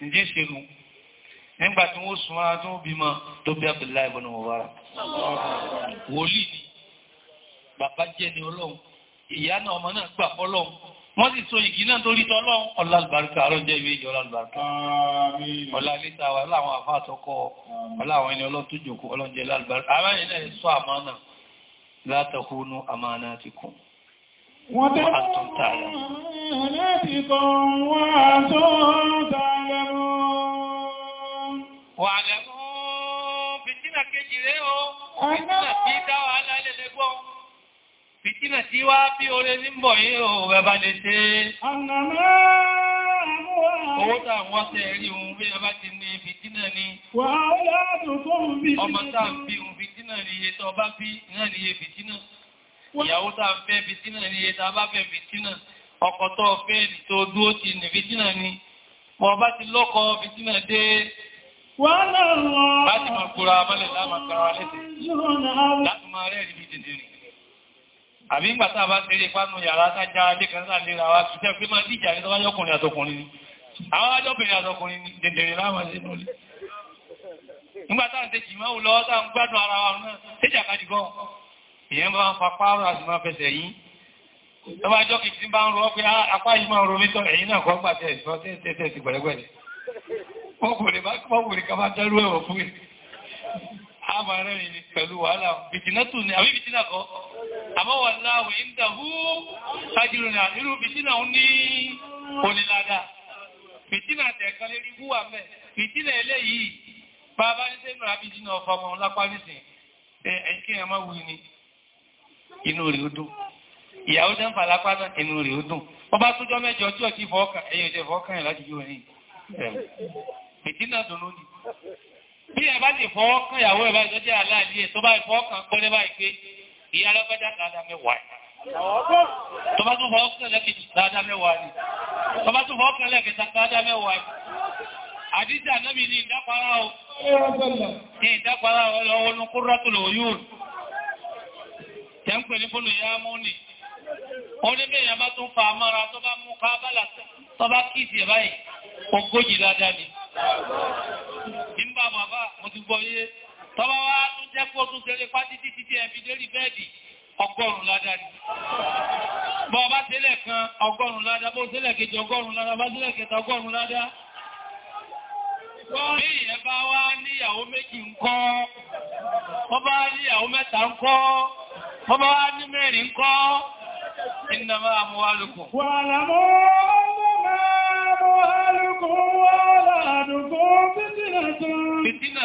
ǹdí ìṣèlú nígbà tí wọ́n sùn ara tí wọ́n bímọ tó bí Abdullahi ibn Mubarak wòlíì ni bàbá jẹ́ ni ọlọ́run ìyá náà ọmọ náà gbà fọ́lọ́run wọ́n sì so ìgì náà torí tọ́lọ́run ọlá àlùbáríkà àrọ́ jẹ́ ìwé ìjọ ọlá àlùbáríkà ọlá lítà wà láwọn àfá àtọ́kọ́ ọlá àwọn ẹni ọlọ́run tó jòkó ọlọ́run jẹ́ àlùbáríkà ara ẹ̀nà ẹ̀sọ́ àmánà látàkúnú wọ́n Wà lẹ́mú fìtínà kejì rẹ̀ o, fìtínà tí dáwà alálẹ́lẹ́gbọ́n. Fìtínà tí wá bí oore ní mbọ̀ yìí o, bàbá lè ṣe. Owó tàà wọ́n tẹ̀ rí ohun bí ọba ti ní fìtínà ni. Wà á yàtò fún fìtínà. Ọmọ tàà fìtínà ni iye tó bá bí náà ni iye fìtínà. Ìyàwó tàà fìtínà ni iye ni tó dúó ti ní fìtínà ni. Wọ́nà lọ. Láti máa kúra abálẹ̀ láàmàá kára lẹ́sẹ̀. Láti máa rẹ̀ rí bí dìdì rìn. Àbí ń gbàtà bá tẹ́rẹ pánú yàrá sájá alé kan sáà lè ra wá kìí tẹ́ pé máa díjà ní tọ́wájọ́kùnrin àtọkùnrin ni. Àwọn ajọ́bìnrin àtọkùnrin ni ọkùnrin bá pọ̀wùrí ká bá dárú ẹ̀wọ̀ fún ẹ̀ a ma rẹ̀rin ni pẹ̀lú wàhálà bìtínátù ni àbí bìtínà kọ́ àmọ́wà láwẹ̀ ń dàbú sájìrò ní àdírú bìtínà ń ní onílada bìtínà tẹ̀ẹ̀kan lè rí wúwà mẹ́ bìtínà eléyìí bàbá ní sẹ́nu àbìtínà ọ̀fà ọmọ lápá nísìn ẹ̀kí ẹ̀má wù ní inú rẹ̀ ó dùn ìyàwó jẹ́ ń fà lápá náà inú rẹ̀ ó dùn ọba tó jọ mẹ́jọ tí ọ̀ ìdínà dùn lónìí bí ẹ bá ti fọwọ́ kan ìyàwó ẹ bá ìjọ jẹ́ aláàlí ẹ tó bá ìfọwọ́ kan pẹ́lẹ́ báyìí pé ìyá alágbájá dáadáa mẹ́wàá tó bá tún fọwọ́ kan lẹ́kẹ̀ẹ́ dáadáa mẹ́wàá ni tó bá tún fọwọ́ kan lẹ́kẹ̀ẹ́ dáadáa mẹ́wàá ni àdíjà náàbì ní ìdápàrá o ní ìdápàrá ọlọ́wọ́ ní kúrò tó lò yóò tẹ́ ń pè ní fóònù ya mú nì ó ní bẹ́ẹ̀ yàmá tó ń fa Ìmbà bàbá, mo ti gbọ́ yé, tọ́bá wá tún jẹ́ kó tún tẹ́lé pátí títí tí ẹ̀bí lérí bẹ́ẹ̀dì ọgọ́rùn-ún ládá ni. Bọ́ bá tẹ́lẹ̀ kan ọgọ́rùn-ún ládá, bó tẹ́lẹ̀ kejì ọgọ́rùn-ún ládá, bá tẹ́lẹ̀ kẹta ọgọ́rùn-ún ládá. Bí ìyẹn bá wá níyàwó méjì ń kọ́, wọ́n bá níyàwó mẹ́ta ń kọ́, wọ́n bá wá ní mẹ́rin ń kọ́, ìnàmọ́ àmúwálùkù. Wà lámọ́ ọmọ máa أموالكم وأولادكم فتنة فتنة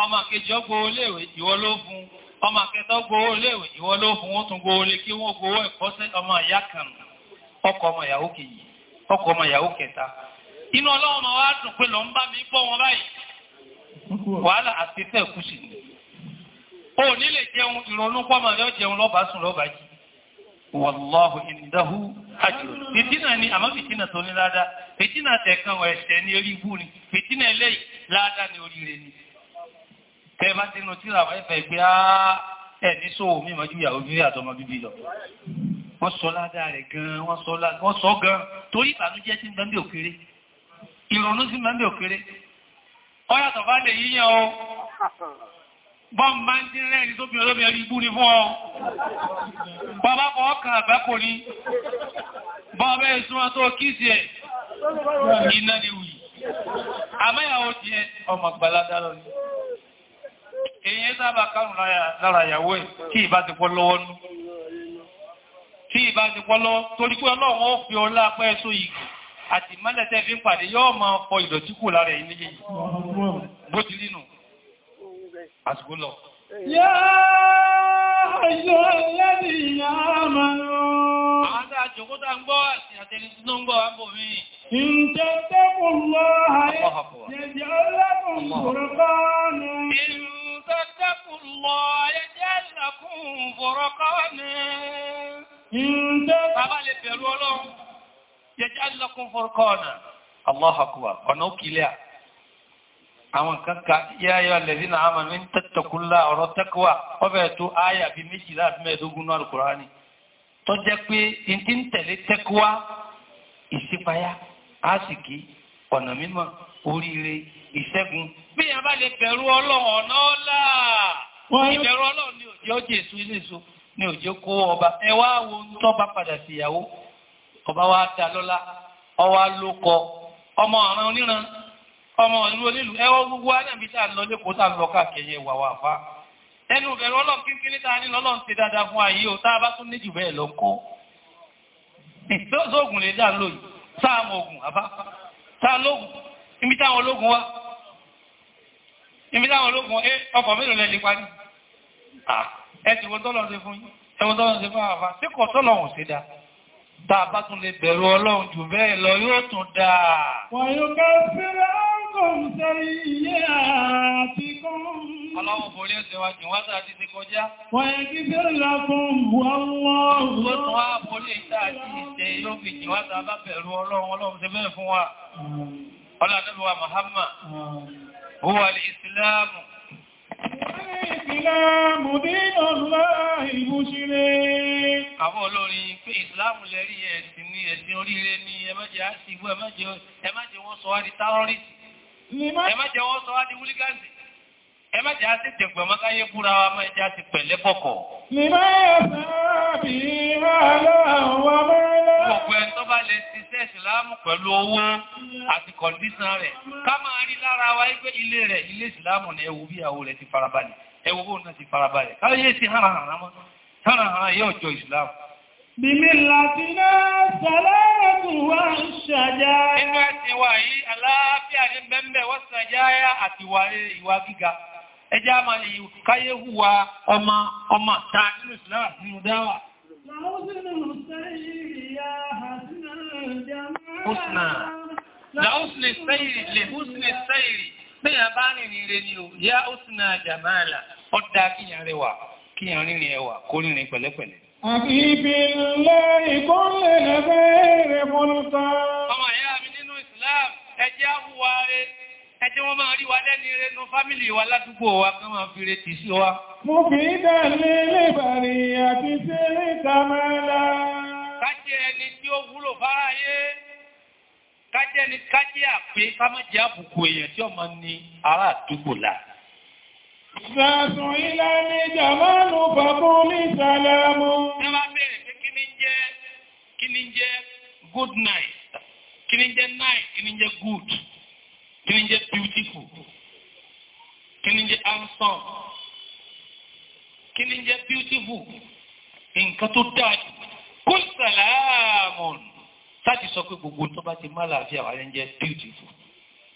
ọmọ kejì ó gbọ́ ìwọ ló fún ọmọ kẹta ó gbọ́ ìwọ ló fún wọ́n tún gbọ́ olé kí wọ́n gbọ́ ẹ̀kọ́sẹ́ ọmọ ìyá kan ọkọ ọmọ ìyàwó kejì ọkọ ọmọ ìyàwó kẹta inú ọlọ́run ó nílé jẹun ìrònú pọ́mọ̀ rẹ̀ jẹun lọ́bàá sùn lọ́bàá jí wàláhù ìdáhù àjò fìtínà ni àmọ́ fìtínà tó ní ládá fìtínà tẹ̀kan ẹ̀ṣẹ̀ ní orí ibú ni fìtínà eléyìí ládá ní oríire ni tẹ́ bá tínú tíra ẹ̀fẹ̀ gbé ẹ̀ ní sóò mímọ̀ ju ìyàwó wọ́n sọ wọ́n sọ gan torí ìbànújẹ́ bọ́m bá ń tí rẹ̀ ní tó bí olóbi ẹ̀rí ibú ní fún ọ bọ́bá kọ́ ọkàn àbákò ní bọ́ọ̀bẹ́ ìsúnmọ́ tó kíìsì ẹ̀ iná ni wùí àmẹ́yàwó ti ẹ ọmọ gbàládá lọ ní èyí sábà kárùn lára ìyàwó ẹ̀ tí ìbá ti pọ́ lọ́wọ́ nú tí ìbá ti pọ́ lọ́wọ́ torí pé ọlọ́run ó fi ọlá pẹ́ só ìgì àti mọ́lẹ̀tẹ́ fi ń pàdé yóò máa fọ àsìkò lọ. Yá ayọ́ ẹlẹ́ni ìyá àmàlò. Àwọn àjò kó tá ń gbọ́ àti àtẹni tí ó ń gbọ́ àbò mi. Ǹjẹ́ tẹ́kù lọ ayé, yẹ̀jẹ̀ ọlẹ́kùn fòrọ̀kọ́nù. Ǹjẹ́ tẹ́kù lọ ayé jẹ́ ẹ̀lẹ́kùn fòrọ̀kọ́nù. Ǹjẹ́ bàbá lè bẹ̀rù ọlọ́run, yẹ̀jẹ̀ ẹ̀lẹ́kùn fòrọ̀kọ́nù. Allah akbar, ọ̀nà òkìlẹ̀ àwọn kankan yáyọ lẹ́dí na àmà ní tẹ́tẹ̀kúnlá ọ̀rọ̀ tẹ́kọwà ọbẹ̀ tó áyà bí méjìlá àti náà tó jẹ́ pé in ti ń tẹ̀lé tẹ́kọwà ìṣípayá àsìkí ọ̀nà mímọ́ oríire ìṣẹ́gun bí a bá lè bẹ̀rù Ọlọ́run ọ̀nà ìbẹ̀rù Ọlọ́run ni òjò ọmọ ìlú onílù ẹwọ́ gbogbo alẹ́bí tàà lọ lẹ́kọ́ tàà lọ káàkiri wà wà fá ẹnu bẹ̀rẹ̀ ọlọ́n kíkiri tàà ní lọ́lọ́n ti dáadáa fún ayé o tàà bá tún níjù bẹ́ẹ̀ lọ kó lọ́sọ̀gùn lè dà lóyìn sáà mọ̀ ogun àbá sáà lógun ibi táwọn ológun wá ibi táwọn ológun ẹ ọkọ̀ mélòó lẹ́ni parí ẹ ti wọ́n tún lè bẹ̀rù ọlọ́run jù bẹ́ẹ̀ lọ yóò tún dáa. wọ́n yóò bá sílẹ̀ kún sẹ́yẹ àti kún. Ọlọ́run borí ẹ̀sẹ̀ wa jùn wá sáà ti ti kọjá. Wọ́n yẹ kí fẹ́ lọ fún wọ́wọ́. Ó tún wá borí ìta àti ìṣẹ́ yóò fi jìn wá sáà bá bẹ̀rù ọlọ́run ọlọ́run ti bẹ́ẹ̀ fún wa. Ọlọ́run wa Muhammad. Ó wà ní Ìsìláàmù. Ìsìláàmù dínà láà ìbúṣílẹ̀. Àwọn olórin pé Ìsìláàmù lẹ́rí ẹ̀sìn ní ẹ̀sìn oríire ní ẹmẹ́jẹ̀ àṣìgbó ẹmẹ́jẹ̀ wọ́n sọ wá di tárọ́rìsì ẹ má jẹ́ wọ́n sọ wá di wúlígáǹdì ẹ má jẹ́ á sì jẹ̀gbẹ̀ mọ́káyé búra wa má jẹ́ á ti pẹ̀lẹ́ bọ̀kọ̀. Ọ̀pọ̀ ẹ̀ tó bá lè ti ṣẹ́ ìsìláàmù pẹ̀lú owó àti kọ̀ndíṣàn rẹ̀, ká máa rí lára wa ẹgbẹ́ ilé rẹ̀, ilé ìsìláàmù ni ẹwù bí àwọ̀ rẹ̀ ti farabalẹ̀, ẹwù bóun náà ti farabalẹ̀. Káyé sí hàràhàrà mọ́, hàràhàrà yóò jọ ìsìláàmù. Bìmílàtínà sàlẹ́rẹ̀tù wà ń ṣàjáyá. Inú ẹ̀sìn wà yìí, àlàáfíà ní mẹ́mẹ́ wọ́n ṣàjáyá àti ìwà gíga. Ẹjá ma lè káyé hùwà ọmọ ọmọ ta nínú ìsìlára nínú dáwà. Láúsìnì sẹ́yìrì lè húsìnì sẹ́yìrì bẹ́yà ó sì náà ọ Àfi billah ìkọ́lẹ̀ lẹ́fẹ́ rẹ̀ mọ́lúta. Ọmọ ìyá mi nínú Ìsìláàmù, ẹjẹ́ àwúwa rẹ̀, ẹjẹ́ wọ́n máa rí wa lẹ́ni rẹ̀ nù fámìlì wa ládùúgbò wa kán máa fi retí sí wa. Mo fi dálé lẹ́bàrí àti sí ìtàmẹ́lá. ni kájẹ́ àpé ká má jẹ́ àbùkù èèyàn tí Ṣàtù ilá ní jàmánù bàbú ní sàlámù. Ẹ máa bèèrè pé kí ni jẹ́ kí ni jẹ́ good night, kí ni jẹ́ night, kí ni jẹ́ good, kí ni jẹ́ beautiful, kí ni jẹ́ handsome, kí ni jẹ́ beautiful, nǹkan tó dájú. Kul sàlámù. Sáàtì sọ pé gbogbo tó bá ti má làáfíà wà ní jẹ́ beautiful.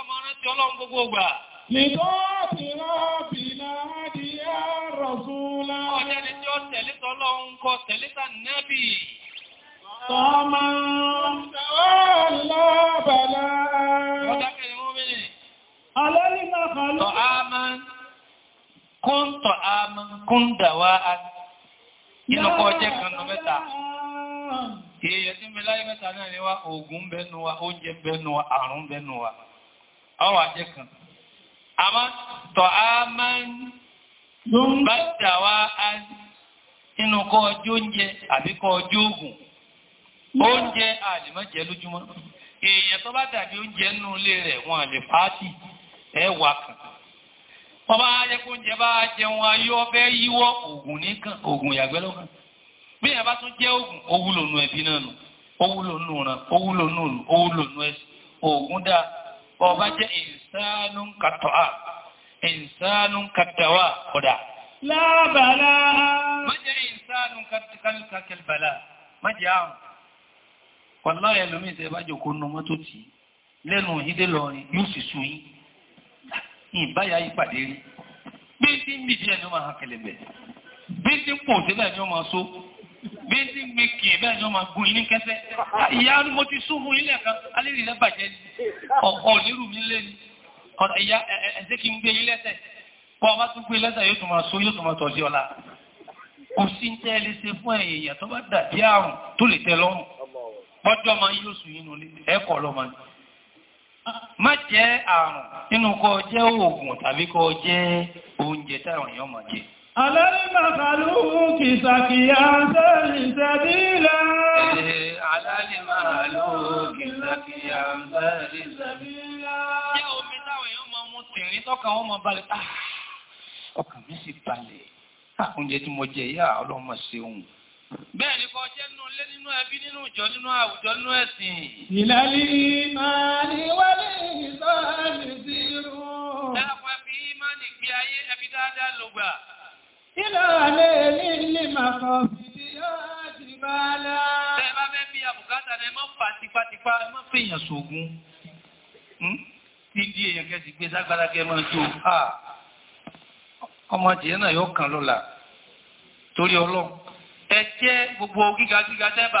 ọmọ rántí ọlọ́run gbogbo gbà. Nìtọ́ọ̀tì rọ́bì náà di rọ̀súlá. Ọjẹ́ ni tí ó tẹ̀lé tọ́lọ́run kọ tẹ̀lé tànẹ́bì. Tọ́mà ọlọ́bàlá. Ọjọ́kẹ̀rẹ̀ mú mi nì. Alẹ́ ní màkàlú. Tọ́ ámà kún tọ́ ámà kún dàwà á. Ìlọ́kọ̀ ọjẹ́ kan nọ mẹ́ta. Èèyàn tí mi láyé mẹ́ta bẹ́nu wa, oúnjẹ bẹ́nu wa, àrùn bẹ́nu wa ọwà jẹ́ kan. Àmọ́ tọ̀ á máa ń bá dàwà inú kọ́ ọjọ́ oúnjẹ àbí kọ́ ọjọ́ oògùn. Oúnjẹ àlèmọ́jẹ lójúmọ́. Èèyàn tó bá dàbí oúnjẹ nínú ilé rẹ̀ wọn lè pàátì ẹwà kan. Wọ́n bá jẹ́ kó oúnjẹ bá jẹun ayọ́ ọbẹ̀ yíwọ́ oògùn nìkan, oògùn ìyàgbẹ́ lọ́kàn. Bí ẹ̀ bá tún jẹ́ oògùn, owúlò nù ẹbí náà nù, owúlò nù ràn, owúlò nù òògùn dáa bọ̀ọ̀bá jẹ́ ìsánú kàtọ́à ìsánú kàtàwà kódà lábàlá má jẹ́ ìsánú kàtàkàlbàlá má jẹ́ àrùn pọ̀lá ẹlòmí ìtẹ́ bá jòkó nù mọ́tò tí lẹ́nu ìdé lọrin yóò sì sú yí ìbáyà ìpàdé rí bí tí ń bìí bíndín mi kì í bẹ́ẹ̀ ni wọ́n máa gún iní kẹsẹ́ ìyá mo ti sún fún ilé ẹ̀kan alẹ́rìí bàjẹ́ ni ọ̀pọ̀ onírù mi lé ni ìyá ẹ̀ẹ́dẹ́ kí n gbé ilé ẹ̀tẹ̀ pọ̀ ọba tún gbé lẹ́tẹ̀ yóò tún máa so yóò tún máa tọ̀jú ọ̀la kò sí ń tẹ́ lé ṣe fún èèyàn tó bá dàbí àrùn tó lè tẹ́ lọ́rùn bọ́jọ́ máa yóò sùn yínú ẹ̀kọ́ lọ́mọ ni má jẹ́ àrùn nínú kó jẹ oògùn tàbí kó jẹ oúnjẹ táwọn èèyàn máa jẹ Alálìmàkàlùkì sàkìyà sẹ́yìn sẹ́bílá. Alálìmàkàlùkì sàkìyà sẹ́yìn sẹ́bílá. Ṣé omi táwọn èèyàn máa mú tìrín tọ́kàn wọ́n máa balẹ̀? Ah, ọkàn mi sì balẹ̀. Ah, oúnjẹ tí mo jẹ yá ọlọ́mọ sí ohun. Bẹ́ẹ̀ ni kọ jẹ́ nínú ilé nínú ẹbí nínú ìjọ nínú àwùjọ nínú ẹ̀sìn. Ìlàlí máa ní wálé ìsọ́ọ̀lù sí irú. Dáàbọ̀ ẹbí máa ní ayé ẹbí dáadáa lògbà. Kílọ̀ alẹ́ ní ilé máa kọ̀ fìdí yóò ti bá lá. Ẹ bá fẹ́ bí àbùkátà rẹ mọ́ fà tipátipá, mọ́ fi èèyàn ṣògùn. Tí hmm? di èèyàn kẹsì gbé ságbára kẹ máa jó, à, ọmọ jẹ́ náà yóò kàn lọ́la torí ọlọ́run. Ẹ jẹ́ gbogbo gíga gíga tẹ́bà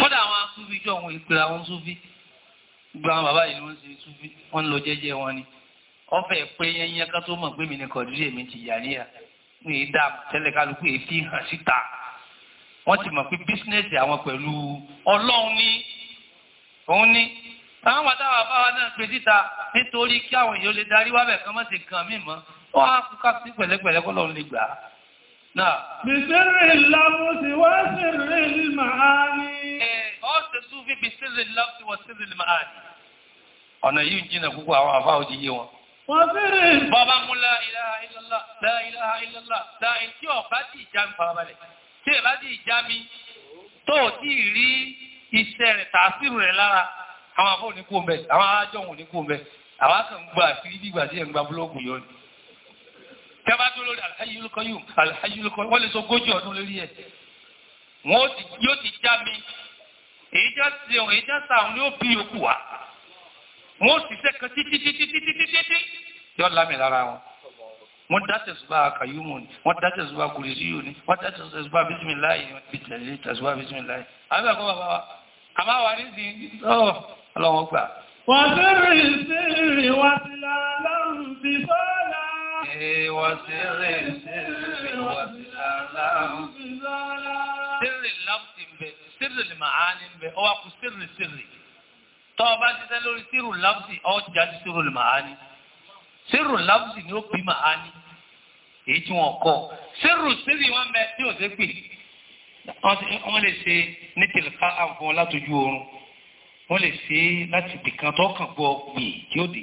Kọ́dà àwọn asúfí jọ wọn ìpèrè àwọn súfí. Gbogbo àwọn bàbá ìlú ń ṣe súfí, wọ́n lọ jẹ́jẹ́ wọn ni. Ọfẹ́ pé yẹnyẹ ká tó mọ̀ pé mi ni kọ̀dúrí èmi ti yà níyà. Ní ìdá tẹ́lẹ̀ kálukú èéfì hàn síta. Wọ́n ti mọ̀ pé bísínẹ́sì àwọn pẹ̀lú ọlọ́run ní. Òun ní. Àwọn àtàwà bá wa náà pè síta nítorí kí àwọn èèyàn lè darí wábẹ̀ kan mọ́ Bìsírì lámú sí wá sírì màáni. Ọ́ ṣe súnfí bìsírì lámú sí wá sírì màáni. Ọ̀nà yìí jìnà púpọ̀ àwọn àfá òjì yé wọn. Wọ́n sírì. Bọ́bá mú láìláha ìlàlá, láìláha ìlàlá, láì tí ọ̀bá tí ìjá mi farabalẹ̀. Tí ẹ̀bá tí ìjá mi tó tí rí iṣẹ́ rẹ̀ tàásìrù rẹ̀ lára àwọn àfọ́ Tẹ́bá tó lórí Al-Hayyul Qayyum, Al-Hayyul Qayyum, wọ́n lè so gójì ọdún lórí ti já وسر السر والسلام سر اللفظ سر المعاني هو سر السر tó bá ti tẹ́ lórí sírù lábùsì ọjà ti sírù màání sírù lábùsì ni ó bí màání èyí tí wọ́n kọ́ sírù sírì wọn bẹ tí ò sí pè wọ́n lè ṣe ní tìlìkà àǹfọ̀n látòjú oorun wọ́n lè ṣe láti bìkan tó kàn gbọ́ pè tí ó dé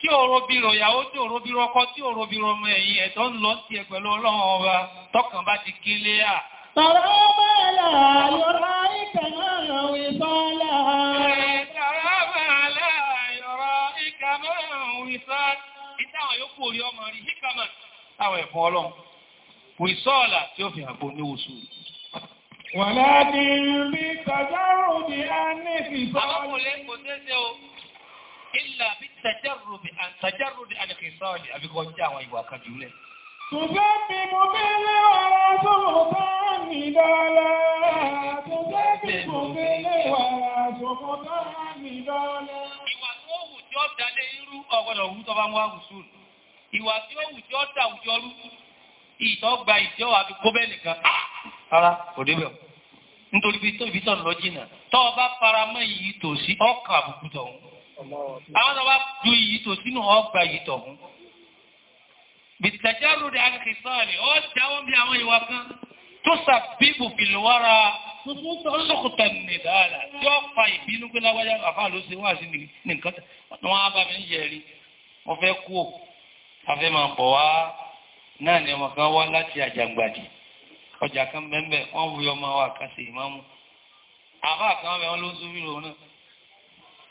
tí òrobìrò ìyàwó tí òrobìrò ọkọ tí òrobìrò ọmọ ẹ̀yìn ẹ̀tọ́ ń lọ sí ẹgbẹ̀lú ọlọ́run ọba tọ́kàn bá ti kí lé à. Tọ̀rọ bẹ́ẹ̀lá yọ̀rọ̀ ìkàmọ́ òwe sọ́lá. Tọ̀rọ bẹ́ẹ̀lá yọ̀rọ̀ ìkàmọ́ òwe sọ́lá. Ìtàwọn yókù orí ọmọ rí híkàmọ̀ táwọn ẹ̀fọn ọlọ́run. Wì sọ́ọ̀là tí ó fi àpò ní oṣù. Wọ̀lá ti rí bí á ní ìfìfọ́. Àwọn kò lè kò tẹ́sẹ̀ o. ilà bí tàjárùbì àtàjárùbì àdìkìsọ́ọ̀lì àbíkọ́ jẹ́ àwọn ìwà kan jùlẹ̀. Tùfẹ́ bí mo fẹ́ lé ọ̀rọ̀ tó mọ̀ bá mi dọ́lá. Tùfẹ́ bí mo fẹ́ lé ọ̀rọ̀ tó mọ̀ bá mi dọ́lá. Ìwà Nítorí bí tó lọ jìnà, ọkà àwọn ọba ju iyì tó sínú ọgbà iyì tọ̀hún bìtàjárò rẹ̀ akẹ́sọ́ọ̀lì ó jáwọ́ bí àwọn ìwà kan tó sàbíbù fìlúwára sókùtà nìdáàlà tí ó fa ìbínú pé lágbájá àfá ló ṣe wá sí nìkan wọn á bá mi ń yẹ̀rí wọ́n fẹ́ kú àfẹ́ máa bọ̀ wá náà ni ọmọ kan wá láti àjàngbàdì ọjà kan bẹ́ẹ̀ wọ́n wúyọ máa wà kásì ìmáàmù àfá kan bẹ́ẹ̀ ló ń súnmí lòun náà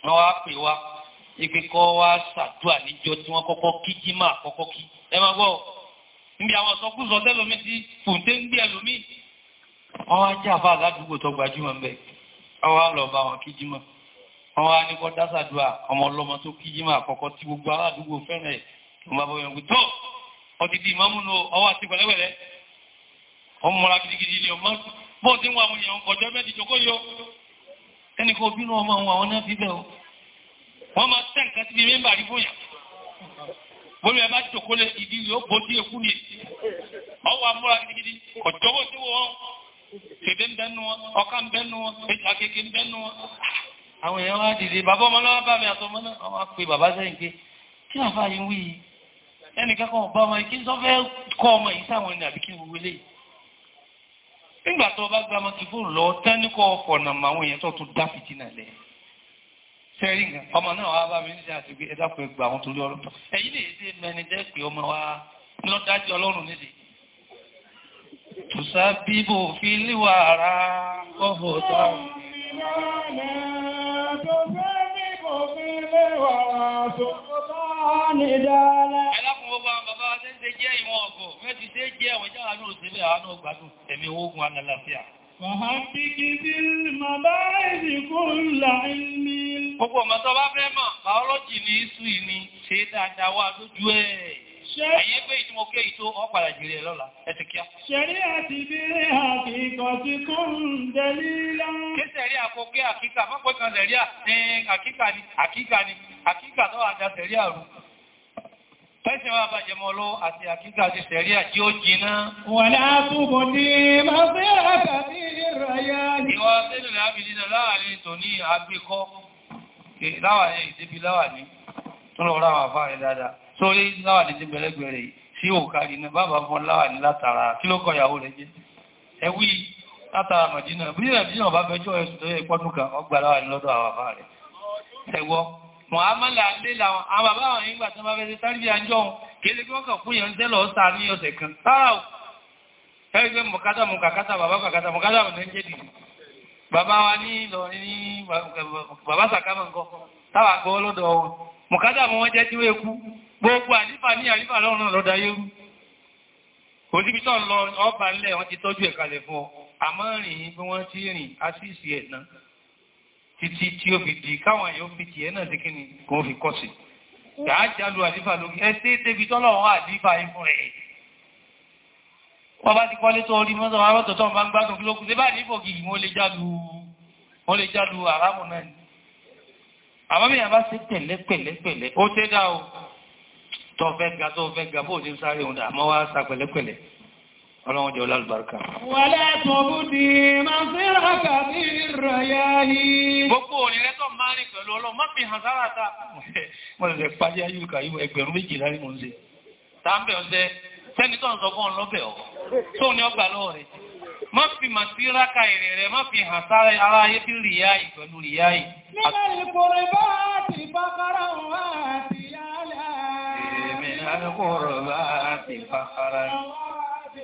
wọ́n wá pè wá ipe kọ́ wá ṣàdúrà níjọ tí wọ́n kọ́kọ́ kí jímà kọ́kọ́ kí ẹ máa gbọ́ níbi àwọn sọkúsọ tẹ́lómi tí fòǹté ń gbé ẹlòmí wọ́n wá jẹ́ àfáà ládùúgbò tó gbajúmọ̀ ń bẹ̀ wọ́n wá lọ bá wọn kí jímà wọ́n wá ní kọ́ dásàdúrà ọmọ ọlọ́mọ tó kí jímà kọ́kọ́ tí gbogbo aládùúgbò fẹ́rẹ̀ ọmọ bọ́ yọ̀ngù tó ọtí di ìmọ̀mú nu ọwọ́ àti pẹ̀lẹ́pẹ̀lẹ́ ọmọ mọ́ra gidigidi ilé ọmọ bọ́ọ̀ ẹnìkan obìnú ọmọ àwọn àwọn náà bíbẹ̀ o wọ́n máa tẹ́ nǹkan tí bí mẹ́mbà rí bóyá bóyá ẹ bá jòkólẹ̀ ìdí yóò bójú èkú ni ọwọ́ amúra gidigidi ọ̀jọ́wọ́ tí wọ́n tèdè ń bẹ́nu wọn ọ̀ká ń bẹ́nu wọn ètò àkèké ń bẹ́nu wọn. àwọn èèyàn wá dìde bàbá ọmọ náà bá mi àtọmọ náà wọ́n pe bàbá sẹ́yìn kí àfáà yín wí yìí ẹnìkan kọ́ ọmọ nígbà tó bá gba mọ́tífóònù lọ tánikọ́ ọ̀nà àwọn èèyàn tó tún dá fìtínà lẹ̀ sẹ́rí nǹkan ọmọ náà wá bá mi ní àti pé ẹ̀dàpọ̀ ẹgbà àwọn torí ọlọ́tọ̀ ẹ̀yìn lè dé mẹ́ni jẹ́ pé ọmọ wa lọ́dájí ọlọ́run nílé tùsà bíbò fi líwà ara ọ̀họ̀ táwọn ẹ̀lá bá ṣe ń ṣe jẹ́ ìwọ̀n ọ̀gọ̀ mẹ́ti ṣe jẹ́ ẹ̀wọ̀n jára ní òṣèlú àwọn ọgbàdùn ẹ̀mí ogun alàlàáfíà. Fàhàkìkì bí màbáìdì kó ńlá ní. Gbogbo ọmọ tó bá fẹ́ mọ̀, bàọ́lọ́jì ní ìsú ìní ṣe dáadáa wá lójú ẹ̀. Ẹ̀yẹ́ pé ìtumọ̀ kí èyí tó ọ̀pàdà jìrì ẹ̀ lọ́la, ẹ kíá. Ṣẹ̀rí àti bí àkíkọ̀ ti kó ń Kí sẹ̀rí àkókè àkíkà, Tẹ́sí wa bá jẹmọ ló àti àkíkà àti sẹ̀rí àjí ó jiná. Wà láàbùbò ní máa fẹ́ àkàbí ìrọ̀yá. Ìwà sẹ́lẹ̀ láàbì nínú láàrin tò ní àgbékọ́, láwàní ìdíbi láwàní, tó lọ ráwà fà rẹ̀ dáadáa. Sórí láwàní mọ̀hámàlà lé làwọn àwọn bàbá àwọn ìgbà tó máa fẹ́ sí tàríbí àjọ ohun kéèlé gbọ́kàn fún yẹn tẹ́lọ ọ́sà ní ọ̀sẹ̀ kan táàwù ẹgbẹ́ mọ̀kátà mọ̀kàkátà bàbá kàkátà mọ̀kátà mọ̀ jẹ́ dì bàbá wa ní Ìlọrin ní bàbá sàkámọ̀ nǹkan táwà gbọ́ lọ́dọ̀ wọn mọ̀kátà mọ̀ wọ́n jẹ́ tí ó ekú gbogbo àlífà ní àlífà lọ́rùn lọ́dà yẹ́rú kò síbi títí tí ó fi di káwọn èèyàn fi tiẹ̀ náà sí kíni kò fi kọ́ sí dájálu àdífà lórí ẹsẹ́ tẹ́bi tọ́lọ̀wọ́ àdífà ìfún rẹ̀ wọ́n bá ti kọ́lé tó orí mọ́sán arọ́tọ̀ tó bá ń gbádùn kí ló kú sí bá nífò kìí wọ́n lè jálu wọ́n lè jálu àrámù náà ni àmọ́ mi àbá sí pẹ̀lẹ́ pẹ̀lẹ́ pẹ̀lẹ́ ó tẹ́ dá o tó fẹ́ ga tó fẹ́ ga bó o ti sáré òun dà mọ́ wá sa pẹ̀lẹ́ pẹ̀lẹ́ ọlọ́run jẹ́ olálùbáríkà. wàlẹ́ tó bú di máa ń fẹ́ra kàbí ìrọ̀yà yìí. gbogbo òrìrẹ́ tó máa rìn pẹ̀lú ọlọ́run má fi hàn sára ta. wọ́n lè pàdé ayélujára yìí ẹgbẹ̀rún méjì lárí mò ń ṣe. tá ń bẹ̀ ọ̀sẹ̀ sẹ́ni tó ń sọ fún ọ lọ́bẹ̀ ọ̀ tó ní ọgbà lọ́wọ́ rẹ̀. má fi mà sí ráka èrè rẹ̀ má fi hàn sára ara ayé bí rìyá yìí pẹ̀lú rìyá yìí. nígbà ìkórè bá ti bá kára òun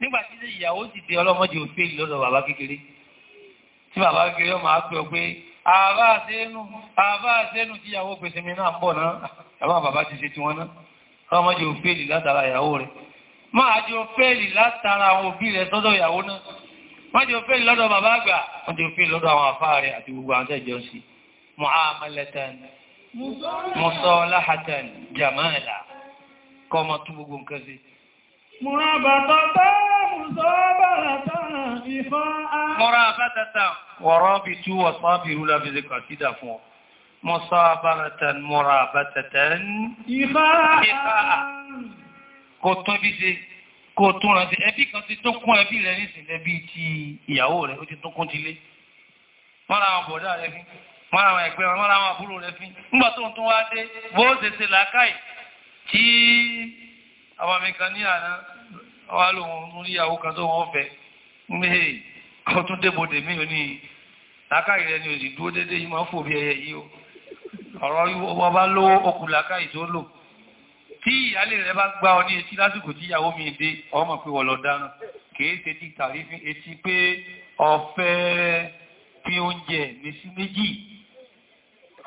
nígbà tí ìyàwó sì dé ọlọ́mọdé òfin lọ́dọ̀ bàbá kékeré tí bàbá kékeré ọmọ á pè ọ pé àbá àṣẹ́nu àbá àṣẹ́nu tí ìyàwó pèsè mi náà ń bọ̀ náà àwọn bàbá ti ṣe tí wọ́n náà ọlọ́mọdé òfin látara ìyàwó rẹ̀ máa jẹ́ òfin látara àwọn òbí rẹ̀ sọ́dọ̀ ìyàwó náà wọ́n jẹ́ òfin lọ́dọ̀ bàbá àgbà wọ́n jẹ́ òfin lọ́dọ̀ àwọn àfáà rẹ̀ àti gbogbo àwọn tẹ́jọ́ sí mu'amalatan musalahatan jamala kọ́mọ tún gbogbo nǹkan sí. mùràbàtà bá مصابرة إخاء مرابطة ورابط وصابر لا بذكر أكيد فوق مصابرة مرابطة إخاء إخاء kò tún ẹbí ṣe kò tún rántí ẹbí kan ti tó kún ẹbí rẹ̀ nísìn ẹbí ti ìyàwó rẹ̀ ó ti tó kún ti lé mọ́ra àwọn bọ̀dá rẹ̀ fi mọ́ra àwọn ẹgbẹ́ wá lóhun níyàwó kan tó wọ́n fẹ́ méè ọtún débòdè mí ò ní lákàrí rẹ ni òsì o ọ̀rọ̀ wọ́n bá lówó okùn làkàrí tó lò tí ìyálé rẹ bá gbá ọ ní etí lásìkò tí ìyàwó mi dé ọmọ pé wọ́n lọ dáná kìí ṣe ti tàrí fi etí pé ọ̀fẹ́ fi oúnjẹ ní sí méjì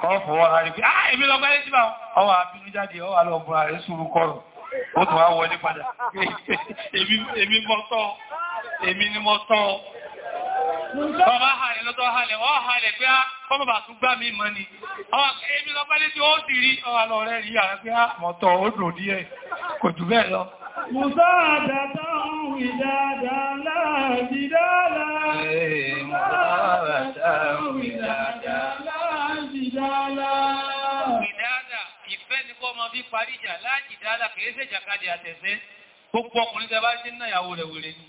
ọ̀fọ̀ wọ́n rárí pé ah èmi lọ gbá létí bá ọwọ́ àbínú jáde ọwọ́ àlọ́ sùúrù kọ̀rọ̀ ó tún wá wọlé padà èmi mọ́tọ́ èmi ni mọ́tọ́ bàbá hàlẹ̀ lọ́tọ́ hàlẹ̀ wọ́n hàlẹ̀ pé á fọ́mọ̀ bà tún gbá mi mọ́ ni èmi lọ pẹ́lẹ́ tí ó sì rí ọwà lọ rẹ̀ rí àrẹ́ pé á mọ́tọ́ ó dò díẹ̀ kò jù bẹ́ẹ̀ lọ Musa àdàtà ohun ìdàdà ọmọ bí parí ìjà láti dáadáa kìí ṣe jàkadì àtẹ̀sẹ́ gbogbo ọkùnrin tẹ bá ṣe ń náyàwó rẹ̀ wèrè ní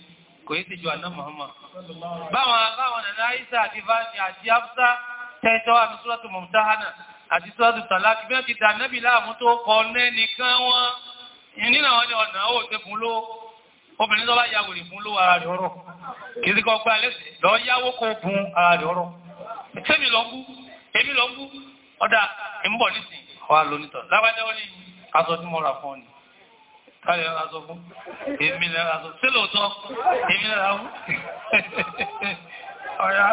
kò yí sí ju àná Muhammad báwọn báwọn nàná Aisha àti Fáàtì àti Hafsa tẹ́tọ́ àti Suratu Mumtahana àti Suratu Talaki àwọn ni ọ̀nà ya wèrè fún ló ara rẹ̀ ọ̀rọ̀ kìí sí kọ́ gbá lẹ́sẹ̀ lọ yáwó kó fún ara rẹ̀ ọ̀rọ̀ ìmúbọ̀ nísìn wà lónítọ̀ lábájá ó ní aṣọ tí mo rà fún ọ̀nì káyọ̀ aṣọ fún èmi lẹ́ra aṣọ sí lóòótọ́ èmi lẹ́ra fún ọ̀yá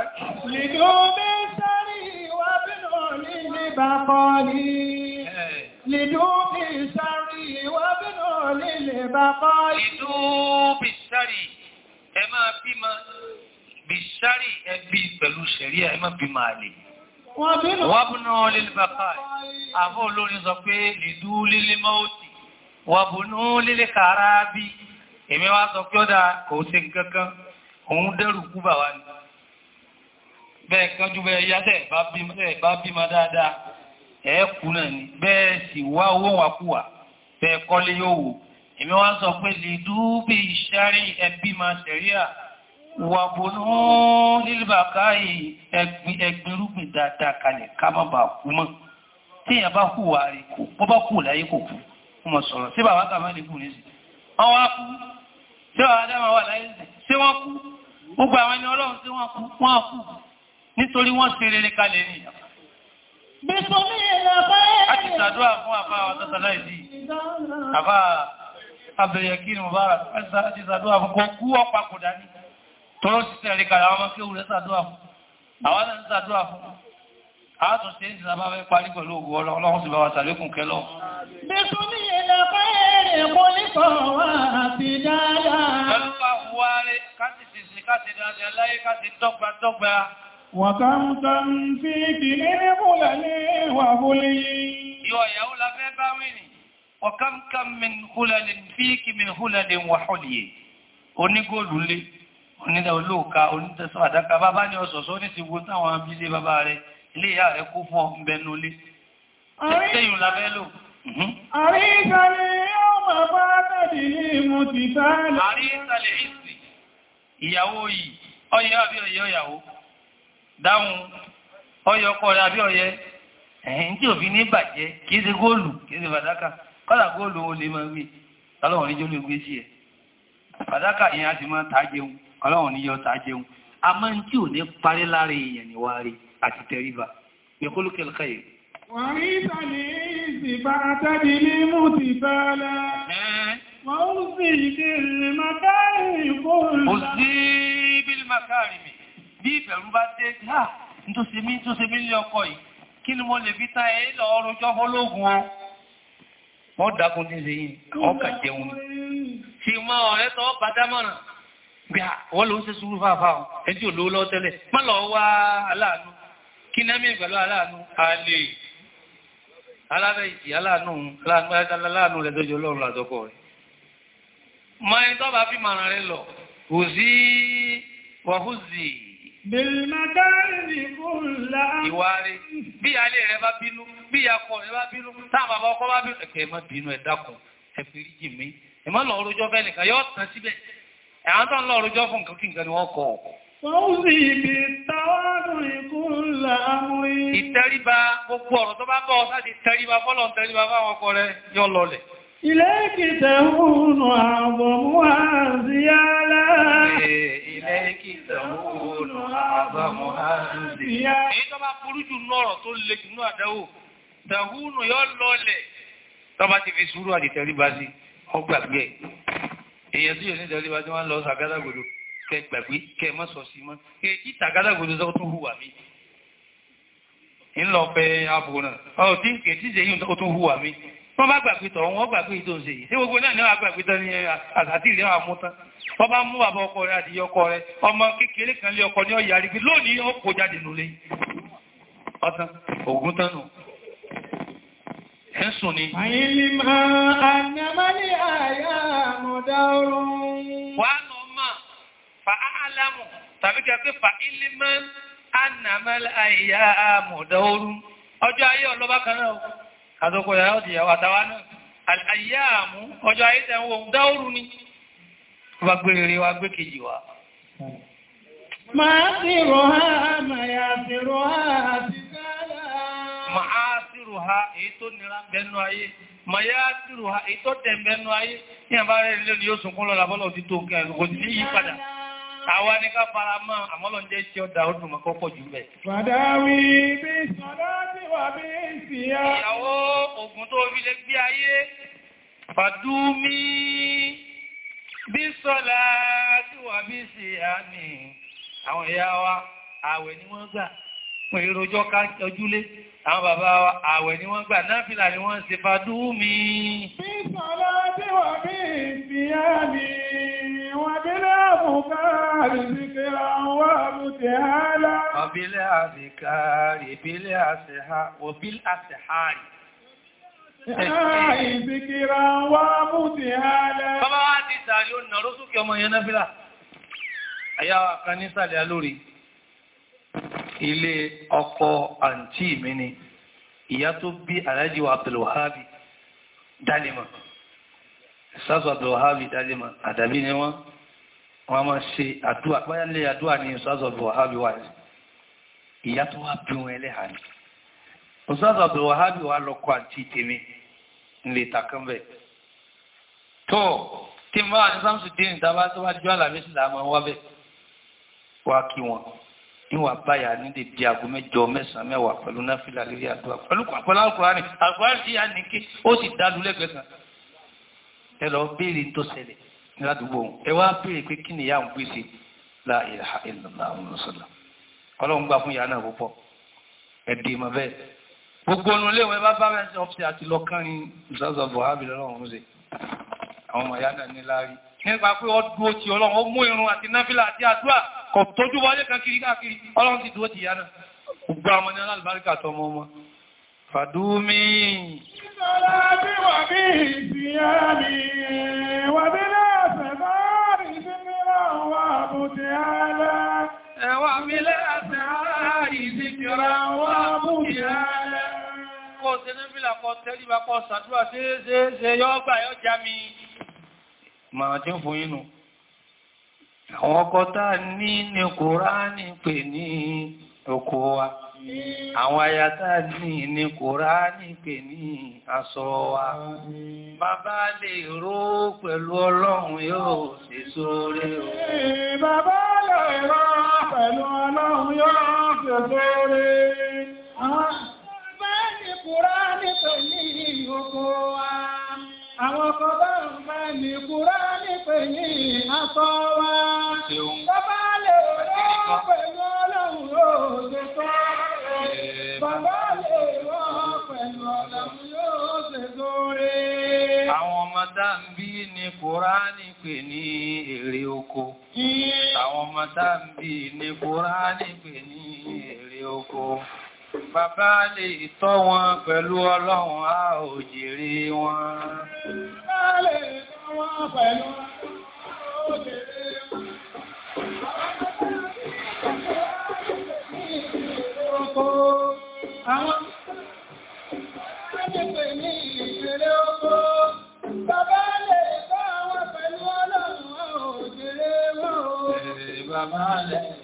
nínú mẹ́sàrí wà wà bínú ní níbà pọ̀ ní nínú mẹ́sàrí ẹ máa bímọ bìsárì ẹbí pẹ̀lú ẹ máa bímọ wábùnú lílbàkà àfọ́ olórin sọ pé lìdú lílé mọ́ọ̀tì wábùnú lílé kààrà bí èmi wá sọ pé ọ́dá kò sí kankan òun dẹ́rù kú bà wá ní bẹ́ẹ̀ kan jú bẹ́ẹ̀ yásẹ̀ bá bímọ dáadáa ẹ̀ẹ́kù náà ni bẹ́ẹ̀ sì wá owó wà kú wà bẹ́ẹ̀ kọ́lé yóò wò wàbòló lílbàká ẹgbìrúgbìn dáadáa kalẹ̀ ká má bà kú mọ́ tí èyàn bá kú wà rí kò bó bá kú láyé kò kú mọ̀ sọ̀rọ̀ sí bàbá kàmá lè kú ní sí wọ́n wá kú tí wọ́n adá máa wà láyé sí wọ́n kú gbogbo àwọn ẹni ọlọ́run tí wọ́n kú wọ́n kú nítorí wọ́n ṣe rere kalẹ̀ ní àti ṣàdúrà fún àbá ọ̀tọ́tọ̀lá ìdí àbá abẹ̀yẹ̀kí ni mo bá rà àti ṣàdúrà fún kò kú ọ̀pá kò dání tọ́rọ títẹ̀ rí kàrà ọmọ kí òwúrẹ́ sàdúwà fún àwọn náà sàdúwà fún àátùn sí ìjìnlá bá fẹ́ parí pẹ̀lú ògùn ọlọ́run sí bá wà sàlékùn kẹlọ Ọ̀kánkán min húlalin fíkì min húlalin wà hùlìyè, onígóòlù onílẹ̀ olóòka onítẹ̀sọ́ àdáka bàbá ní so ni ti wo táwọn abílé bàbá rẹ̀ ilé ìyá rẹ̀ kó fún ọmọbẹnulé tẹ́yìn labẹ́ lò mhm. ìyàwó yìí ọyọ́ àbí ọyọ́ ìyàwó dáhùn ọyọ́ ọkọ rẹ̀ àbí ọyẹ́ ẹ̀yìn tí òfin ní bàjẹ́ kìí ṣe góòlù kìí ṣe fàdákà kọ́là góòlù olè máa gbé tọ́lọ̀wọ̀n ní jólè gbé sí ẹ̀ fàdákà ìyàn àti máa tàá jẹun ọlọ́run ní yọta jẹun a máa ń tí ò ní parí lára èèyàn níwá rí àti tẹríba mẹ́kólókẹ́lẹ́kẹ́ yìí wọ́n rí ìbàlẹ̀ ìsìnbà tẹ́bí ní mú ti bẹ́ẹ̀lẹ̀ wọ́n ó sì ìdílé makárìmì kó bí ìbẹ̀rù bá dé náà tó ṣe mí tó ṣe mí lé ọkọ yìí kí ni mo lè fi tá ẹ lọ ọrùn jọ fọ́lógún o wọ́n dákun tí ń ṣe yìí ọkà jẹun tí mọ́ ọ̀rẹ́ tọ́ bàdámọ̀ràn gbà wọ́n ló ń ṣe sùúrù fàáfàá ọ̀ ẹjí ò lówó lọ́wọ́ tẹ́lẹ̀ má lọ wá aláàánú kí náà mìí pẹ̀lú aláàánú alè alábẹ́ìtì aláàánú aláàánú rẹ̀ tọ́jú ọlọ́run àtọ́kọ̀ rẹ̀ ma ẹ tọ́ bá fi màrà rẹ̀ lọ kò sí wọ̀húzì ìwárí bí alẹ́ rẹ̀ bá bínú bí akọ rẹ̀ bá bínú táàmà bá ọkọ bá bínú ẹ̀kẹ́ má bínú ẹ dákun ẹ fi rí àwọn tó ń lọ ọ̀rọ̀jọ́ fún nǹkan kí nǹkan ni wọ́n kọ̀ Sọ́wọ́sì ibi tàwádùn ìkúnlẹ̀ amúrí. Ìtẹríba gbogbo ọ̀rọ̀ tó bá bọ́ sáti tẹríba fọ́lọ̀ tẹríba fáwọn ọkọ rẹ̀ yọ lọlẹ̀. Ilé kìtẹ̀ hùnù àbọ̀mú àzíyálá. Ilé kìtẹ̀ hùnù àbọ̀mú àzíyálá. Èyí tó bá burú jù lọ́rọ̀ tó le jù ní àdáwò, tẹ̀hùnù yọ lọlẹ̀ tọ́bá ti fi sùúrù àdìtẹríba sí ọgbàgbẹ́. e tí yóò ní ìdẹ̀rí bá tí wọ́n lọ sàgádágodo kẹ gbàgbé kẹ mọ́ sọ sí mọ́ èyí tàgádágodo sọ tó hùwà mí ńlọ pé ààbò náà ọ̀ tí kè tí yìí tó hùwà mí wọ́n bá wọ́n gbogbo náà ní ní mú tán wọ́n bá mú ọkọ ọkọ rẹ̀ ọmọ kékeré kan lé ọkọ ní ọ̀yà rí lónìí ó kó ẹ̀sùn ni. àìlímọ̀ ànàmọ́lé àyà mọ̀dá ọrùn. wà á lọ mọ̀ fa áàlámù tàbí kí a pé fa ìlímọ̀ ànàmọ́lé àyà mọ̀dá ọrùn. ọjọ́ ayé ọlọ́ba kan náà àtọkọ ìyàwó ìyàwó Máa fi rọ̀ ha, yà fi rọ̀ ha, ha èyí tó nira bẹnu ayé mayáàtìrù ha èyí tó tẹ̀ bẹnu ayé ní àbárẹ̀ ilé ni yóò sunkún lọ́la bọ́lọ̀ ti tó kò sí yí padà àwa ní ká fara mọ́ àmọ́lọ́ jẹ́ tí ó dá ó dùn mọ́kọ́ pọ̀ jù bẹ̀. fàdáwí bí sọ́dọ́ ti wà àwọn ìyá wa àwẹ̀ ni wọ́n gbà fún èròjọ́ ojúlé àwọn bàbá àwẹ̀ ni wọ́n gbà náàfílà ni wọ́n ṣe fàdú mi ìsọ̀lá tí wà bí ìfìyà mi wà bí láàbùkárì sí kí àwọn àbútẹ̀ hálà ọbílẹ̀ àbìkárì ìbílẹ̀ àṣẹ̀hárì ilé ọkọ àǹtí mi ni ìyá tó bí aláàjì wa abdulwahabi dálímà àdàbí ni wọ́n wọ́n ma ṣe aduwa báyánlé aduwa ní sásọ Abdullahi wà ní ìyá tó wá bí wọn ẹlẹ́hà ní sásọ abdulwahabi wà lọ́kọ àǹtí tèmi nílé takánbẹ̀ tó tí mo bá wà dín ìdábá tó wá wá níwà báyà ní dèdè aago mẹ́jọ mẹ́sàn-án mẹ́wàá pẹ̀lú náfìlà lórí àdúrà pẹ̀lú àpọ̀lá àkùránì àkùránì tí a ní kí ó sì dánú lẹ́gbẹ̀ẹ́ kan ẹ lọ béèrè tó ṣẹlẹ̀ ládùúgbò ẹ wá béèrè pé kí nìyá ń gbèsè la ilaha illallah ọ̀nà ọlọ́run gbà fún ìyá náà púpọ̀ ẹ̀dè mọ̀ bẹ́ẹ̀ gbogbo ọ̀nà ilé ìwọ̀n bá bá bẹ́ẹ̀ ọ̀fíì àti lọ́kànrin ìsọ́sọ̀ buhari lọ́rùn ṣe àwọn ọmọ ìyá náà ní láàrí nípa pé ọdún ó ti ọlọ́run ó mú irun àti náfìlà àti àdúrà kọ̀ tójú wọlé kakiri káàkiri ọlọ́run ti dúró ti yára gbogbo àmọ́ ní alábáríkà tọmọ ọmọ fàdúmí ìsọ́lá bí wà bí ìsìnyàmí wà bí lẹ́ẹ̀sẹ̀ bá rí sí mìíràn wà bó ti hálà ẹwà mi lẹ́ẹ̀sẹ̀ àárí sí mìíràn wà àwọn ọkọ̀ táà ní ní Kùránì pè ní oko wa àwọn aya táà ní ní Kùránì pè ní aṣọ wa bàbá lè ró pẹ̀lú ọlọ́run yóò ṣe sóre o bàbá lè ró pẹ̀lú ọlọ́run yóò ṣe sóre Bàbá ní Kùránì pè ní oko wa àwọn ọkọ̀ bá ń bá ní kúrá nípe ní aṣọ wa. bàbá lè rọ́ pẹ̀lú ọlọ́run yóò ṣe tọ́. bàbá lè rọ́ pẹ̀lú ọlọ́run yóò ṣe sóre. àwọn ọmọ tá ń bí ní kúrá ní èrè oko. àwọn ọmọ tá ń bí ní kúrá ní èrè oko. Bàbá lè tọ́ wọn pẹ̀lú ọlọ́run á ò jèrè wọn. Bàbá lè tọ́ wọn pẹ̀lú ọlọ́run á ò jèrè wọn. Eh, bàbá lè tọ́ wọn pẹ̀lú ọlọ́run á ò jèrè wọn.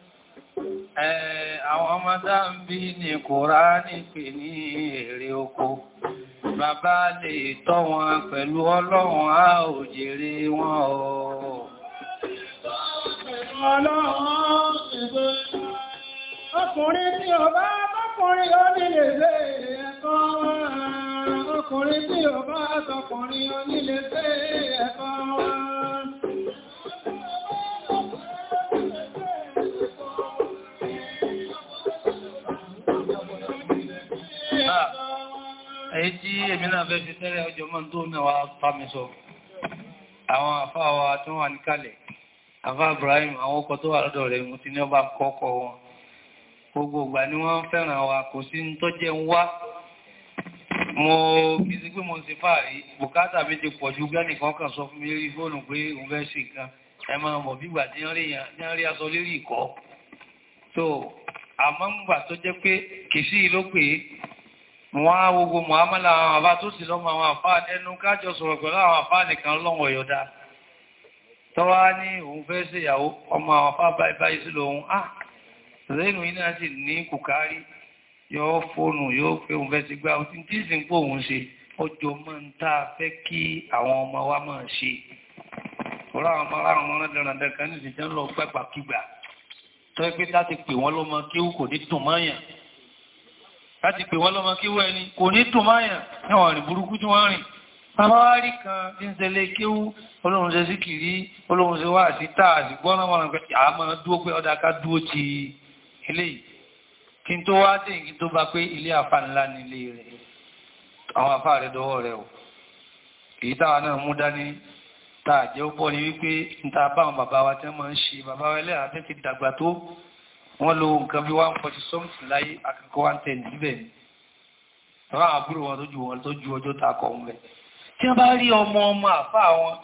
Àwọn ọmọdá ń bí ní Kùránì pè ní èrè oko. Bàbá lè tọ́ wọn pẹ̀lú ọlọ́run á ò jèrè wọn o. Ọkùnrin tí ó bá bọ́kùnrin ó nílé lé ẹ̀kọ́ wọn. Ọkùnrin tí ó bá tọkùnrin ó nílé lé ẹ̀kọ́ wọn. èyí tí èmi náà fẹ́ fi tẹ́rẹ ọjọ́ mọ́ tó mẹ́wàá fámi sọ àwọn àfáà wa tó wà níkàlẹ̀ àfá Ibrahim àwọn ọkọ̀ tó wà lọ́dọ̀ rẹ̀ mú ti ní ọba kọ́kọ́ wọn gbogbo ìgbà ni wọ́n fẹ́ràn wa kò sí tó jẹ́ ń wá mo kì í sí pé mo ti fàárí bùkátà mi ti pọ̀ ju gẹ́nìkan kan sọ fún mi lórí fóònù pé òun fẹ́ ṣe nǹkan ẹ máa mọ̀ bígbà tí wọ́n rí aṣọ lérí ìkọ́ so àmọ́ ń gbà tó jẹ́ pé kìí sí ìlópè wọ́n á gbogbo mọ̀hámọ́lá àwọn àbá tó sì lọ́mọ àwọn àfáà ẹnu kájọ sọ̀rọ̀ pẹ̀lú àwọn àfáà nìkan lọ́wọ̀ yọ̀dá tọ́wá ní òun fẹ́ sí ìyàwó ọmọ àwọn àfáà báyìí báyìí sí lòun ah lẹ́nu iná sì ní kùkárí yọ fóònù yóò pé òun fẹ́ sí gbá ohun tí sì ń pò òun ṣe ọjọ́ mọ́ ń tá a fẹ́ kí àwọn ọmọ wa máa ṣe ọ̀rọ̀ àwọn ọmọ aláwọn ọmọ rẹ̀ dẹ̀rẹ̀ láti pè wọ́n lọ́mọ kíwọ́ ẹni kò ní tò máyà níwọ̀n rìn burúkú tí wọ́n rìn àwárí kan tí ń tẹ́lẹ̀ kéwú olóhun ṣe sí kìrí olóhun ṣe wá àti táà àti gbọ́nà wọn pé àmọ́ dúó pé ọdá ká dúó ti ilé kí n tó wá dé kí n tó bá pé ilé àfà ńlá nílé rẹ̀ àwọn àfà rẹ̀ o èyí táwa náà mú dání táà jẹ́ ó pọ̀ ní wípé níta báwọn bàbá wa tẹ́ máa ń ṣe bàbá wa ẹlẹ́yà tẹ́ ti dàgbà tó wọ́n lo nǹkan bí 140 something láyé akẹ́kọ̀ọ́ 110 níbẹ̀ àwọn àbúrò wọn tó ju wọn tó ju ọjọ́ takọ̀ wọn bẹ̀ tí wọ́n bá rí ọmọ ọmọ àfá wọn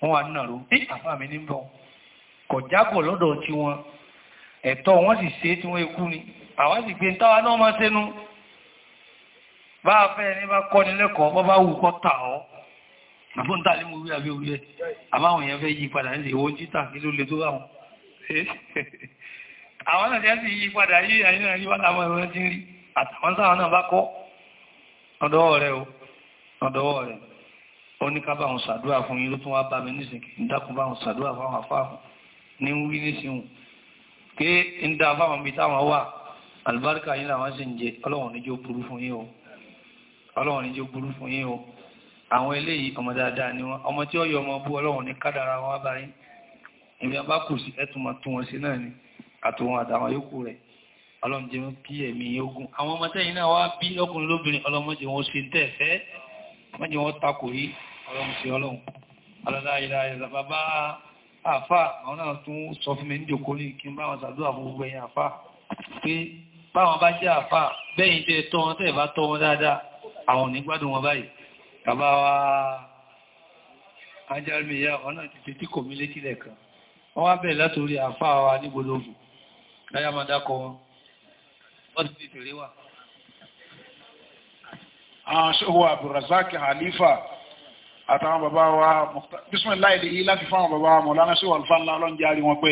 wọ́n wà nínà rú bí àfá mi ní bọ̀ kọ̀ jágọ̀ lọ́dọ̀ tí wọn ẹ̀tọ́ wọ́n sì ṣe tí wọ́n ikú ni àwọn sì gbé táwa náà máa sẹ́nu bá a fẹ́ ní bá kọ́ ni lẹ́kọ̀ọ́ bá bá wù kọ́ tà ọ́ àbúntà ní mo rí àbí orí ẹ̀ àbáwọn èèyàn fẹ́ yí padà ní ìwọ́n títà kí ló le tó báwọn àwọn náà jẹ́ sí yí padà yí àyí náà yí wá láwọn ẹ̀rọ tí ń rí àtàwọn sáwọn náà bá kọ́ ọ̀dọ́wọ́ rẹ̀ o ọ̀dọ́wọ́ rẹ̀ ó ní ká bá wọn ṣàdúrà fún yín ló tún wá bá mi nísìn kí n dákun bá wọn ṣàdúrà fún àwọn afáàfún ní wí ni wọn ọmọ tí ó yọ ọmọ bú ọlọ́wọ̀n ní kádàrà wọn ìbí abá kù sí ẹtùmọ̀ tún wọn sí náà ni àtòun àtàwọn yòókù rẹ̀ ọlọ́mọdé wọn kí ẹ̀mí ogun àwọn ọmọdéyìn náà wá bí lọ́kùnrin lóbìnrin ọlọ́mọdé wọn ṣe ń tẹ̀fẹ́ mọ́jẹ́ wọn takò rí ọlọ́mọdé ọlọ́run alọ́láyìnlá ẹ̀zà bàbá àfà àwọn náà tún sọ fún mi ní jòkó ní kí n bá wọn sàdúrà fún gbogbo ẹ̀yìn àfà pé báwọn bá jẹ́ àfà bẹ́yìn tẹ́ tọ́ ọ̀nà ti fi kò mí létí kan wọ́n wá bẹ̀rẹ̀ látòrí àfà wa ní gbogbo ẹ̀yà máa dákọ wọn wọ́n ti fi fèrè wà. àwọn ah, ṣòwò abdulrasaki halifa àtàwọn bàbá wa bisimilayi lè yí láti fáwọn bàbá wa mọ̀lánà ṣòwò alfànlá ọlọ́njẹ́ àrí wọn pé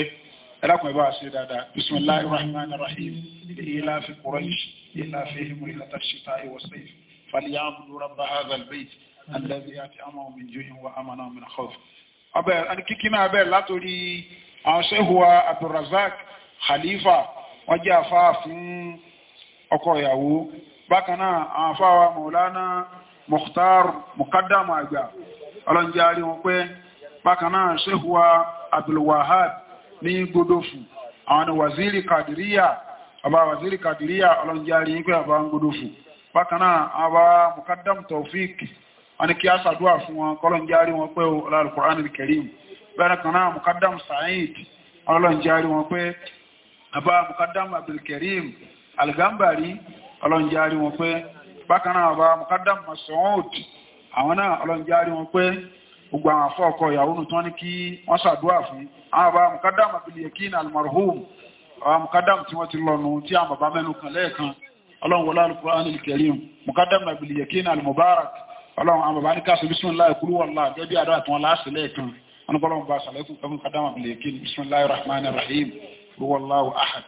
ẹlẹ́kùn ẹ̀bá ṣe dáadáa bisimilayi rahman rahim lè yí láti quraish lè láti himu ìlàtà ṣìta ìwọ̀sẹ̀ fàlíyàmùlú rabba hadha albayt alladhi at'amahum min ju'in wa amanahum kíkí náà abẹ́ látòrí àwọn ah, ṣẹ́hùwà abdulrasaki khalifa wọ́n jẹ́ àfáà fún ọkọ ìyàwó bákanáà àwọn àfáà maulana mukhtar mukaddam àgbà ọlọ́njárí wọn pé bákanáà ṣéhùwa abdulwahab ní godofu àwọn waziri kadiriya ọba waziri kadiriya ọlọ́njárí yí pé àbá ń godofu bákanáà àbá mukaddam taufik wọ́n ní kí a sàdúwà fún wọn kọlọ́njárí wọn pé àbá mukadam abdulkarim algambari ọlọ́njárí wọn pé bákan náà àbá mukadam masoud àwọn náà ọlọ́njárí wọn pé gbogbo àwọn afọ́ ọkọ̀ ìyàwó nù tán ní kí wọ́n ṣàdúrà fún àwọn àbá mukadam abdulyakin almarhum àwọn mukadam tí wọ́n ti lọ́nu tí àwọn bàbá mẹ́nu kan lẹ́ẹ̀kan ọlọ́run alukur'an alkarim mukadam abdulyakin almubarak ọlọ́run àwọn bàbá ní هو الله أحد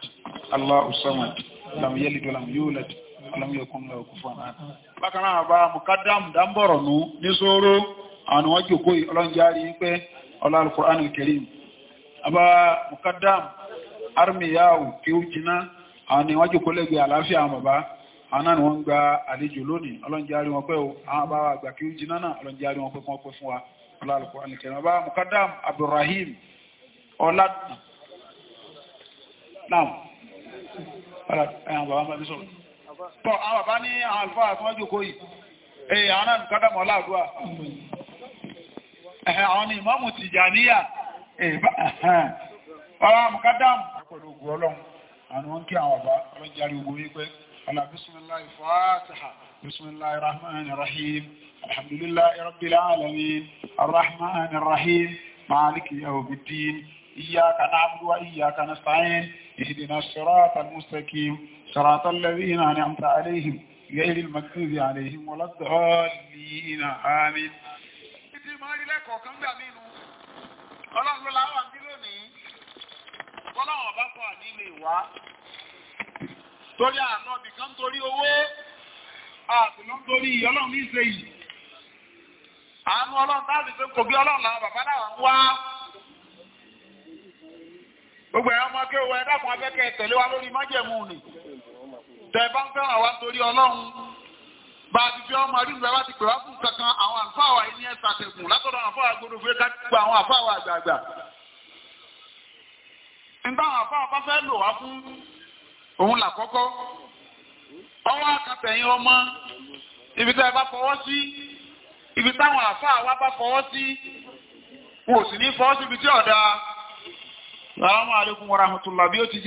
الله الصمد لم يلد ولم يولد ولم يكن له كفوا أحد bákan náà bá mukadam dámbọ̀rọ̀ nù ní sóró àwọn wọ́n jòkó ọlọ́njárí pé ọlọ́rùn-ún alkarim àbá mukadam armiyahu kí ó jiná àwọn wọ́n jòkó lẹ́gbẹ̀ẹ́ àlàáfíà àwọn bàbá àná ni wọ́n gba àlejò lónìí ọlọ́njárí wọn pé àwọn bá àgbà kí ó jiná náà ọlọ́njárí wọn pé kí wọ́n pẹ́ fún wa ọlọ́rùn-ún alkarim àbá mukadam abdulrahim ọlọ́dún náà ẹ̀yàn bàbá mẹ́bí sọ̀rọ̀ tọ́ àwọn bàbá ní àwọn àlùfáà tó wọ́n jòkó yìí èyí àwọn náà kọ́dà mọ́ láàdúwà àwọn ni ìmáàmù Tìjàníyà ọ̀rọ̀ àmùkádàmù pẹ̀lú ogun ọlọ́run àwọn wọn kí àwọn bàbá ọlọ́járí ogun yí pé ala bismillah fatiha bismillah rahman rahim alhamdulillah rabbil alamin arrahman إياك نعبد وإياك نستعين اهدنا الصراط المستقيم صراط الذين أنعمت عليهم غير المكتوب عليهم ولا الضالين آمين Ọlọ́run lọ́la wà ní ọlọ́run ọba pọ̀ nílé wá, torí àánú ọdìkan torí owó, àtìlọ́n torí ọlọ́run ní ìṣe yìí. Àánú ọlọ́run táàbì pé kò gbé ọlọ́run láwọn bàbá náà wá. gbogbo ẹ̀rọ ọmọ kí o wẹ dákun afẹ́kẹ́ tẹ̀lé wa lórí májẹ̀mú ni tẹ̀ bá ń fẹ́ràn wa torí ọlọ́run bá a ti fi ọmọ rí ìgbà bá ti pè wá fún kankan àwọn àlùfáà wa ní ẹ̀sà látọ̀dọ̀ àwọn àfáà gbọdọ̀ fún àwọn àfáà àgbààgbà. nígbà àwọn àfáà bá fẹ́ lò wá fún òun làkọ́kọ́ ọwọ́ akatẹ̀yìn ọmọ ibi tẹ́ bá fọwọ́ sí ibi táwọn àfáà السلام عليكم ورحمه الله بيوتي